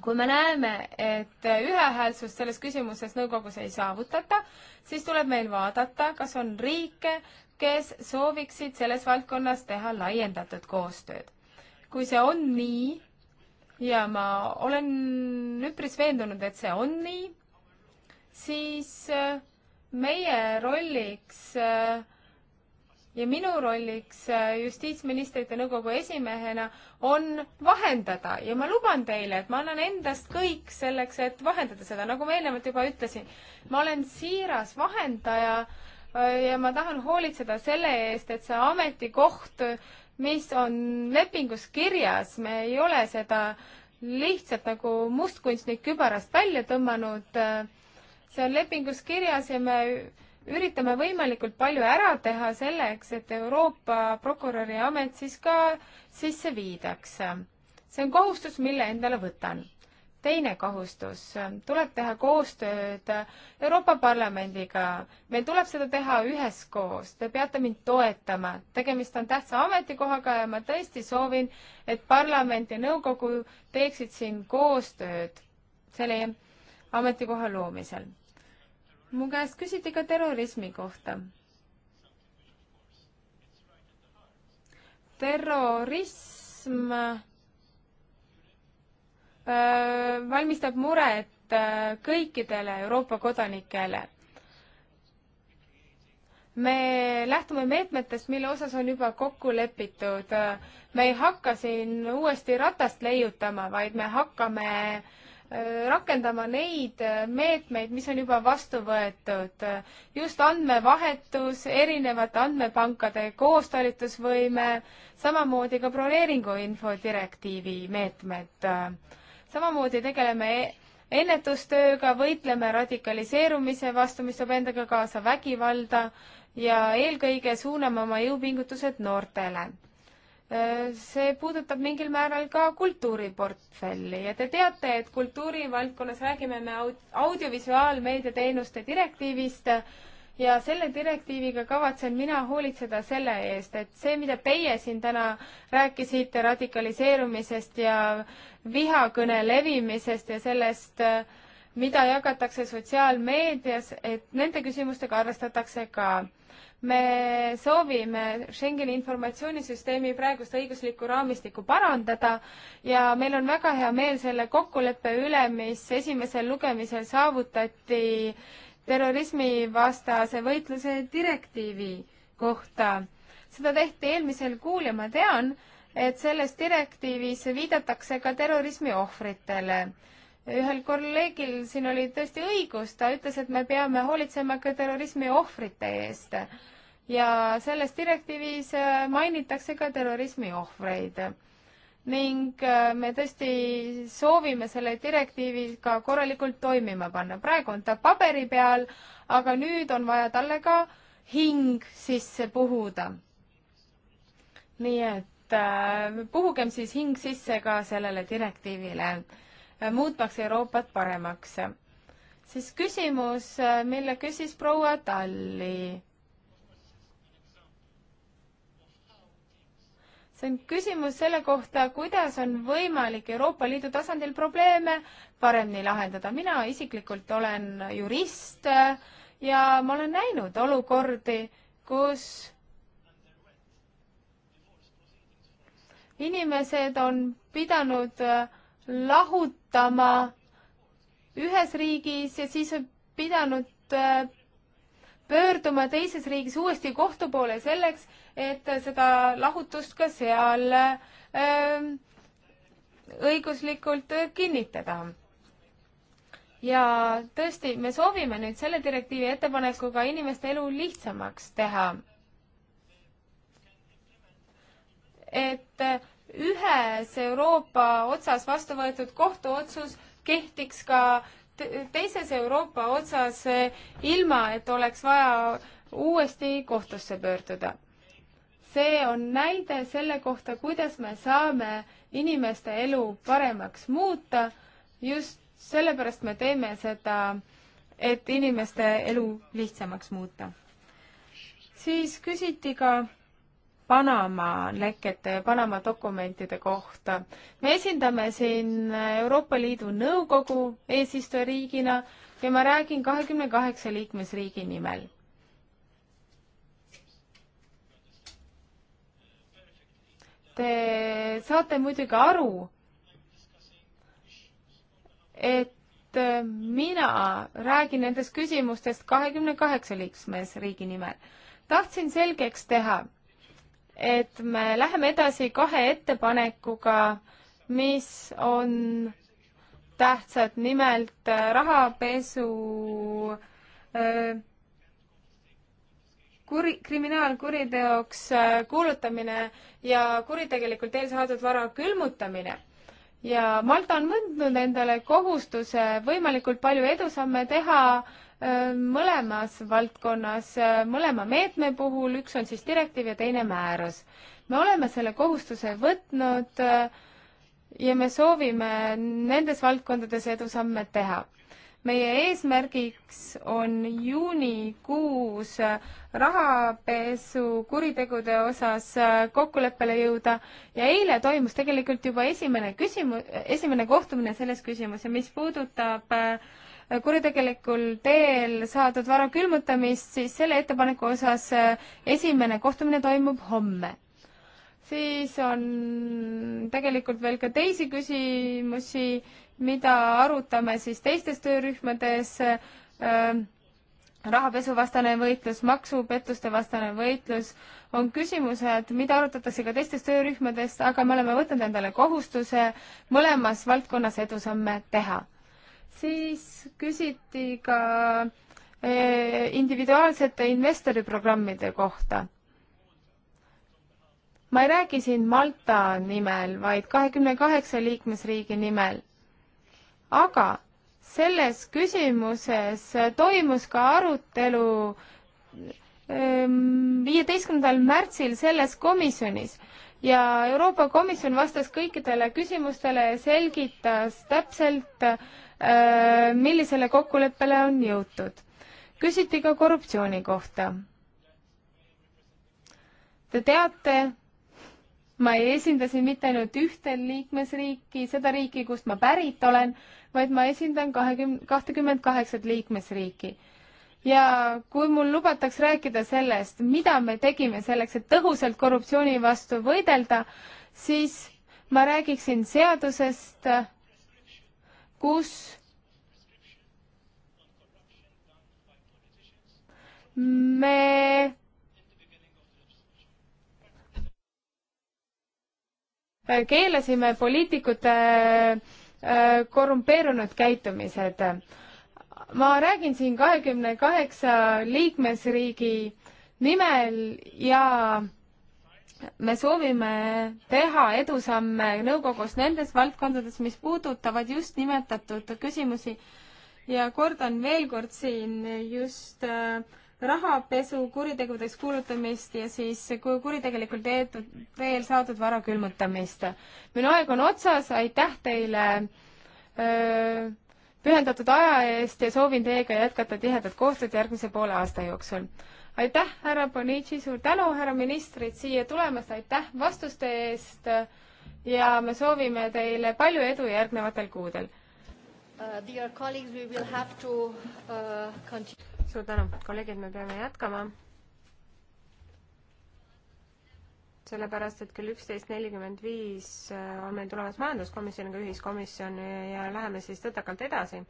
kui me näeme, et äh, ühehäälsust selles küsimuses nõukogus ei saavutata, siis tuleb meil vaadata, kas on riike, kes sooviksid selles valdkonnas teha laiendatud koostööd kui see on nii ja ma olen üpris veendunud, et see on nii, siis äh, meie rolliks äh, ja minu rolliks äh, justiitsministrite nõukogu esimehena on vahendada ja ma luban teile, et ma annan endast kõik selleks, et vahendada seda, nagu ma eelnevalt juba ütlesin. ma olen siiras vahendaja ja ma tahan hoolitseda selle eest, et see ametikoht mis on lepingus kirjas, me ei ole seda lihtsalt nagu mustkunstnik kübarast välja tõmmanud. see on lepingus kirjas ja me üritame võimalikult palju ära teha selleks, et Euroopa prokuröri amet siis ka sisse viidaks. see on kohustus, mille endale võtan teine kohustus, tuleb teha koostööd Euroopa Parlamendiga, meil tuleb seda teha üheskoos, te peate mind toetama, tegemist on tähtsa ametikohaga ja ma tõesti soovin, et parlament ja nõukogu teeksid siin koostööd selle ametikoha loomisel. mu käest küsiti ka terrorismi kohta. terrorism valmistab muret kõikidele Euroopa kodanikele. me lähtume meetmetest, mille osas on juba kokku lepitud. me ei hakka siin uuesti ratast leiutama, vaid me hakkame rakendama neid meetmeid, mis on juba vastu võetud. just andmevahetus, erinevate andmepankade koostalitusvõime, samamoodi ka broneeringuinfo direktiivi meetmed samamoodi tegeleme e-, ennetustööga, võitleme radikaliseerumise vastu, mis toob endaga kaasa vägivalda ja eelkõige suuname oma jõupingutused noortele. see puudutab mingil määral ka kultuuriportfelli ja te teate, et kultuurivaldkonnas räägime me aud-, audiovisuaalmeedia teenuste direktiivist, ja selle direktiiviga kavatsen mina hoolitseda selle eest, et see, mida teie siin täna rääkisite radikaliseerumisest ja vihakõne levimisest ja sellest, mida jagatakse sotsiaalmeedias, et nende küsimustega arvestatakse ka me soovime Schengeni informatsioonisüsteemi praegust õiguslikku raamistikku parandada ja meil on väga hea meel selle kokkuleppe üle, mis esimesel lugemisel saavutati terrorismivastase võitluse direktiivi kohta. seda tehti eelmisel kuul ja ma tean, et selles direktiivis viidatakse ka terrorismi ohvritele. ühel kolleegil siin oli tõesti õigus, ta ütles, et me peame hoolitsema ka terrorismi ohvrite eest. ja selles direktiivis mainitakse ka terrorismi ohvreid ning äh, me tõesti soovime selle direktiivi ka korralikult toimima panna. praegu on ta paberi peal, aga nüüd on vaja talle ka hing sisse puhuda. nii et äh, puhugem siis hing sisse ka sellele direktiivile, äh, muutmaks Euroopat paremaks. siis küsimus, äh, mille küsis proua Talli see on küsimus selle kohta, kuidas on võimalik Euroopa Liidu tasandil probleeme paremini lahendada. mina isiklikult olen jurist ja ma olen näinud olukordi, kus inimesed on pidanud lahutama ühes riigis ja siis pidanud pöörduma teises riigis uuesti kohtu poole selleks, et seda lahutust ka seal öö, ähm, õiguslikult kinnitada. ja tõesti, me soovime nüüd selle direktiivi ettepanekuga inimeste elu lihtsamaks teha. et ühes Euroopa otsas vastu võetud kohtuotsus kehtiks ka teises Euroopa otsas ilma, et oleks vaja uuesti kohtusse pöörduda see on näide selle kohta, kuidas me saame inimeste elu paremaks muuta. just sellepärast me teeme seda, et inimeste elu lihtsamaks muuta. siis küsiti ka Panama lekete ja Panama dokumentide kohta. me esindame siin Euroopa Liidu Nõukogu eesistujariigina ja ma räägin kahekümne kaheksa liikmesriigi nimel Te saate muidugi aru, et mina räägin nendest küsimustest kahekümne kaheksa liikmesriigi nimel. tahtsin selgeks teha, et me läheme edasi kahe ettepanekuga, mis on tähtsad, nimelt rahapesu öö, äh, kuri, kriminaalkuriteoks äh, kuulutamine ja kuritegelikult eelsaadud vara külmutamine. ja Malta on võtnud endale kohustuse võimalikult palju edusamme teha äh, mõlemas valdkonnas, äh, mõlema meetme puhul, üks on siis direktiiv ja teine määrus. me oleme selle kohustuse võtnud ja me soovime nendes valdkondades edusamme teha meie eesmärgiks on juunikuus rahapesu kuritegude osas kokkuleppele jõuda ja eile toimus tegelikult juba esimene küsimus, esimene kohtumine selles küsimus ja mis puudutab äh, kuritegelikul teel saadud vara külmutamist, siis selle ettepaneku osas äh, esimene kohtumine toimub homme siis on tegelikult veel ka teisi küsimusi, mida arutame siis teistes töörühmades äh,. rahapesuvastane võitlus, maksupettuste vastane võitlus on küsimused, mida arutatakse ka teistes töörühmades, aga me oleme võtnud endale kohustuse mõlemas valdkonnas edusamme teha. siis küsiti ka äh, individuaalsete investoriprogrammide kohta ma ei räägi siin Malta nimel, vaid kahekümne kaheksa liikmesriigi nimel. aga selles küsimuses toimus ka arutelu ehm, viieteistkümnendal märtsil selles komisjonis ja Euroopa Komisjon vastas kõikidele küsimustele ja selgitas täpselt, ehm, millisele kokkuleppele on jõutud. küsiti ka korruptsiooni kohta. Te teate, ma ei esinda siin mitte ainult ühte liikmesriiki, seda riiki, kust ma pärit olen, vaid ma esindan kahekümne, kahtekümmend kaheksat liikmesriiki. ja kui mul lubataks rääkida sellest, mida me tegime selleks, et tõhusalt korruptsiooni vastu võidelda, siis ma räägiksin seadusest, kus me keelasime poliitikute äh, korrumpeerunud käitumised. ma räägin siin kahekümne kaheksa liikmesriigi nimel ja me soovime teha edusamme nõukogus nendes valdkondades, mis puudutavad just nimetatud küsimusi ja kordan veel kord siin just äh, rahapesu kuritegudeks kuulutamist ja siis kuritegelikul teetud, teel saadud vara külmutamist. minu aeg on otsas, aitäh teile öö, pühendatud aja eest ja soovin teiega jätkata tihedat koostööd järgmise poole aasta jooksul. aitäh, härra Bonici, suur tänu, härra ministrid, siia tulemast, aitäh vastuste eest ja me soovime teile palju edu järgnevatel kuudel uh,. Dear colleagues, we will have to uh, continue suur tänu, kolleegid, me peame jätkama. sellepärast, et kell üksteist nelikümmend viis äh, on meil tulemas majanduskomisjoniga ühiskomisjon ja läheme siis tõtakalt edasi.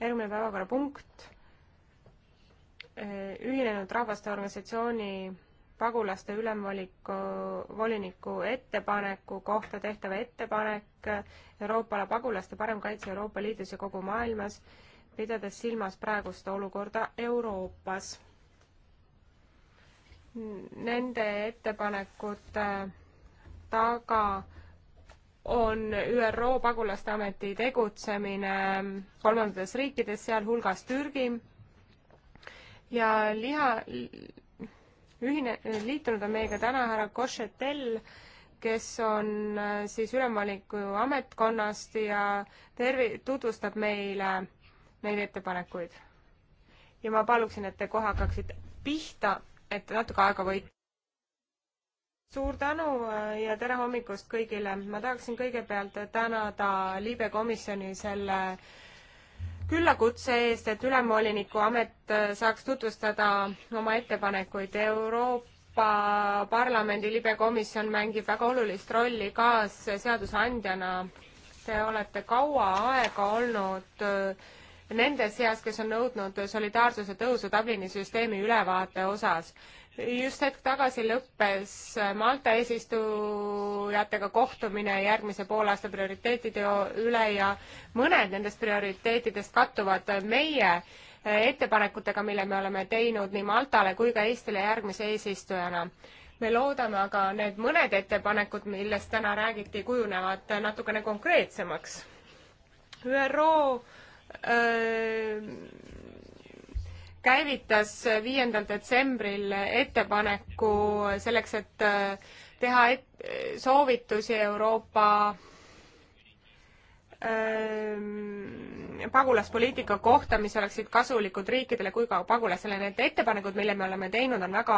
järgmine päevakorrapunkt, äh, Ühinenud Rahvaste Organisatsiooni pagulaste ülemvoliku, voliniku ettepaneku kohta tehtav ettepanek Euroopale pagulaste parem kaitse Euroopa Liidus ja kogu maailmas pidades silmas praegust olukorda Euroopas. Nende ettepanekute taga on ÜRO pagulaste ameti tegutsemine kolmandates riikides, sealhulgas Türgi ja liha, ühine, liitunud on meiega täna härra Košetel, kes on äh, siis ülemvaliku ametkonnast ja tervi-, tutvustab meile neid ettepanekuid. ja ma paluksin, et te kohe hakkaksite pihta, et natuke aega võita. suur tänu äh, ja tere hommikust kõigile. ma tahaksin kõigepealt tänada Liibe komisjoni selle küllakutse eest, et ülemvoliniku amet äh, saaks tutvustada oma ettepanekuid Euroopa Euroopa Parlamendi libekomisjon mängib väga olulist rolli kaasseadusandjana. Te olete kaua aega olnud äh, nende seas, kes on nõudnud solidaarsuse tõusu Dublini süsteemi ülevaate osas. just hetk tagasi lõppes Malta eesistujatega kohtumine järgmise poolaasta prioriteetide üle ja mõned nendest prioriteetidest kattuvad meie ettepanekutega, mille me oleme teinud nii Maltale kui ka Eestile järgmise eesistujana me loodame aga need mõned ettepanekud, millest täna räägiti, kujunevad natukene konkreetsemaks. ÜRO käivitas viiendal detsembril ettepaneku selleks, et äh, teha et, soovitusi Euroopa pagulaspoliitika kohta, mis oleksid kasulikud riikidele kui ka pagulasele. Need ettepanekud, mille me oleme teinud, on väga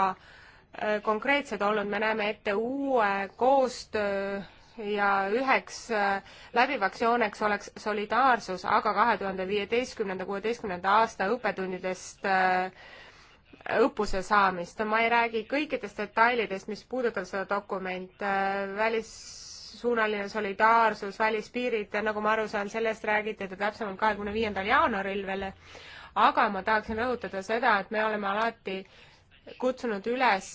konkreetsed olnud, me näeme ette uue koostöö ja üheks äh, läbivaks jooneks oleks solidaarsus, aga kahe tuhande viieteistkümnenda, kuueteistkümnenda aasta õppetundidest äh, õppuse saamist. ma ei räägi kõikidest detailidest, mis puudutab seda dokumenti, äh, välissuunaline solidaarsus, välispiirid, nagu ma aru saan, sellest räägiti te täpsemalt kahekümne viiendal jaanuaril veel, aga ma tahaksin rõhutada seda, et me oleme alati äh, kutsunud üles,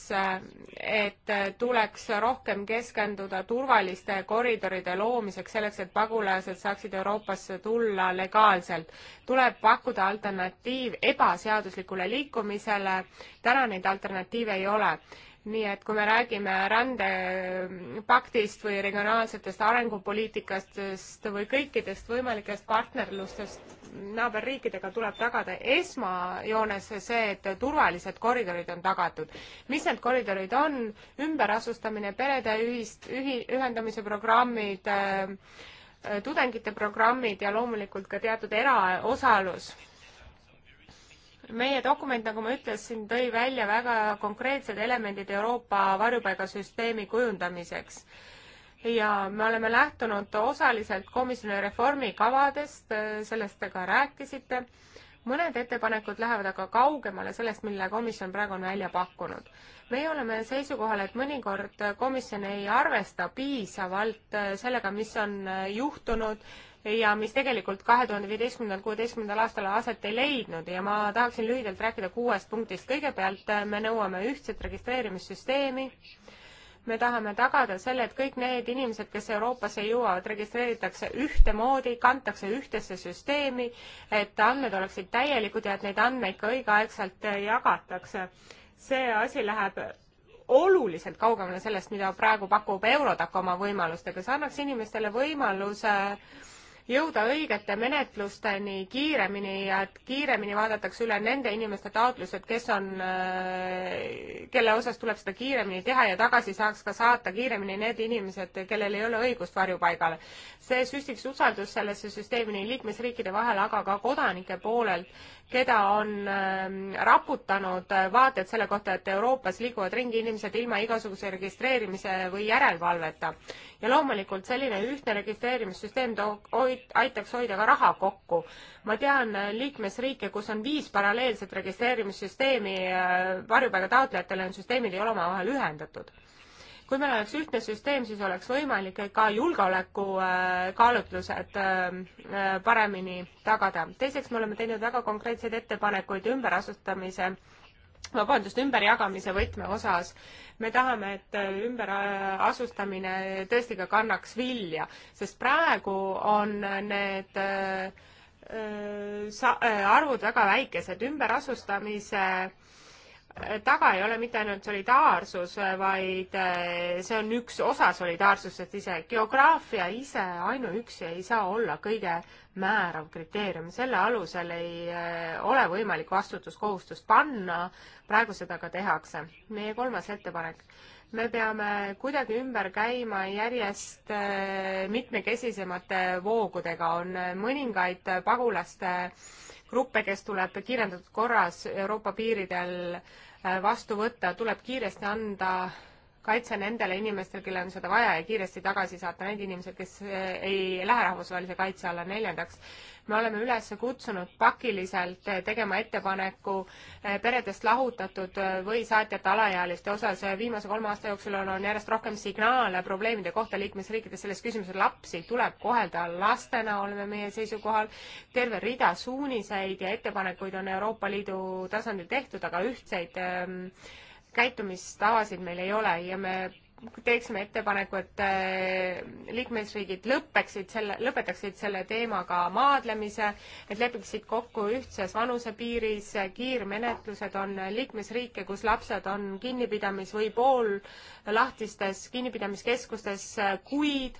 et tuleks rohkem keskenduda turvaliste koridoride loomiseks, selleks et pagulased saaksid Euroopasse tulla legaalselt. tuleb pakkuda alternatiiv ebaseaduslikule liikumisele, täna neid alternatiive ei ole nii et kui me räägime rändepaktist või regionaalsetest arengupoliitikastest või kõikidest võimalikest partnerlustest, naaberriikidega tuleb tagada esmajoones see, et turvalised koridorid on tagatud. mis need koridorid on, ümberasustamine, perede ühist, ühi-, ühendamise programmid, äh, tudengite programmid ja loomulikult ka teatud eraosalus meie dokument, nagu ma ütlesin, tõi välja väga konkreetsed elemendid Euroopa varjupaigasüsteemi kujundamiseks ja me oleme lähtunud osaliselt komisjoni reformikavadest, sellest te ka rääkisite. mõned ettepanekud lähevad aga kaugemale sellest, mille komisjon praegu on välja pakkunud. meie oleme seisukohal, et mõnikord komisjon ei arvesta piisavalt sellega, mis on juhtunud ja mis tegelikult kahe tuhande viieteistkümnendal, kuueteistkümnendal aastal aset ei leidnud ja ma tahaksin lühidalt rääkida kuuest punktist. kõigepealt me nõuame ühtset registreerimissüsteemi me tahame tagada selle, et kõik need inimesed, kes Euroopasse jõuavad, registreeritakse ühtemoodi, kantakse ühtesse süsteemi, et andmed oleksid täielikud ja et neid andmeid ka õigeaegselt äh, jagatakse. see asi läheb oluliselt kaugemale sellest, mida praegu pakub Eurodac oma võimalustega, see annaks inimestele võimaluse äh, jõuda õigete menetlusteni kiiremini ja et kiiremini vaadatakse üle nende inimeste taotlused, kes on, äh, kelle osas tuleb seda kiiremini teha ja tagasi saaks ka saata kiiremini need inimesed, kellel ei ole õigust varjupaigale. see süstiks usaldust sellesse süsteemi nii liikmesriikide vahel, aga ka kodanike poolelt, keda on ähm, raputanud äh, vaated selle kohta, et Euroopas liiguvad ringi inimesed ilma igasuguse registreerimise või järelevalveta ja loomulikult selline ühtne registreerimissüsteem hoid, aitaks hoida ka raha kokku. ma tean äh, liikmesriike, kus on viis paralleelset registreerimissüsteemi, äh, varjupaiga taotlejatele on süsteemid ei ole omavahel ühendatud kui meil oleks ühtne süsteem, siis oleks võimalik ka julgeolekukaalutlused äh, paremini tagada. teiseks, me oleme teinud väga konkreetseid ettepanekuid ümberasustamise vabandust, ümberjagamise võtme osas. me tahame, et äh, ümberasustamine tõesti ka kannaks vilja, sest praegu on need äh, äh sa- äh,, arvud väga väikesed, ümberasustamise taga ei ole mitte ainult solidaarsus, vaid eh, see on üks osa solidaarsusest ise. geograafia ise ainuüksi ei saa olla kõige määrav kriteerium, selle alusel ei eh, ole võimalik vastutuskohustust panna, praegu seda ka tehakse. meie kolmas ettepanek, me peame kuidagi ümber käima järjest eh, mitmekesisemate voogudega, on mõningaid pagulaste äh, gruppe, kes tuleb kiirendatud korras Euroopa piiridel äh, vastu võtta, tuleb kiiresti anda kaitse nendele inimestele, kellel on seda vaja ja kiiresti tagasi saata need inimesed, kes eh, ei lähe rahvusvahelise kaitse alla. neljandaks, me oleme üles kutsunud pakiliselt eh, tegema ettepaneku eh, peredest lahutatud või saatjate alaealiste osas. viimase kolme aasta jooksul on, on järjest rohkem signaale probleemide kohta liikmesriikides selles küsimuses. lapsi tuleb kohelda lastena, oleme meie seisukohal. terve rida suuniseid ja ettepanekuid on Euroopa Liidu tasandil tehtud, aga ühtseid ähm, käitumistavasid meil ei ole ja me teeksime ettepaneku, et äh, liikmesriigid lõpeksid selle, lõpetaksid selle teemaga maadlemise, et lepiksid kokku ühtses vanusepiiris, kiirmenetlused on liikmesriike, kus lapsed on kinnipidamis- või poollahtistes kinnipidamiskeskustes äh, kuid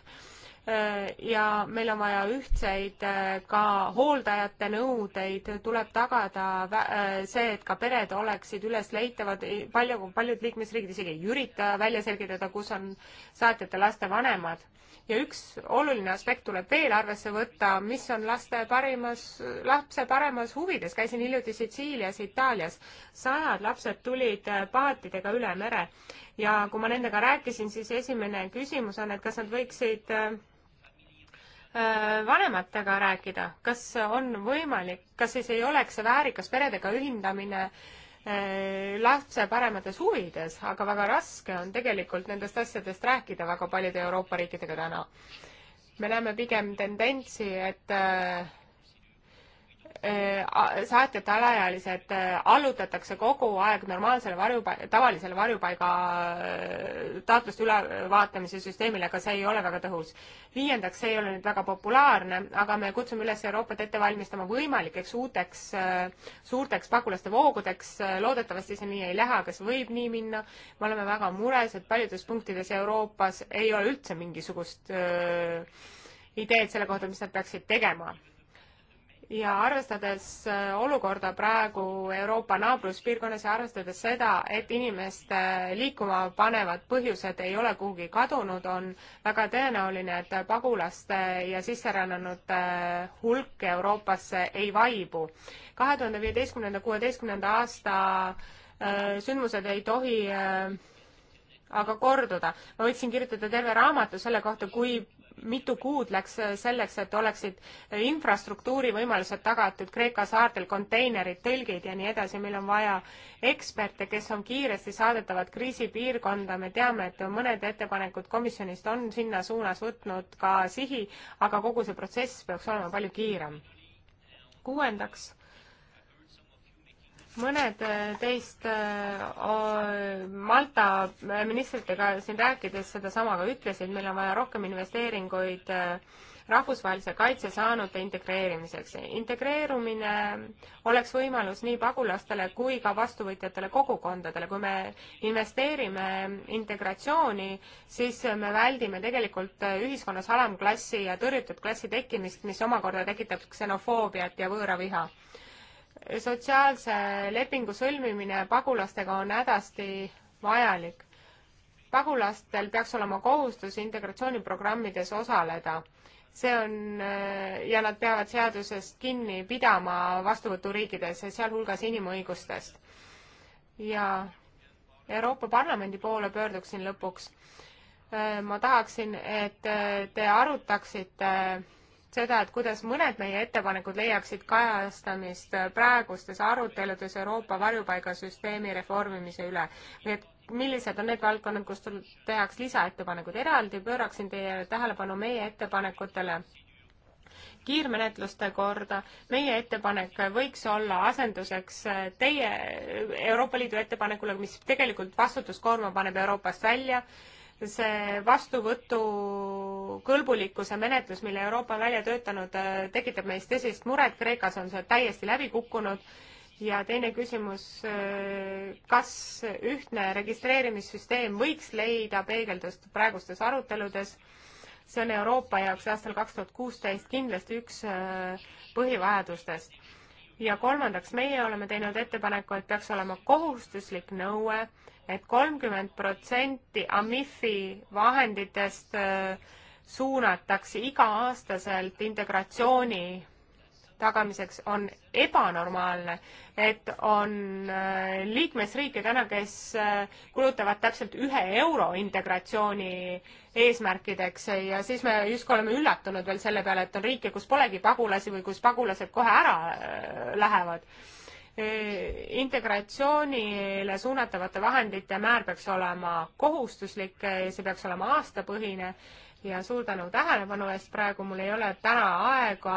Äh, ja meil on vaja ühtseid äh, ka hooldajate nõudeid, tuleb tagada äh, see, et ka pered oleksid ülesleitavad, palju, paljud liikmesriigid isegi ei ürita välja selgitada, kus on saatjate laste vanemad. ja üks oluline aspekt tuleb veel arvesse võtta, mis on laste parimas, lapse paremas huvides, käisin hiljuti Sitsiilias, Itaalias, sajad lapsed tulid paatidega üle mere ja kui ma nendega rääkisin, siis esimene küsimus on, et kas nad võiksid äh, Äh, vanematega rääkida, kas on võimalik, kas siis ei oleks see väärikas peredega ühindamine äh, lapse paremates huvides, aga väga raske on tegelikult nendest asjadest rääkida väga paljude Euroopa riikidega täna. me näeme pigem tendentsi, et äh, Äh, saatjate alaealised äh, allutatakse kogu aeg normaalsele varjupa-, tavalisele varjupaiga äh, taotluste ülevaatamise süsteemile, aga see ei ole väga tõhus. viiendaks, see ei ole nüüd väga populaarne, aga me kutsume üles Euroopat ette valmistama võimalikeks uuteks suurteks pagulaste voogudeks, loodetavasti see nii ei lähe, aga see võib nii minna. me oleme väga mures, et paljudes punktides Euroopas ei ole üldse mingisugust öö, ideed selle kohta, mis nad peaksid tegema ja arvestades äh, olukorda praegu Euroopa naabruspiirkonnas ja arvestades seda, et inimeste liikuma panevad põhjused ei ole kuhugi kadunud, on väga tõenäoline, et pagulaste ja sisserännanute äh, hulk Euroopasse ei vaibu. kahe tuhande viieteistkümnenda, kuueteistkümnenda aasta äh, sündmused ei tohi aga korduda. ma võiksin kirjutada terve raamatu selle kohta, kui mitu kuud läks selleks, et oleksid infrastruktuuri võimalused tagatud Kreeka saartel, konteinerid, tõlgid ja nii edasi, meil on vaja eksperte, kes on kiiresti saadetavad kriisipiirkonda, me teame, et mõned ettepanekud komisjonist on sinna suunas võtnud ka sihi, aga kogu see protsess peaks olema palju kiirem. kuuendaks mõned äh, teist äh, äh, Malta ministritega siin rääkides sedasama ka ütlesid, meil on vaja rohkem investeeringuid rahvusvahelise kaitse saanute integreerimiseks. integreerumine oleks võimalus nii pagulastele kui ka vastuvõtjatele kogukondadele. kui me investeerime integratsiooni, siis me väldime tegelikult ühiskonnas alamklassi ja tõrjutud klassi tekkimist, mis omakorda tekitab ksenofoobiat ja võõraviha sotsiaalse lepingu sõlmimine pagulastega on hädasti vajalik. pagulastel peaks olema kohustus integratsiooniprogrammides osaleda. see on ja nad peavad seadusest kinni pidama vastuvõturiikides, sealhulgas inimõigustest. ja Euroopa Parlamendi poole pöörduksin lõpuks. ma tahaksin, et te arutaksite seda, et kuidas mõned meie ettepanekud leiaksid kajastamist praegustes aruteludes Euroopa varjupaigasüsteemi reformimise üle. nii et millised on need valdkonnad, kus tehakse lisaettepanekud. eraldi pööraksin teie tähelepanu meie ettepanekutele kiirmenetluste korda. meie ettepanek võiks olla asenduseks teie Euroopa Liidu ettepanekule, mis tegelikult vastutuskoorma paneb Euroopast välja see vastuvõtukõlbulikkuse menetlus, mille Euroopa on välja töötanud, tekitab meis tõsist muret, Kreekas on see täiesti läbi kukkunud ja teine küsimus, kas ühtne registreerimissüsteem võiks leida peegeldust praegustes aruteludes? see on Euroopa jaoks aastal kaks tuhat kuusteist kindlasti üks äh, põhivajadustest. ja kolmandaks, meie oleme teinud ettepaneku, et peaks olema kohustuslik nõue, et kolmkümmend protsenti AMIF-i vahenditest äh, suunatakse iga-aastaselt integratsiooni tagamiseks, on ebanormaalne, et on äh, liikmesriike täna, kes äh, kulutavad täpselt ühe euro integratsiooni eesmärkideks ja siis me justkui oleme üllatunud veel selle peale, et on riike, kus polegi pagulasi või kus pagulased kohe ära lähevad Eh, integratsioonile suunatavate vahendite määr peaks olema kohustuslik, eh, see peaks olema aastapõhine ja suur tänu tähelepanu eest, praegu mul ei ole täna aega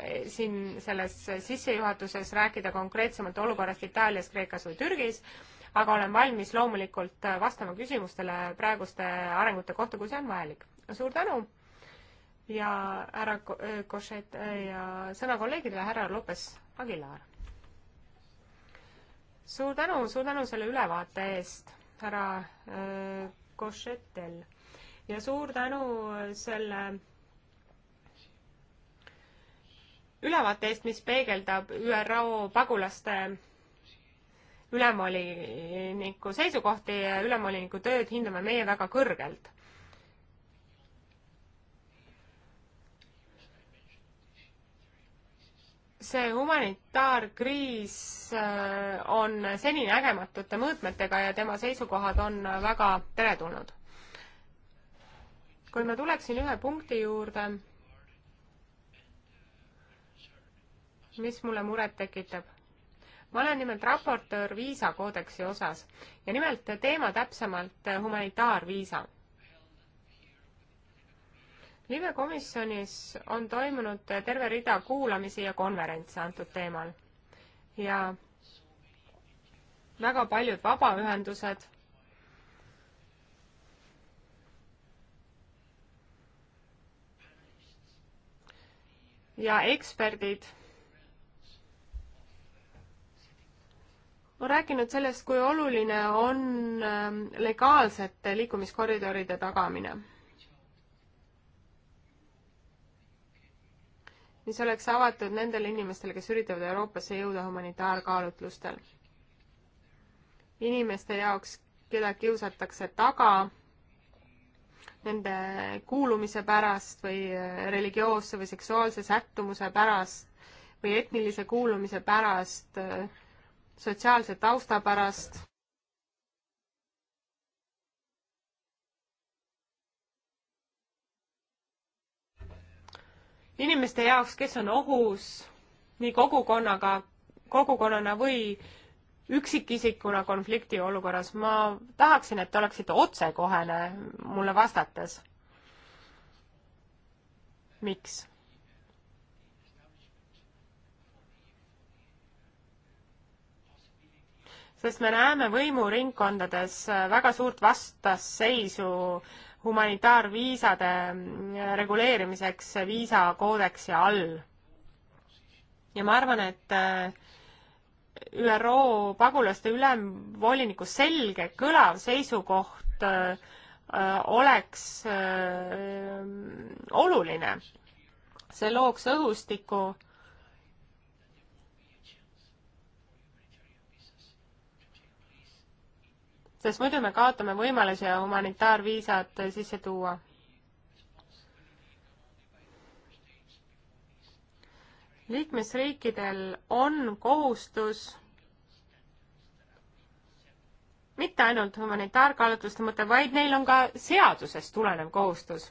eh, siin selles sissejuhatuses rääkida konkreetsemalt olukorrast Itaalias, Kreekas või Türgis, aga olen valmis loomulikult vastama küsimustele praeguste arengute kohta, kui see on vajalik. suur tänu ja härra Košet ja sõna kolleegidele, härra Lopes Aguilar suur tänu, suur tänu selle ülevaate eest, härra äh, Košetel. ja suur tänu selle ülevaate eest, mis peegeldab ÜRO pagulaste ülemvoliniku seisukohti ja ülemvoliniku tööd hindame meie väga kõrgelt. see humanitaarkriis äh, on seninägematute mõõtmetega ja tema seisukohad on väga teretulnud. kui ma tuleksin ühe punkti juurde, mis mulle muret tekitab. ma olen nimelt raportöör viisakoodeksi osas ja nimelt teema täpsemalt humanitaarviisa libe komisjonis on toimunud terve rida kuulamisi ja konverentse antud teemal ja väga paljud vabaühendused ja eksperdid on rääkinud sellest, kui oluline on ähm, legaalsete liikumiskoridoride tagamine mis oleks avatud nendele inimestele, kes üritavad Euroopasse jõuda humanitaarkaalutlustel. inimeste jaoks, keda kiusatakse taga nende kuulumise pärast või äh, religioosse või seksuaalse sättumuse pärast või etnilise kuulumise pärast, äh, sotsiaalse tausta pärast inimeste jaoks, kes on ohus nii kogukonnaga, kogukonnana või üksikisikuna konfliktiolukorras. ma tahaksin, et te oleksite otsekohene mulle vastates. miks? sest me näeme võimuringkondades väga suurt vastasseisu äh, humanitaarviisade mm, reguleerimiseks viisakoodeksi all. ja ma arvan, et äh, ÜRO pagulaste ülemvoliniku selge kõlav seisukoht äh, äh, oleks oluline. see looks õhustiku sest muidu me kaotame võimaluse humanitaarviisat sisse tuua. liikmesriikidel on kohustus mitte ainult humanitaarkaalutluste mõte, vaid neil on ka seadusest tulenev kohustus.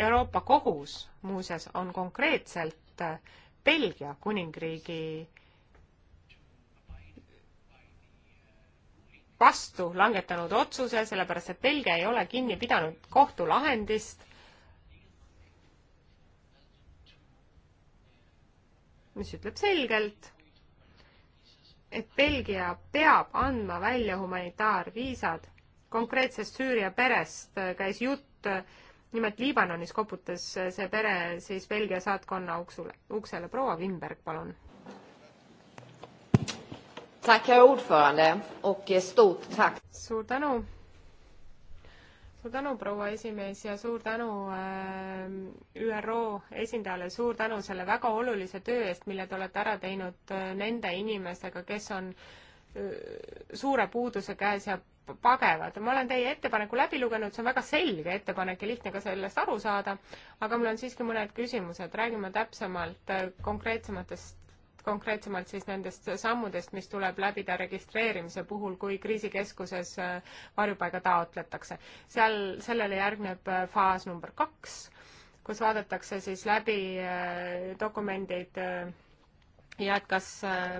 Euroopa Kohus muuseas on konkreetselt Belgia kuningriigi äh, vastu langetanud otsuse, sellepärast et Belgia ei ole kinni pidanud kohtulahendist, mis ütleb selgelt, et Belgia peab andma välja humanitaarviisad. konkreetsest Süüria perest äh, käis jutt, äh, nimelt Liibanonis koputas äh, see pere siis Belgia saatkonna uksule, uksele. proua Wimberg, palun Tack, herr ordförande, och eh, stort tack. suur tänu. suur tänu, proua esimees ja suur tänu äh, ÜRO esindajale, suur tänu selle väga olulise töö eest, mille te olete ära teinud äh, nende inimestega, kes on äh, suure puuduse käes ja pagevad. ma olen teie ettepaneku läbi lugenud, see on väga selge ettepanek ja lihtne ka sellest aru saada, aga mul on siiski mõned küsimused, räägime täpsemalt konkreetsematest konkreetsemalt siis nendest sammudest, mis tuleb läbida registreerimise puhul, kui kriisikeskuses äh, varjupaiga taotletakse. seal, sellele järgneb äh, faas number kaks, kus vaadatakse siis läbi äh, dokumendid ja et kas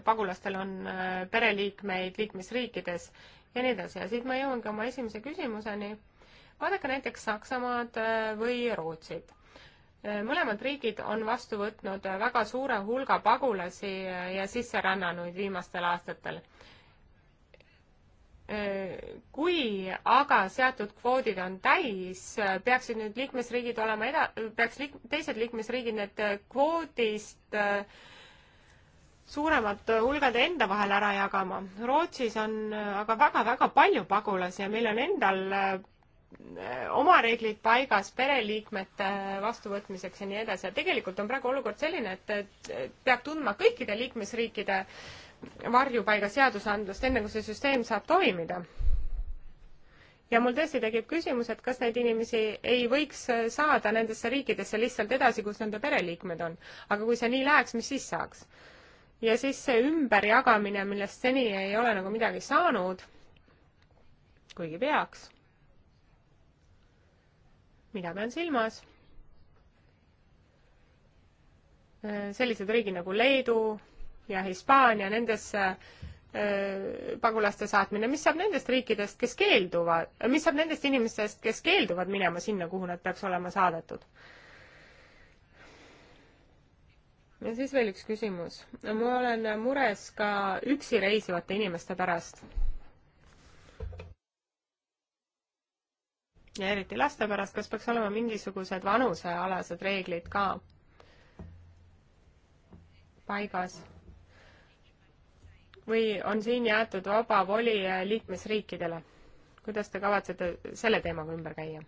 pagulastel on pereliikmeid liikmesriikides ja nii edasi ja siit ma jõuangi oma esimese küsimuseni. vaadake näiteks Saksamaad või Rootsit mõlemad riigid on vastu võtnud väga suure hulga pagulasi äh, ja sisserännanuid viimastel aastatel. Äh, kui aga seatud kvoodid on täis, äh, peaksid nüüd liikmesriigid olema eda-, peaks liik-, teised liikmesriigid need kvoodist suuremad hulgad enda vahel ära jagama. Rootsis on aga väga-väga palju pagulasi ja meil on endal Äh, oma reeglid paigas pereliikmete äh, vastuvõtmiseks ja nii edasi ja tegelikult on praegu olukord selline, et peab tundma kõikide liikmesriikide varjupaiga seadusandlust, enne kui see süsteem saab toimida. ja mul tõesti tekib küsimus, et kas neid inimesi ei võiks äh, saada nendesse riikidesse lihtsalt edasi, kus nende pereliikmed on. aga kui see nii läheks, mis siis saaks? ja siis see ümberjagamine, millest seni ei ole nagu midagi saanud, kuigi peaks mida pean silmas? Äh, sellised riigid nagu Leedu ja Hispaania, nendesse äh, pagulaste saatmine, mis saab nendest riikidest, kes keelduvad, äh, mis saab nendest inimestest, kes keelduvad minema sinna, kuhu nad peaks olema saadetud? ja siis veel üks küsimus. ma olen mures ka üksi reisivate inimeste pärast ja eriti laste pärast, kas peaks olema mingisugused vanusealased reeglid ka paigas? või on siin jäetud vaba voli liikmesriikidele? kuidas te kavatsete selle teemaga ümber käia?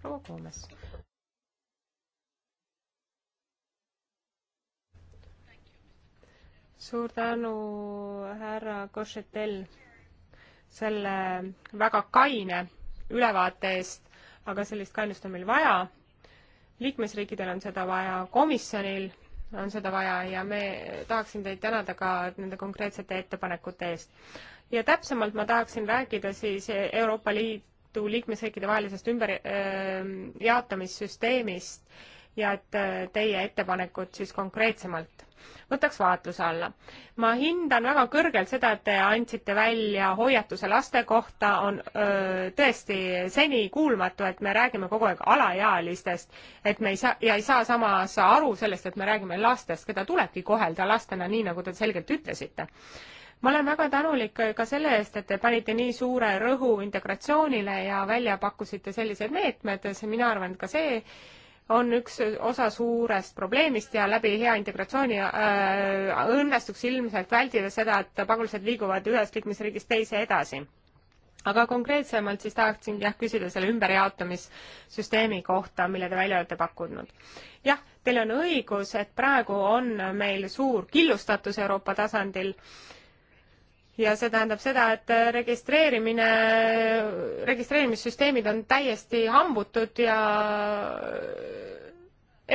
proua Koomes. suur tänu, härra Košetel selle väga kaine ülevaate eest, aga sellist kainust on meil vaja. liikmesriikidel on seda vaja, komisjonil on seda vaja ja me tahaksin teid tänada ka nende konkreetsete ettepanekute eest. ja täpsemalt ma tahaksin rääkida siis Euroopa Liidu liikmesriikide vahelisest ümberjaotamissüsteemist äh, ja et äh, teie ettepanekud siis konkreetsemalt võtaks vaatluse alla. ma hindan väga kõrgelt seda, et te andsite välja hoiatuse laste kohta, on öö, tõesti senikuulmatu, et me räägime kogu aeg alaealistest, et me ei saa ja ei saa samas aru sellest, et me räägime lastest, keda tulebki kohelda lastena, nii nagu te selgelt ütlesite ma olen väga tänulik ka selle eest, et te panite nii suure rõhu integratsioonile ja välja pakkusite sellised meetmed, see, mina arvan, et ka see on üks osa suurest probleemist ja läbi hea integratsiooni äh, õnnestuks ilmselt vältida seda, et pagulased liiguvad ühest liikmesriigist teise edasi. aga konkreetsemalt siis tahaksin jah küsida selle ümberjaotamissüsteemi kohta, mille te välja olete pakkunud. jah, teil on õigus, et praegu on meil suur killustatus Euroopa tasandil äh, ja see tähendab seda, et registreerimine, registreerimissüsteemid on täiesti hambutud ja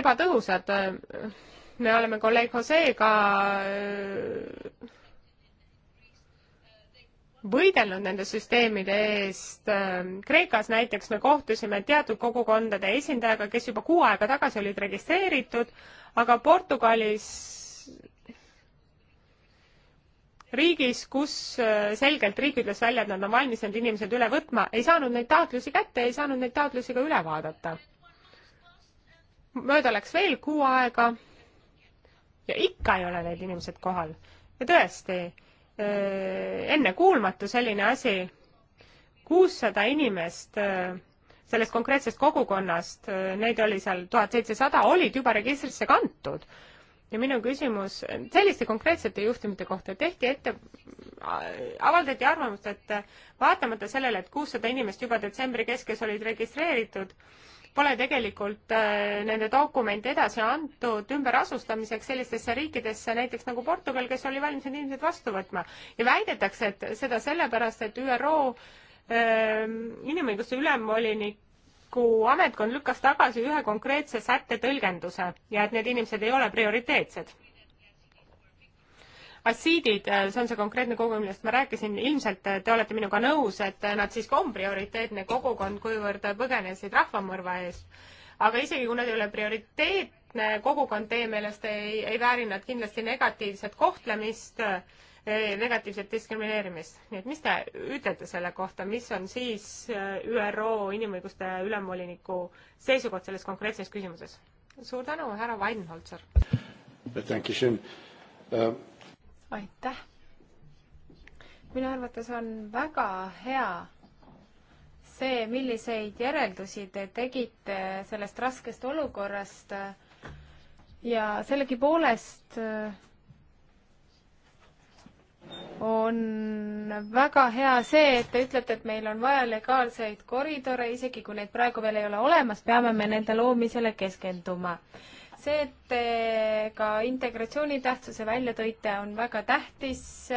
ebatõhusad. me oleme kolleeg Joseega äh, võidelnud nende süsteemide eest. Kreekas näiteks me kohtusime teatud kogukondade esindajaga, kes juba kuu aega tagasi olid registreeritud, aga Portugalis riigis, kus äh, selgelt riik ütles välja, et nad on valmis need inimesed üle võtma, ei saanud neid taotlusi kätte, ei saanud neid taotlusi ka üle vaadata. mööda läks veel kuu aega ja ikka ei ole need inimesed kohal. ja tõesti, äh, ennekuulmatu selline asi, kuussada inimest äh, sellest konkreetsest kogukonnast, neid oli seal tuhat seitsesada, olid juba registrisse kantud ja minu küsimus selliste konkreetsete juhtumite kohta tehti ette, avaldati arvamust, et vaatamata sellele, et kuussada inimest juba detsembri keskes olid registreeritud, pole tegelikult äh, nende dokumente edasi antud ümberasustamiseks sellistesse riikidesse, näiteks nagu Portugal, kes oli valmis need inimesed vastu võtma. ja väidetakse, et seda sellepärast, et ÜRO ähm, inimõiguste ülemvolinik ametkond lükkas tagasi ühe konkreetse sätte tõlgenduse ja et need inimesed ei ole prioriteetsed. Assiidid, äh, see on see konkreetne kogu, millest ma rääkisin, ilmselt äh, te olete minuga nõus, et äh, nad siiski on prioriteetne kogukond, kuivõrd põgenesid rahvamõrva eest. aga isegi kui nad ei ole prioriteetne kogukond teie meelest, ei, ei vääri nad kindlasti negatiivset kohtlemist äh, Eh, negatiivset diskrimineerimist. nii et mis te ütlete selle kohta, mis on siis eh, ÜRO inimõiguste ülemvoliniku seisukoht selles konkreetses küsimuses? suur tänu, härra Weinholzer! Uh, aitäh! minu arvates on väga hea see, milliseid järeldusi te tegite sellest raskest olukorrast ja sellegipoolest eh, on väga hea see, et te ütlete, et meil on vaja legaalseid koridore, isegi kui neid praegu veel ei ole olemas, peame me nende loomisele keskenduma. see, et te ka integratsiooni tähtsuse välja tõite, on väga tähtis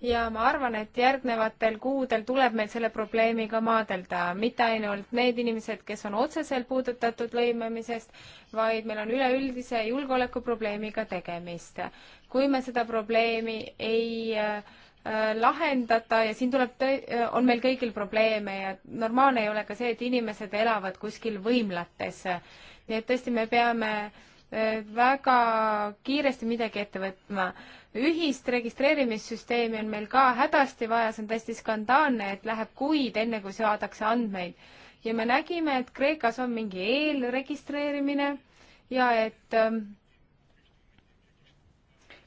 ja ma arvan, et järgnevatel kuudel tuleb meil selle probleemiga maadelda, mitte ainult need inimesed, kes on otseselt puudutatud lõimimisest, vaid meil on üleüldise julgeolekuprobleemiga tegemist kui me seda probleemi ei äh, lahendata ja siin tuleb, äh, on meil kõigil probleeme ja normaalne ei ole ka see, et inimesed elavad kuskil võimlates. nii et tõesti, me peame äh, väga kiiresti midagi ette võtma. ühist registreerimissüsteemi on meil ka hädasti vaja, see on täiesti skandaalne, et läheb kuid, enne kui saadakse andmeid. ja me nägime, et Kreekas on mingi eelregistreerimine ja et ähm,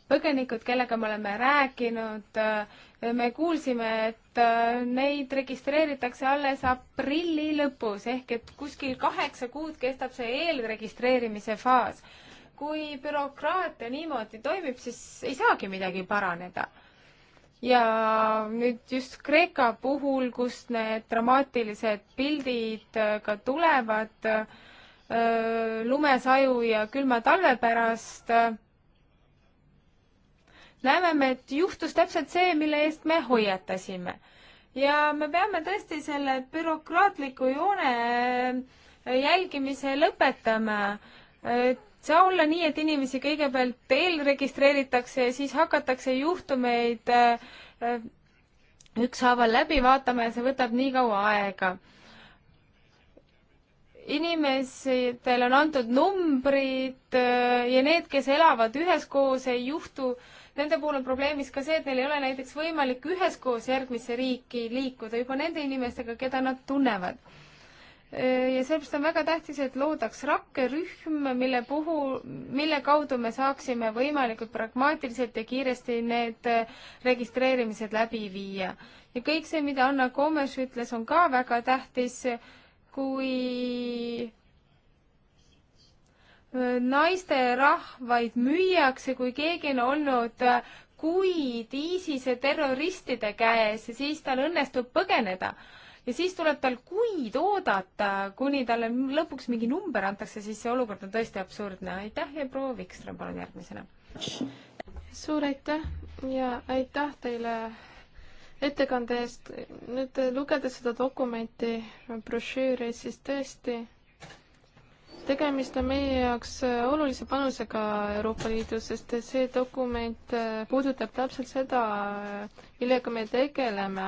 põgenikud, kellega me oleme rääkinud, äh, me kuulsime, et äh, neid registreeritakse alles aprilli lõpus ehk et kuskil kaheksa kuud kestab see eelregistreerimise faas. kui bürokraatia niimoodi toimib, siis ei saagi midagi paraneda ja nüüd just Kreeka puhul, kus need dramaatilised pildid äh, ka tulevad lumesaju ja külma talve pärast, näeme me, et juhtus täpselt see, mille eest me hoiatasime. ja me peame tõesti selle bürokraatliku joone äh, jälgimise lõpetama. et saa olla nii, et inimesi kõigepealt eelregistreeritakse ja siis hakatakse juhtumeid äh, äh, ükshaaval läbi vaatama ja see võtab nii kaua aega. inimesidel on antud numbrid ja need, kes elavad üheskoos, ei juhtu äh, Nende puhul on probleemiks ka see, et neil ei ole näiteks võimalik üheskoos järgmisse riiki liikuda juba nende inimestega, keda nad tunnevad ja sellepärast on väga tähtis, et loodaks rakkerühm, mille puhul, mille kaudu me saaksime võimalikult pragmaatiliselt ja kiiresti need registreerimised läbi viia. ja kõik see, mida Anna Komes ütles, on ka väga tähtis, kui naisterahvaid müüakse, kui keegi on olnud kuid ISISe terroristide käes ja siis tal õnnestub põgeneda. ja siis tuleb tal kuid oodata, kuni talle lõpuks mingi number antakse, siis see olukord on tõesti absurdne. aitäh ja proua Vikström, palun järgmisena. suur aitäh ja aitäh teile ettekande eest. nüüd lugedes seda dokumenti, brošüüri, siis tõesti tegemist on meie jaoks äh, olulise panusega Euroopa Liidus, sest see dokument äh, puudutab täpselt seda, äh, millega me tegeleme.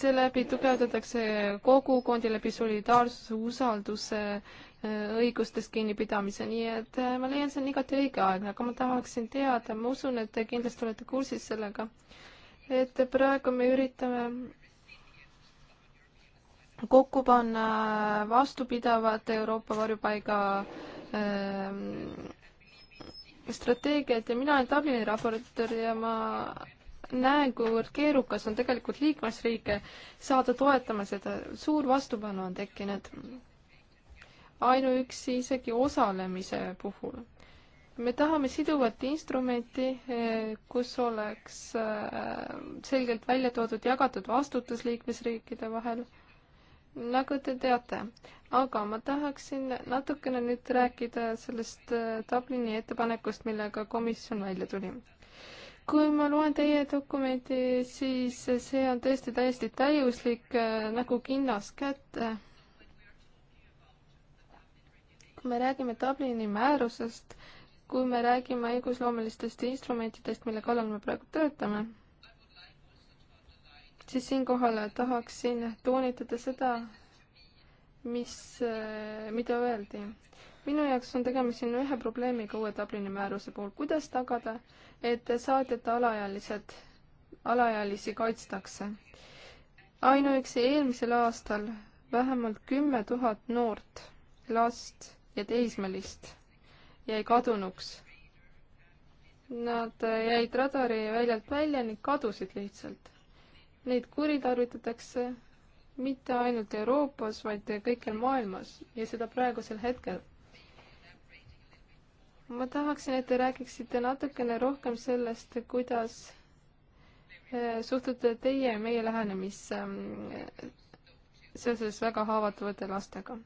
seeläbi tugevdatakse kogukondi läbi solidaarsuse, usalduse, õigustest kinnipidamise, nii et ma leian, see on igati õigeaegne, aga ma tahaksin teada, ma usun, et te kindlasti olete kursis sellega, et praegu me üritame kokku panna vastupidavad Euroopa varjupaiga ähm, strateegiad ja mina olen Dublini raportöör ja ma näen, kuivõrd keerukas on tegelikult liikmesriike saada toetama seda, suur vastupanu on tekkinud ainuüksi isegi osalemise puhul. me tahame siduvat instrumenti, eh, kus oleks eh, selgelt välja toodud jagatud vastutus liikmesriikide vahel nagu te teate, aga ma tahaksin natukene nüüd rääkida sellest äh, Dublini ettepanekust, millega komisjon välja tuli. kui ma loen teie dokumenti, siis see on tõesti täiesti täiuslik äh, nagu kinnas kätte. kui me räägime Dublini määrusest, kui me räägime õigusloomelistest instrumentidest, mille kallal me praegu töötame siis siinkohal tahaksin toonitada seda, mis, mida öeldi. minu jaoks on tegemist siin ühe probleemiga uue Dublini määruse puhul, kuidas tagada, et saatjate alaealised, alaealisi kaitstakse. ainuüksi eelmisel aastal vähemalt kümme tuhat noort, last ja teismelist jäi kadunuks. Nad jäid radari väljalt välja ning kadusid lihtsalt neid kuritarvitatakse mitte ainult Euroopas, vaid kõikjal maailmas ja seda praegusel hetkel. ma tahaksin, et te räägiksite natukene rohkem sellest, kuidas eh, suhtute teie meie lähenemisse mm, seoses väga haavatavate lastega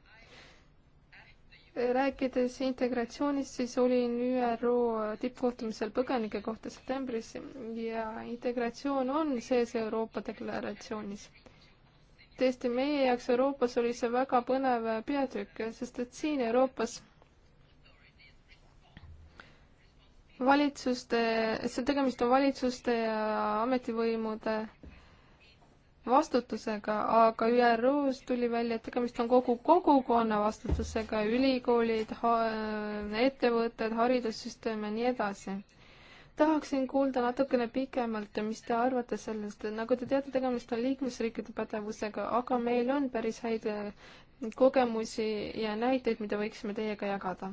rääkides integratsioonist, siis olin ÜRO tippkohtumisel põgenike kohta septembris ja integratsioon on sees Euroopa deklaratsioonis. tõesti, meie jaoks Euroopas oli see väga põnev peatükk, sest et siin Euroopas valitsuste, see tegemist on valitsuste ja ametivõimude vastutusega, aga ÜRO-s tuli välja, et tegemist on kogu kogukonna vastutusega, ülikoolid ha, ettevõtted, haridussüsteem ja nii edasi. tahaksin kuulda natukene pikemalt, mis te arvate sellest, nagu te teate, tegemist on liikmesriikide pädevusega, aga meil on päris häid eh, kogemusi ja näiteid, mida võiksime teiega jagada.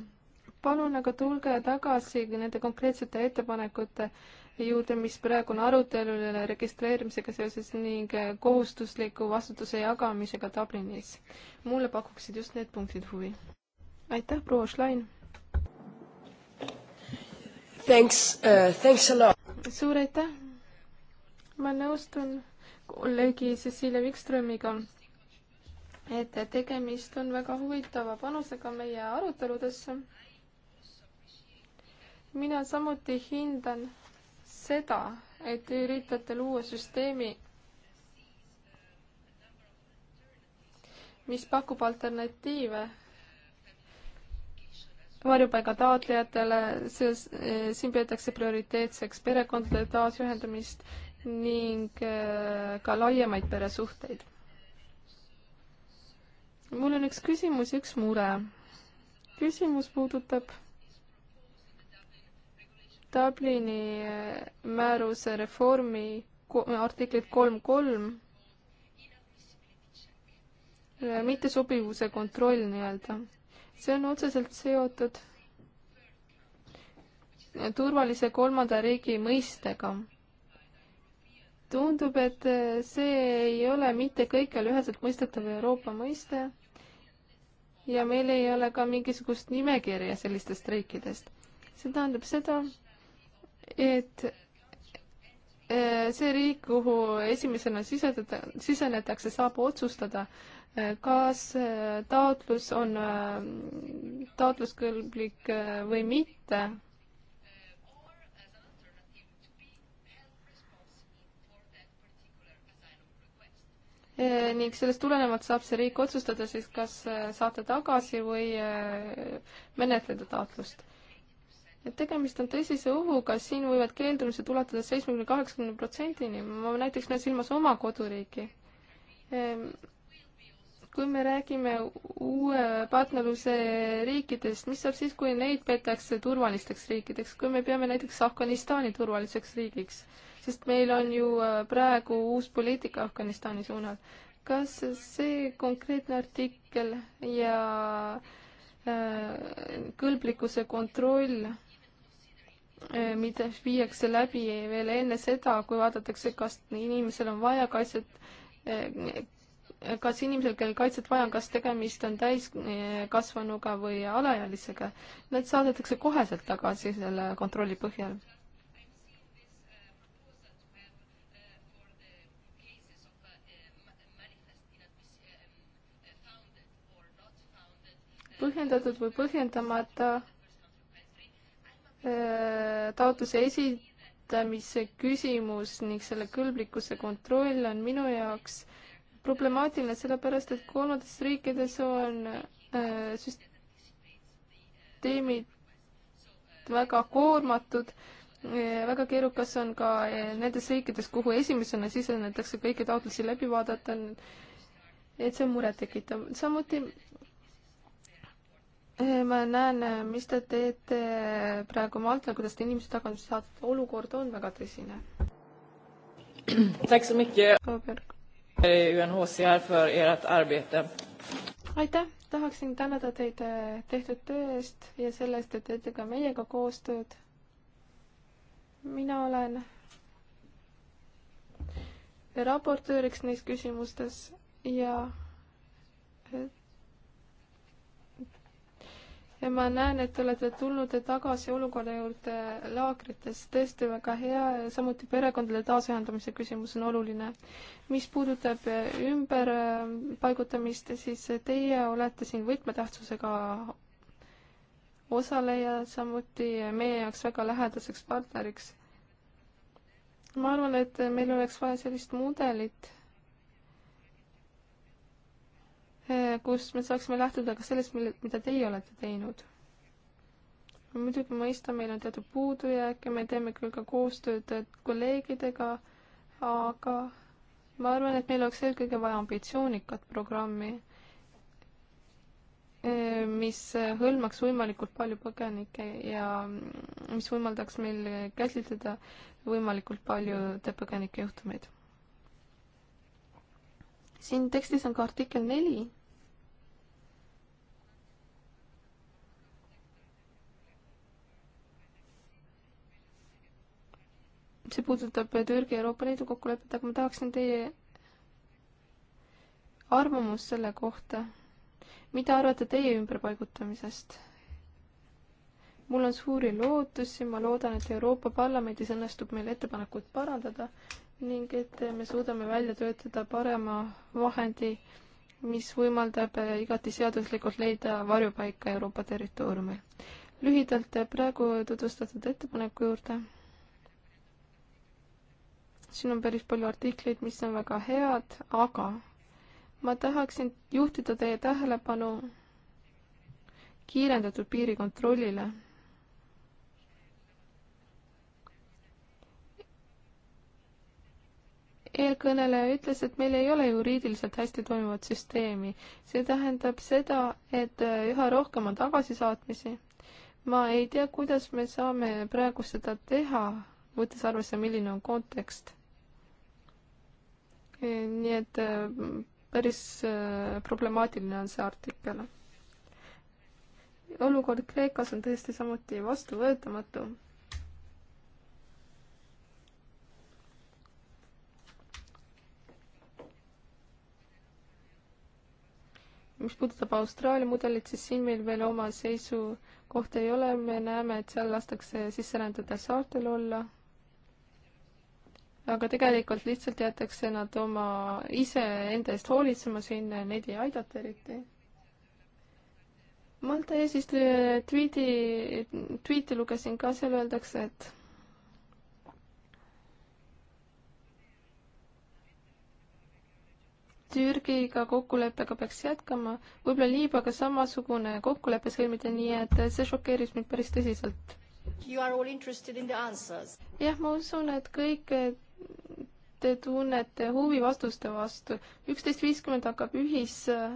palun aga tulge tagasi nende konkreetsete ettepanekute äh, juurde, mis praegu on arutelul registreerimisega seoses ning kohustusliku vastutuse jagamisega Dublinis. mulle pakuksid just need punktid huvi. aitäh, proua Schlein! Thanks uh,, thanks a lot! suur aitäh! ma nõustun kolleegi Cecilia Wikströmiga, et tegemist on väga huvitava panusega meie aruteludesse mina samuti hindan seda, et te üritate luua süsteemi, mis pakub alternatiive varjupaiga taotlejatele, selles, siin peetakse prioriteetseks perekondade taasühendamist ning äh, ka laiemaid peresuhteid. mul on üks küsimus ja üks mure. küsimus puudutab Dublini määruse reformi artiklit kolm kolm äh, mittesobivuse kontroll nii-öelda. see on otseselt seotud turvalise kolmanda riigi mõistega. tundub, et äh, see ei ole mitte kõikjal üheselt mõistetav Euroopa mõiste ja meil ei ole ka mingisugust nimekirja sellistest riikidest. see tähendab seda, et äh, see riik, kuhu esimesena sisedada, sisenetakse, saab otsustada, äh, kas äh, taotlus on taotluskõlblik või mitte. ning sellest tulenevalt saab see riik otsustada siis, kas saata tagasi või menetleda taotlust et tegemist on tõsise ohuga, siin võivad keeldumised ulatuda seitsmekümne, kaheksakümne protsendini, ma näiteks näen silmas oma koduriiki. Ehm, kui me räägime uue partnerluse riikidest, mis saab siis, kui neid peetakse turvalisteks riikideks, kui me peame näiteks Afganistani turvaliseks riigiks, sest meil on ju äh, praegu uus poliitika Afganistani suunal. kas see konkreetne artikkel ja äh, kõlblikkuse kontroll Äh, mida viiakse läbi veel enne seda, kui vaadatakse, kas inimesel on vaja kaitset, äh, kas inimesel, kellel kaitset vaja on, kas tegemist on täiskasvanuga äh, või alaealisega. Nad saadetakse koheselt tagasi selle kontrolli põhjal põhjendatud või põhjendamata taotluse esitamise küsimus ning selle kõlblikkuse kontroll on minu jaoks problemaatiline, sellepärast et kolmandates riikides on äh, süsteemid väga koormatud äh, väga keerukas on ka äh, nendes riikides, kuhu esimesena sisenetakse, kõiki taotlusi läbi vaadata, et see on murettekitav. samuti Eh, ma näen, eh, mis te teete eh, praegu Maltal, kuidas te inimesi tagasi saate, olukord on väga tõsine. *clears throat* aitäh, tahaksin tänada teid tehtud töö eest ja selle eest, et teete ka meiega koostööd. mina olen raportööriks neis küsimustes ja et ma näen, et te olete tulnud tagasi olukorra juurde laagrites, tõesti väga hea, samuti perekondade taasühendamise küsimus on oluline. mis puudutab ümberpaigutamist, siis teie olete siin võtmetähtsusega osaleja, samuti meie jaoks väga lähedaseks partneriks. ma arvan, et meil oleks vaja sellist mudelit Eh, kus me saaksime lähtuda ka sellest, mille, mida teie olete teinud. muidugi mõista, meil on teatud puudujääke, me teeme küll ka koostööd eh, kolleegidega, aga ma arvan, et meil oleks eelkõige vaja ambitsioonikat programmi, eh, mis hõlmaks võimalikult palju põgenikke ja mm, mis võimaldaks meil käsitleda võimalikult paljude põgenike juhtumeid siin tekstis on ka artikkel neli. see puudutab Türgi Euroopa Liidu kokkulepet, aga ma tahaksin teie arvamust selle kohta. mida arvate teie ümberpaigutamisest? mul on suuri lootusi, ma loodan, et Euroopa Parlamendis õnnestub meil ettepanekut parandada ning et me suudame välja töötada parema vahendi, mis võimaldab äh, igati seaduslikult leida varjupaika Euroopa territooriumil. lühidalt äh, praegu tutvustatud ettepaneku juurde. siin on päris palju artikleid, mis on väga head, aga ma tahaksin juhtida teie tähelepanu kiirendatud piirikontrollile eelkõneleja ütles, et meil ei ole juriidiliselt hästi toimivat süsteemi. see tähendab seda, et äh, üha rohkem on tagasisaatmisi. ma ei tea, kuidas me saame praegu seda teha, võttes arvesse, milline on kontekst. Äh, nii et äh, päris problemaatiline on see artikkel. olukord Kreekas on tõesti samuti vastuvõetamatu mis puudutab Austraalia mudelit, siis siin meil veel oma seisukohta ei ole, me näeme, et seal lastakse sisserändada saartel olla. aga tegelikult lihtsalt jäetakse nad oma, iseenda eest hoolitsema sinna ja neid ei aidata eriti. Malta eesistuja tweet'i, tweet'i lugesin ka, seal öeldakse, et Türgiga kokkuleppega peaks jätkama, võib-olla Liibüaga samasugune kokkulepe sõlmida, nii et see šokeeris mind päris tõsiselt. jah, ma usun, et kõik te tunnete huvi vastuste vastu. üksteist viiskümmend hakkab ühiskoht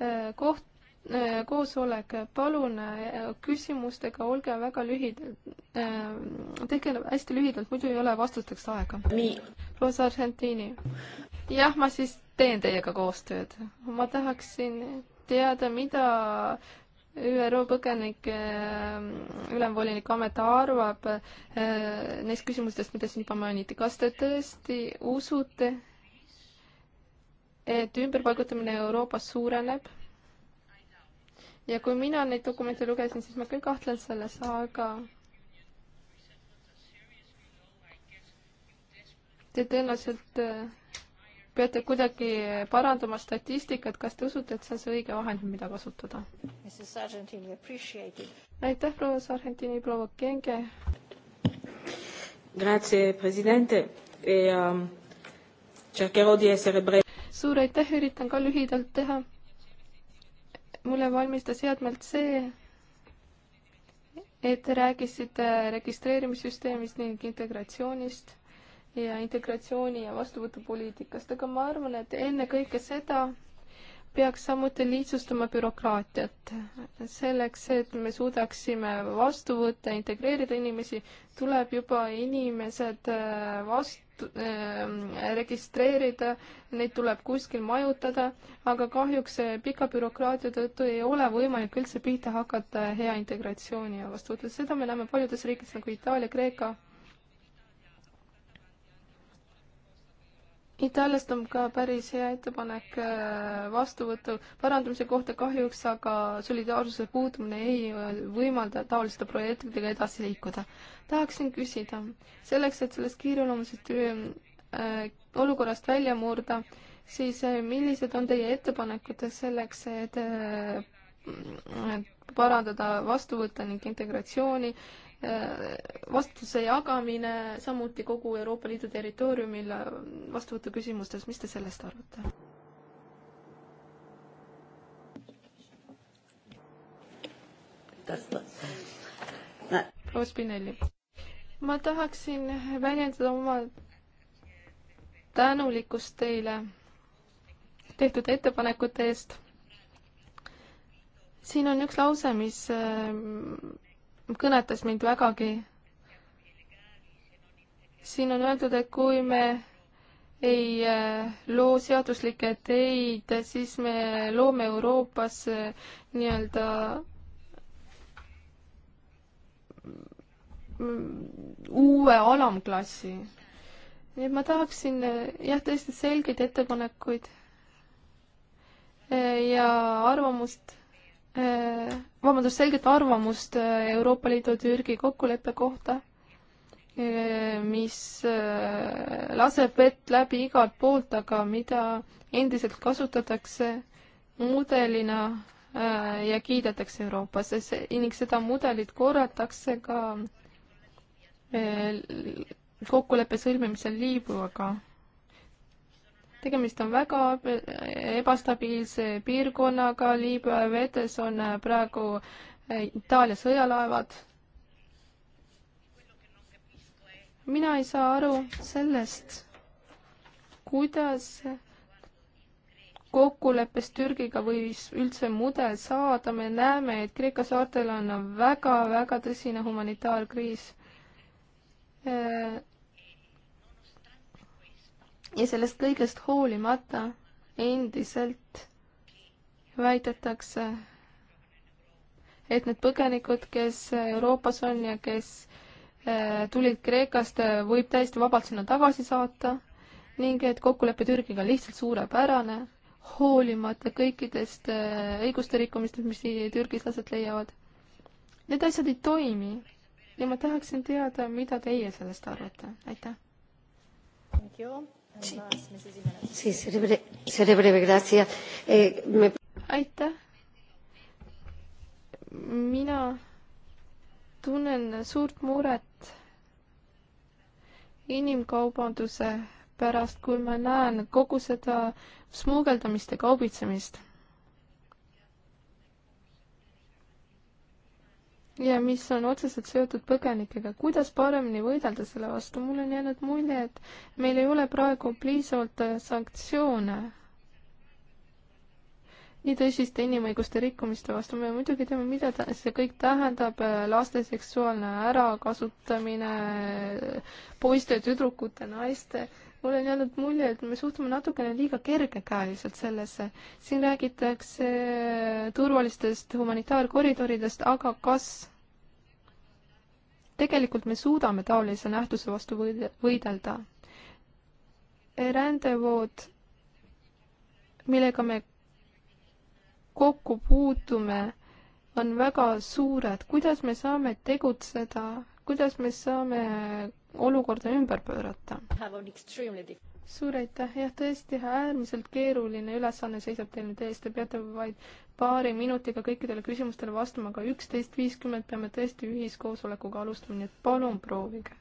äh, äh,, koosolek, palun äh, küsimustega olge väga lühidalt äh,, tehke hästi lühidalt, muidu ei ole vastusteks aega. proua Sargentini jah, ma siis teen teiega koostööd. ma tahaksin teada, mida ÜRO põgenike ähm, ülemvolinik amet arvab äh, neist küsimustest, mida siin juba mainiti. kas te tõesti usute, et ümberpaigutamine Euroopas suureneb? ja kui mina neid dokumente lugesin, siis ma küll kahtlen selles, aga te tõenäoliselt äh, peate kuidagi parandama statistikat, kas te usute, et see on see õige vahend, mida kasutada? aitäh, proua Sargentini, proua Genge. Grazie, president e, um, suur aitäh, üritan ka lühidalt teha. mulle valmistas headmelt see, et te rääkisite registreerimissüsteemist ning integratsioonist ja integratsiooni ja vastuvõtupoliitikast, aga ma arvan, et enne kõike seda peaks samuti lihtsustama bürokraatiat. selleks, et me suudaksime vastu võtta, integreerida inimesi, tuleb juba inimesed äh, vastu äh,, registreerida, neid tuleb kuskil majutada, aga kahjuks pika bürokraatia tõttu ei ole võimalik üldse pihta hakata hea integratsiooni ja vastuvõttel. seda me näeme paljudes riikides nagu Itaalia, Kreeka Itaaliast on ka päris hea ettepanek äh, vastuvõtu parandamise kohta, kahjuks aga solidaarsuse puudumine ei äh, võimalda taoliste projektidega edasi liikuda. tahaksin küsida, selleks, et sellest kiireloomulisest äh, olukorrast välja murda, siis äh, millised on teie ettepanekud selleks, et äh, mm, äh parandada vastuvõtte ning integratsiooni äh, Äh, vastutuse jagamine samuti kogu Euroopa Liidu territooriumil äh, vastuvõtu küsimustes, mis te sellest arvate? proua Spinelli, ma tahaksin väljendada oma tänulikkust teile tehtud ettepanekute eest. siin on üks lause, mis äh, kõnetas mind vägagi. siin on öeldud, et kui me ei äh, loo seaduslikke teid, siis me loome Euroopas äh, nii-öelda mm, uue alamklassi. nii et ma tahaksin äh, jah, tõesti selgeid ettepanekuid ja arvamust Äh, vabandust, selget arvamust äh, Euroopa Liidu-Türgi kokkuleppe kohta, äh, mis laseb vett läbi igalt poolt, aga mida endiselt kasutatakse mudelina ja kiidetakse Euroopas ning seda mudelit korratakse ka kokkuleppe sõlmimisel Liibüaga tegemist on väga ebastabiilse piirkonnaga, Liibüa vetes on praegu eh, Itaalia sõjalaevad. mina ei saa aru sellest, kuidas kokkuleppest Türgiga võis üldse mudel saada, me näeme, et Kreeka saartel on väga-väga tõsine humanitaarkriis eh, ja sellest kõigest hoolimata endiselt väidetakse, et need põgenikud, kes Euroopas on ja kes äh, tulid Kreekast, äh, võib täiesti vabalt sinna tagasi saata ning et kokkulepe Türgiga on lihtsalt suurepärane, hoolimata kõikidest äh, õiguste rikkumistest, mis Türgis aset leiavad. Need asjad ei toimi ja ma tahaksin teada, mida teie sellest arvate, aitäh. Sí. Sí, seré breve, seré breve, gracias. Eh, me... aitäh. mina tunnen suurt muret inimkaubanduse pärast, kui ma näen kogu seda smuugeldamist ja kaubitsemist ja mis on otseselt seotud põgenikega. kuidas paremini võidelda selle vastu? mul on jäänud mulje, et meil ei ole praegu piisavalt äh, sanktsioone nii tõsiste inimõiguste rikkumiste vastu. me muidugi teame, mida ta, see kõik tähendab, äh, laste seksuaalne ärakasutamine, poiste, tüdrukute, naiste äh, mulle on jäänud mulje, et me suhtume natukene liiga kergekäeliselt sellesse. siin räägitakse turvalistest humanitaarkoridoridest, aga kas tegelikult me suudame taolise nähtuse vastu võidelda? rändevood, millega me kokku puutume, on väga suured. kuidas me saame tegutseda, kuidas me saame olukorda ümber pöörata. suur aitäh, jah, tõesti äärmiselt keeruline ülesanne seisab teil nüüd ees, te peate vaid paari minutiga kõikidele küsimustele vastama, aga üksteist viiskümmend peame tõesti ühiskoosolekuga alustama, nii et palun proovige.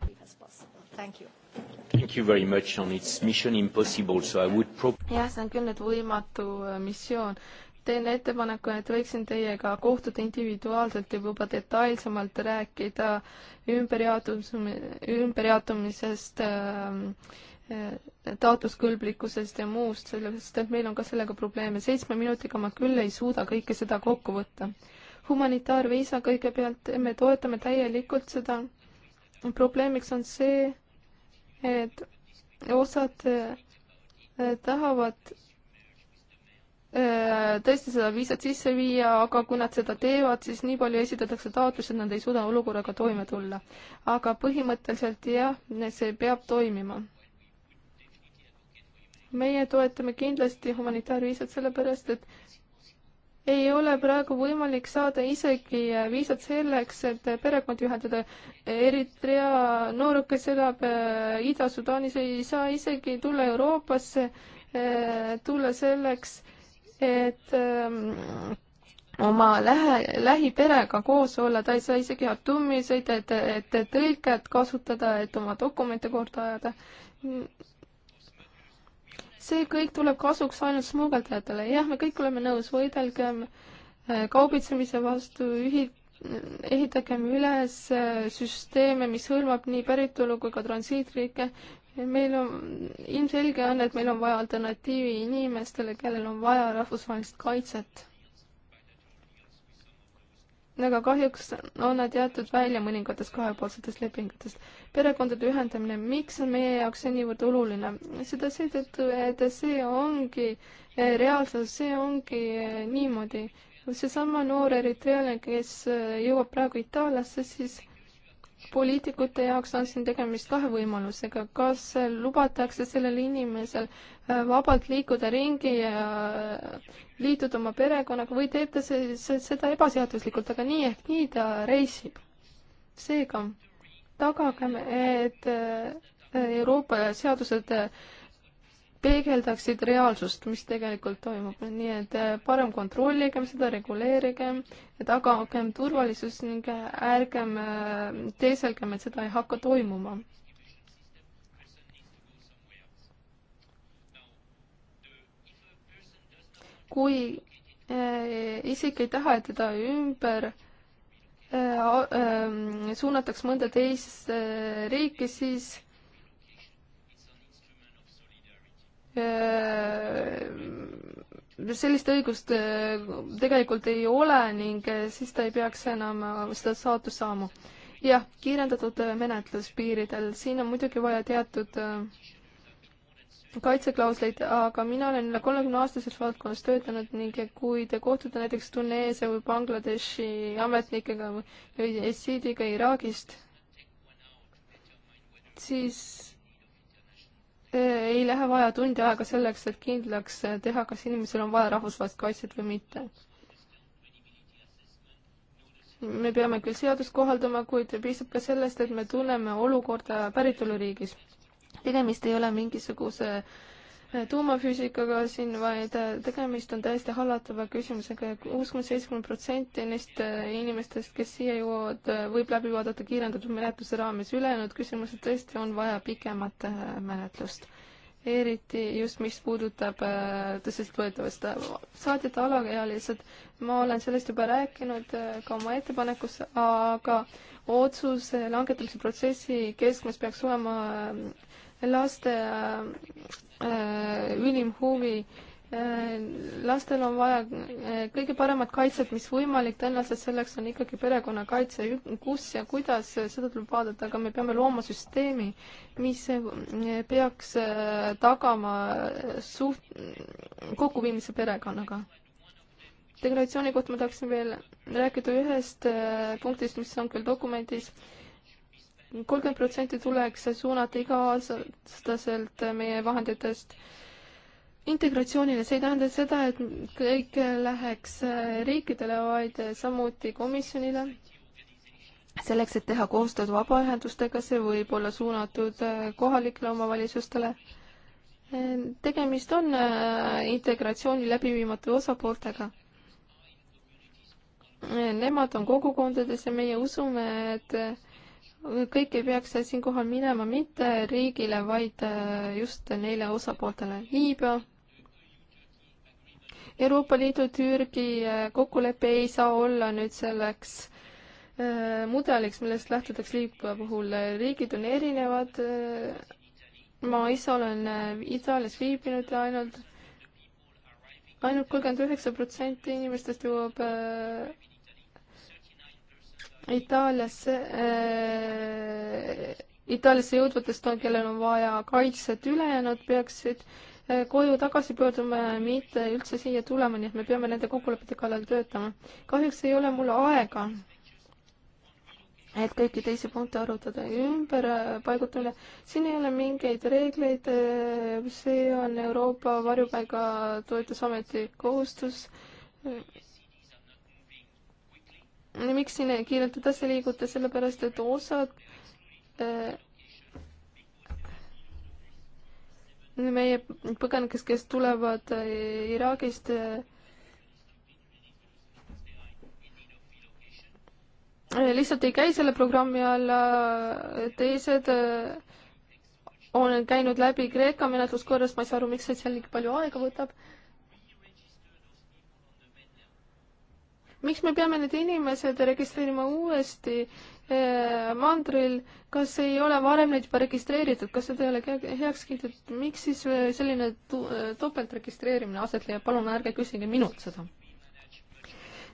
Thank you very much on its mission impossible, so I would pro-. jah, see on küll nüüd võimatu äh, missioon teen ettepaneku, et võiksin teiega kohtuda individuaalselt ja juba detailsemalt rääkida ümberjaotum-, ümberjaotumisest äh, äh,, taotluskõlblikkusest ja muust, sellepärast et meil on ka sellega probleeme. seitsme minutiga ma küll ei suuda kõike seda kokku võtta. humanitaarviisa kõigepealt, me toetame täielikult seda. probleemiks on see, et osad äh, tahavad Äh, tõesti seda viisat sisse viia, aga kui nad seda teevad, siis nii palju esitatakse taotlusi, et nad ei suuda olukorraga toime tulla. aga põhimõtteliselt jah, see peab toimima. meie toetame kindlasti humanitaarviisat, sellepärast et ei ole praegu võimalik saada isegi viisat selleks, et perekondi ühendada. Eritrea noor, kes elab äh, Ida-Sudaanis, ei saa isegi tulla Euroopasse, äh, tulla selleks et ähm, oma lähe, lähiperega koos olla, ta ei saa isegi Atumi sõita, et, et tõlket kasutada, et oma dokumente korda ajada. see kõik tuleb kasuks ainult smugeldajatele, jah, me kõik oleme nõus, võidelgem äh, kaubitsemise vastu, ühi-, ehitagem üles äh, süsteeme, mis hõlmab nii päritolu kui ka transiitriike, meil on, ilmselge on, et meil on vaja alternatiivi inimestele, kellel on vaja rahvusvahelist kaitset. aga kahjuks on nad jäetud välja mõningatest kahepoolsetest lepingutest. perekondade ühendamine, miks on meie jaoks see niivõrd oluline? seda seetõttu, et see ongi eh, reaalsus, see ongi eh, niimoodi. seesama noor eritrealane, kes eh, jõuab praegu Itaaliasse, siis poliitikute jaoks on siin tegemist kahe võimalusega, kas lubatakse sellel inimesel äh, vabalt liikuda ringi ja äh, liituda oma perekonnaga või teeb ta seda ebaseaduslikult, aga nii ehk nii ta reisib. seega tagagem, et äh, Euroopa seadused peegeldaksid reaalsust, mis tegelikult toimub, nii et eh, parem kontrolligem seda, reguleerigem, tagagem turvalisus ning ärgem eh, teeselgem, et seda ei hakka toimuma. kui eh, isik ei taha, et teda ümber suunataks mõnda teise riiki, siis Äh, sellist õigust äh, tegelikult ei ole ning äh, siis ta ei peaks enam seda saatust saama. jah, kiirendatud menetlus piiridel, siin on muidugi vaja teatud kaitseklausleid, aga mina olen üle kolmekümne aastases valdkonnas töötanud ning kui te kohtute näiteks Tuneesia või Bangladeshi ametnikega või esiidiga Iraagist, siis ei lähe vaja tundi aega selleks, et kindlaks teha, kas inimesel on vaja rahvusvahelist kaitset või mitte. me peame küll seadust kohaldama, kuid piisab ka sellest, et me tunneme olukorda päritoluriigis. tegemist ei ole mingisuguse äh, tuumafüüsikaga siin, vaid äh, tegemist on täiesti hallatava küsimusega ja kuuskümmend, seitsekümmend protsenti neist äh, inimestest, kes siia jõuavad, äh, võib läbi vaadata kiirendatud menetluse raames, ülejäänud küsimused tõesti on vaja pikemat menetlust. eriti just, mis puudutab tõsiseltvõetavast saadjate alaealised, ma olen sellest juba rääkinud ka oma ettepanekus, aga otsuse langetamise protsessi keskmes peaks olema laste Äh, ülim huvi. Äh, lastel on vaja äh, kõige paremat kaitset, mis võimalik, tõenäoliselt selleks on ikkagi perekonnakaitse, kus ja kuidas, seda tuleb vaadata, aga me peame looma süsteemi, mis peaks tagama suht-, kokkuviimise perekonnaga deklaratsiooni kohta ma tahaksin veel rääkida ühest punktist, mis on küll dokumendis kolmkümmend protsenti tuleks suunata iga-aastaselt meie vahenditest integratsioonile, see ei tähenda seda, et kõik läheks riikidele, vaid samuti komisjonile. selleks, et teha koostööd vabaühendustega, see võib olla suunatud kohalikele omavalitsustele. tegemist on äh, integratsiooni läbiviimatu osapooltega. Nemad on kogukondades ja meie usume, et kõik ei peaks siinkohal minema mitte riigile, vaid äh, just neile osapooltele. Liibüa, Euroopa Liidu Türgi äh, kokkulepe ei saa olla nüüd selleks äh, mudeliks, millest lähtutakse Liibüa puhul. riigid on erinevad. ma ise olen Itaalias viibinud ja ainult, ainult kolmkümmend üheksa protsenti inimestest jõuab Itaaliasse äh,, Itaaliasse jõudvatest on, kellel on vaja kaitset, ülejäänud peaksid äh, koju tagasi pöörduma ja mitte üldse siia tulema, nii et me peame nende kokkulepete kallal töötama. kahjuks ei ole mul aega, et kõiki teisi punkte arutada ümber äh, paigutamine. siin ei ole mingeid reegleid äh,, see on Euroopa Varjupaiga Toetusameti kohustus äh, miks siin kiirelt edasi liiguta, sellepärast et osad äh, meie põgenikest, kes tulevad äh, Iraagist, äh, lihtsalt ei käi selle programmi alla, teised on käinud läbi Kreeka menetluskorras, ma ei saa aru, miks see seal nii palju aega võtab miks me peame need inimesed registreerima uuesti eh, mandril, kas ei ole varem neid juba registreeritud, kas seda ei ole heaks kiidetud, miks siis eh, selline eh, topeltregistreerimine aset leiab, palun ärge küsige minult seda.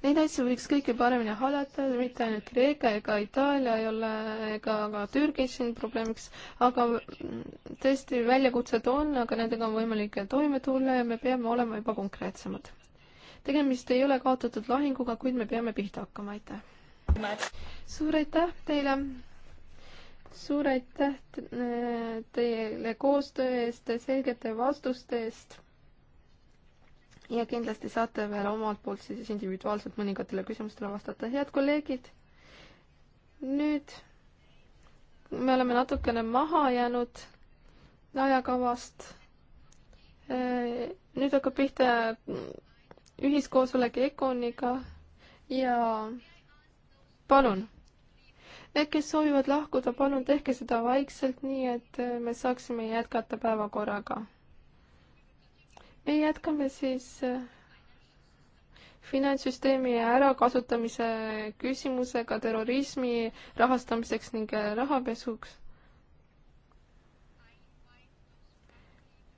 Neid asju võiks kõike paremini hallata, mitte ainult Kreeka ega Itaalia ei ole ega ka Türgi siin probleemiks, aga mm, tõesti väljakutsed on, aga nendega on võimalik toime tulla ja me peame olema juba konkreetsemad tegemist ei ole kaotatud lahinguga, kuid me peame pihta hakkama, aitäh! suur aitäh teile! suur aitäh äh, teile koostöö eest, selgete vastuste eest ja kindlasti saate veel omalt poolt siis individuaalselt mõningatele küsimustele vastata. head kolleegid, nüüd me oleme natukene maha jäänud ajakavast. Äh, nüüd hakkab pihta ühiskoosolek Econiga ja palun, need, kes soovivad lahkuda, palun tehke seda vaikselt, nii et me saaksime jätkata päevakorraga. me jätkame siis äh, finantssüsteemi ärakasutamise küsimusega terrorismi rahastamiseks ning äh, rahapesuks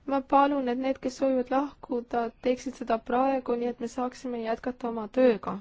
ma palun, et need, kes soovivad lahkuda, teeksid seda praegu, nii et me saaksime jätkata oma tööga.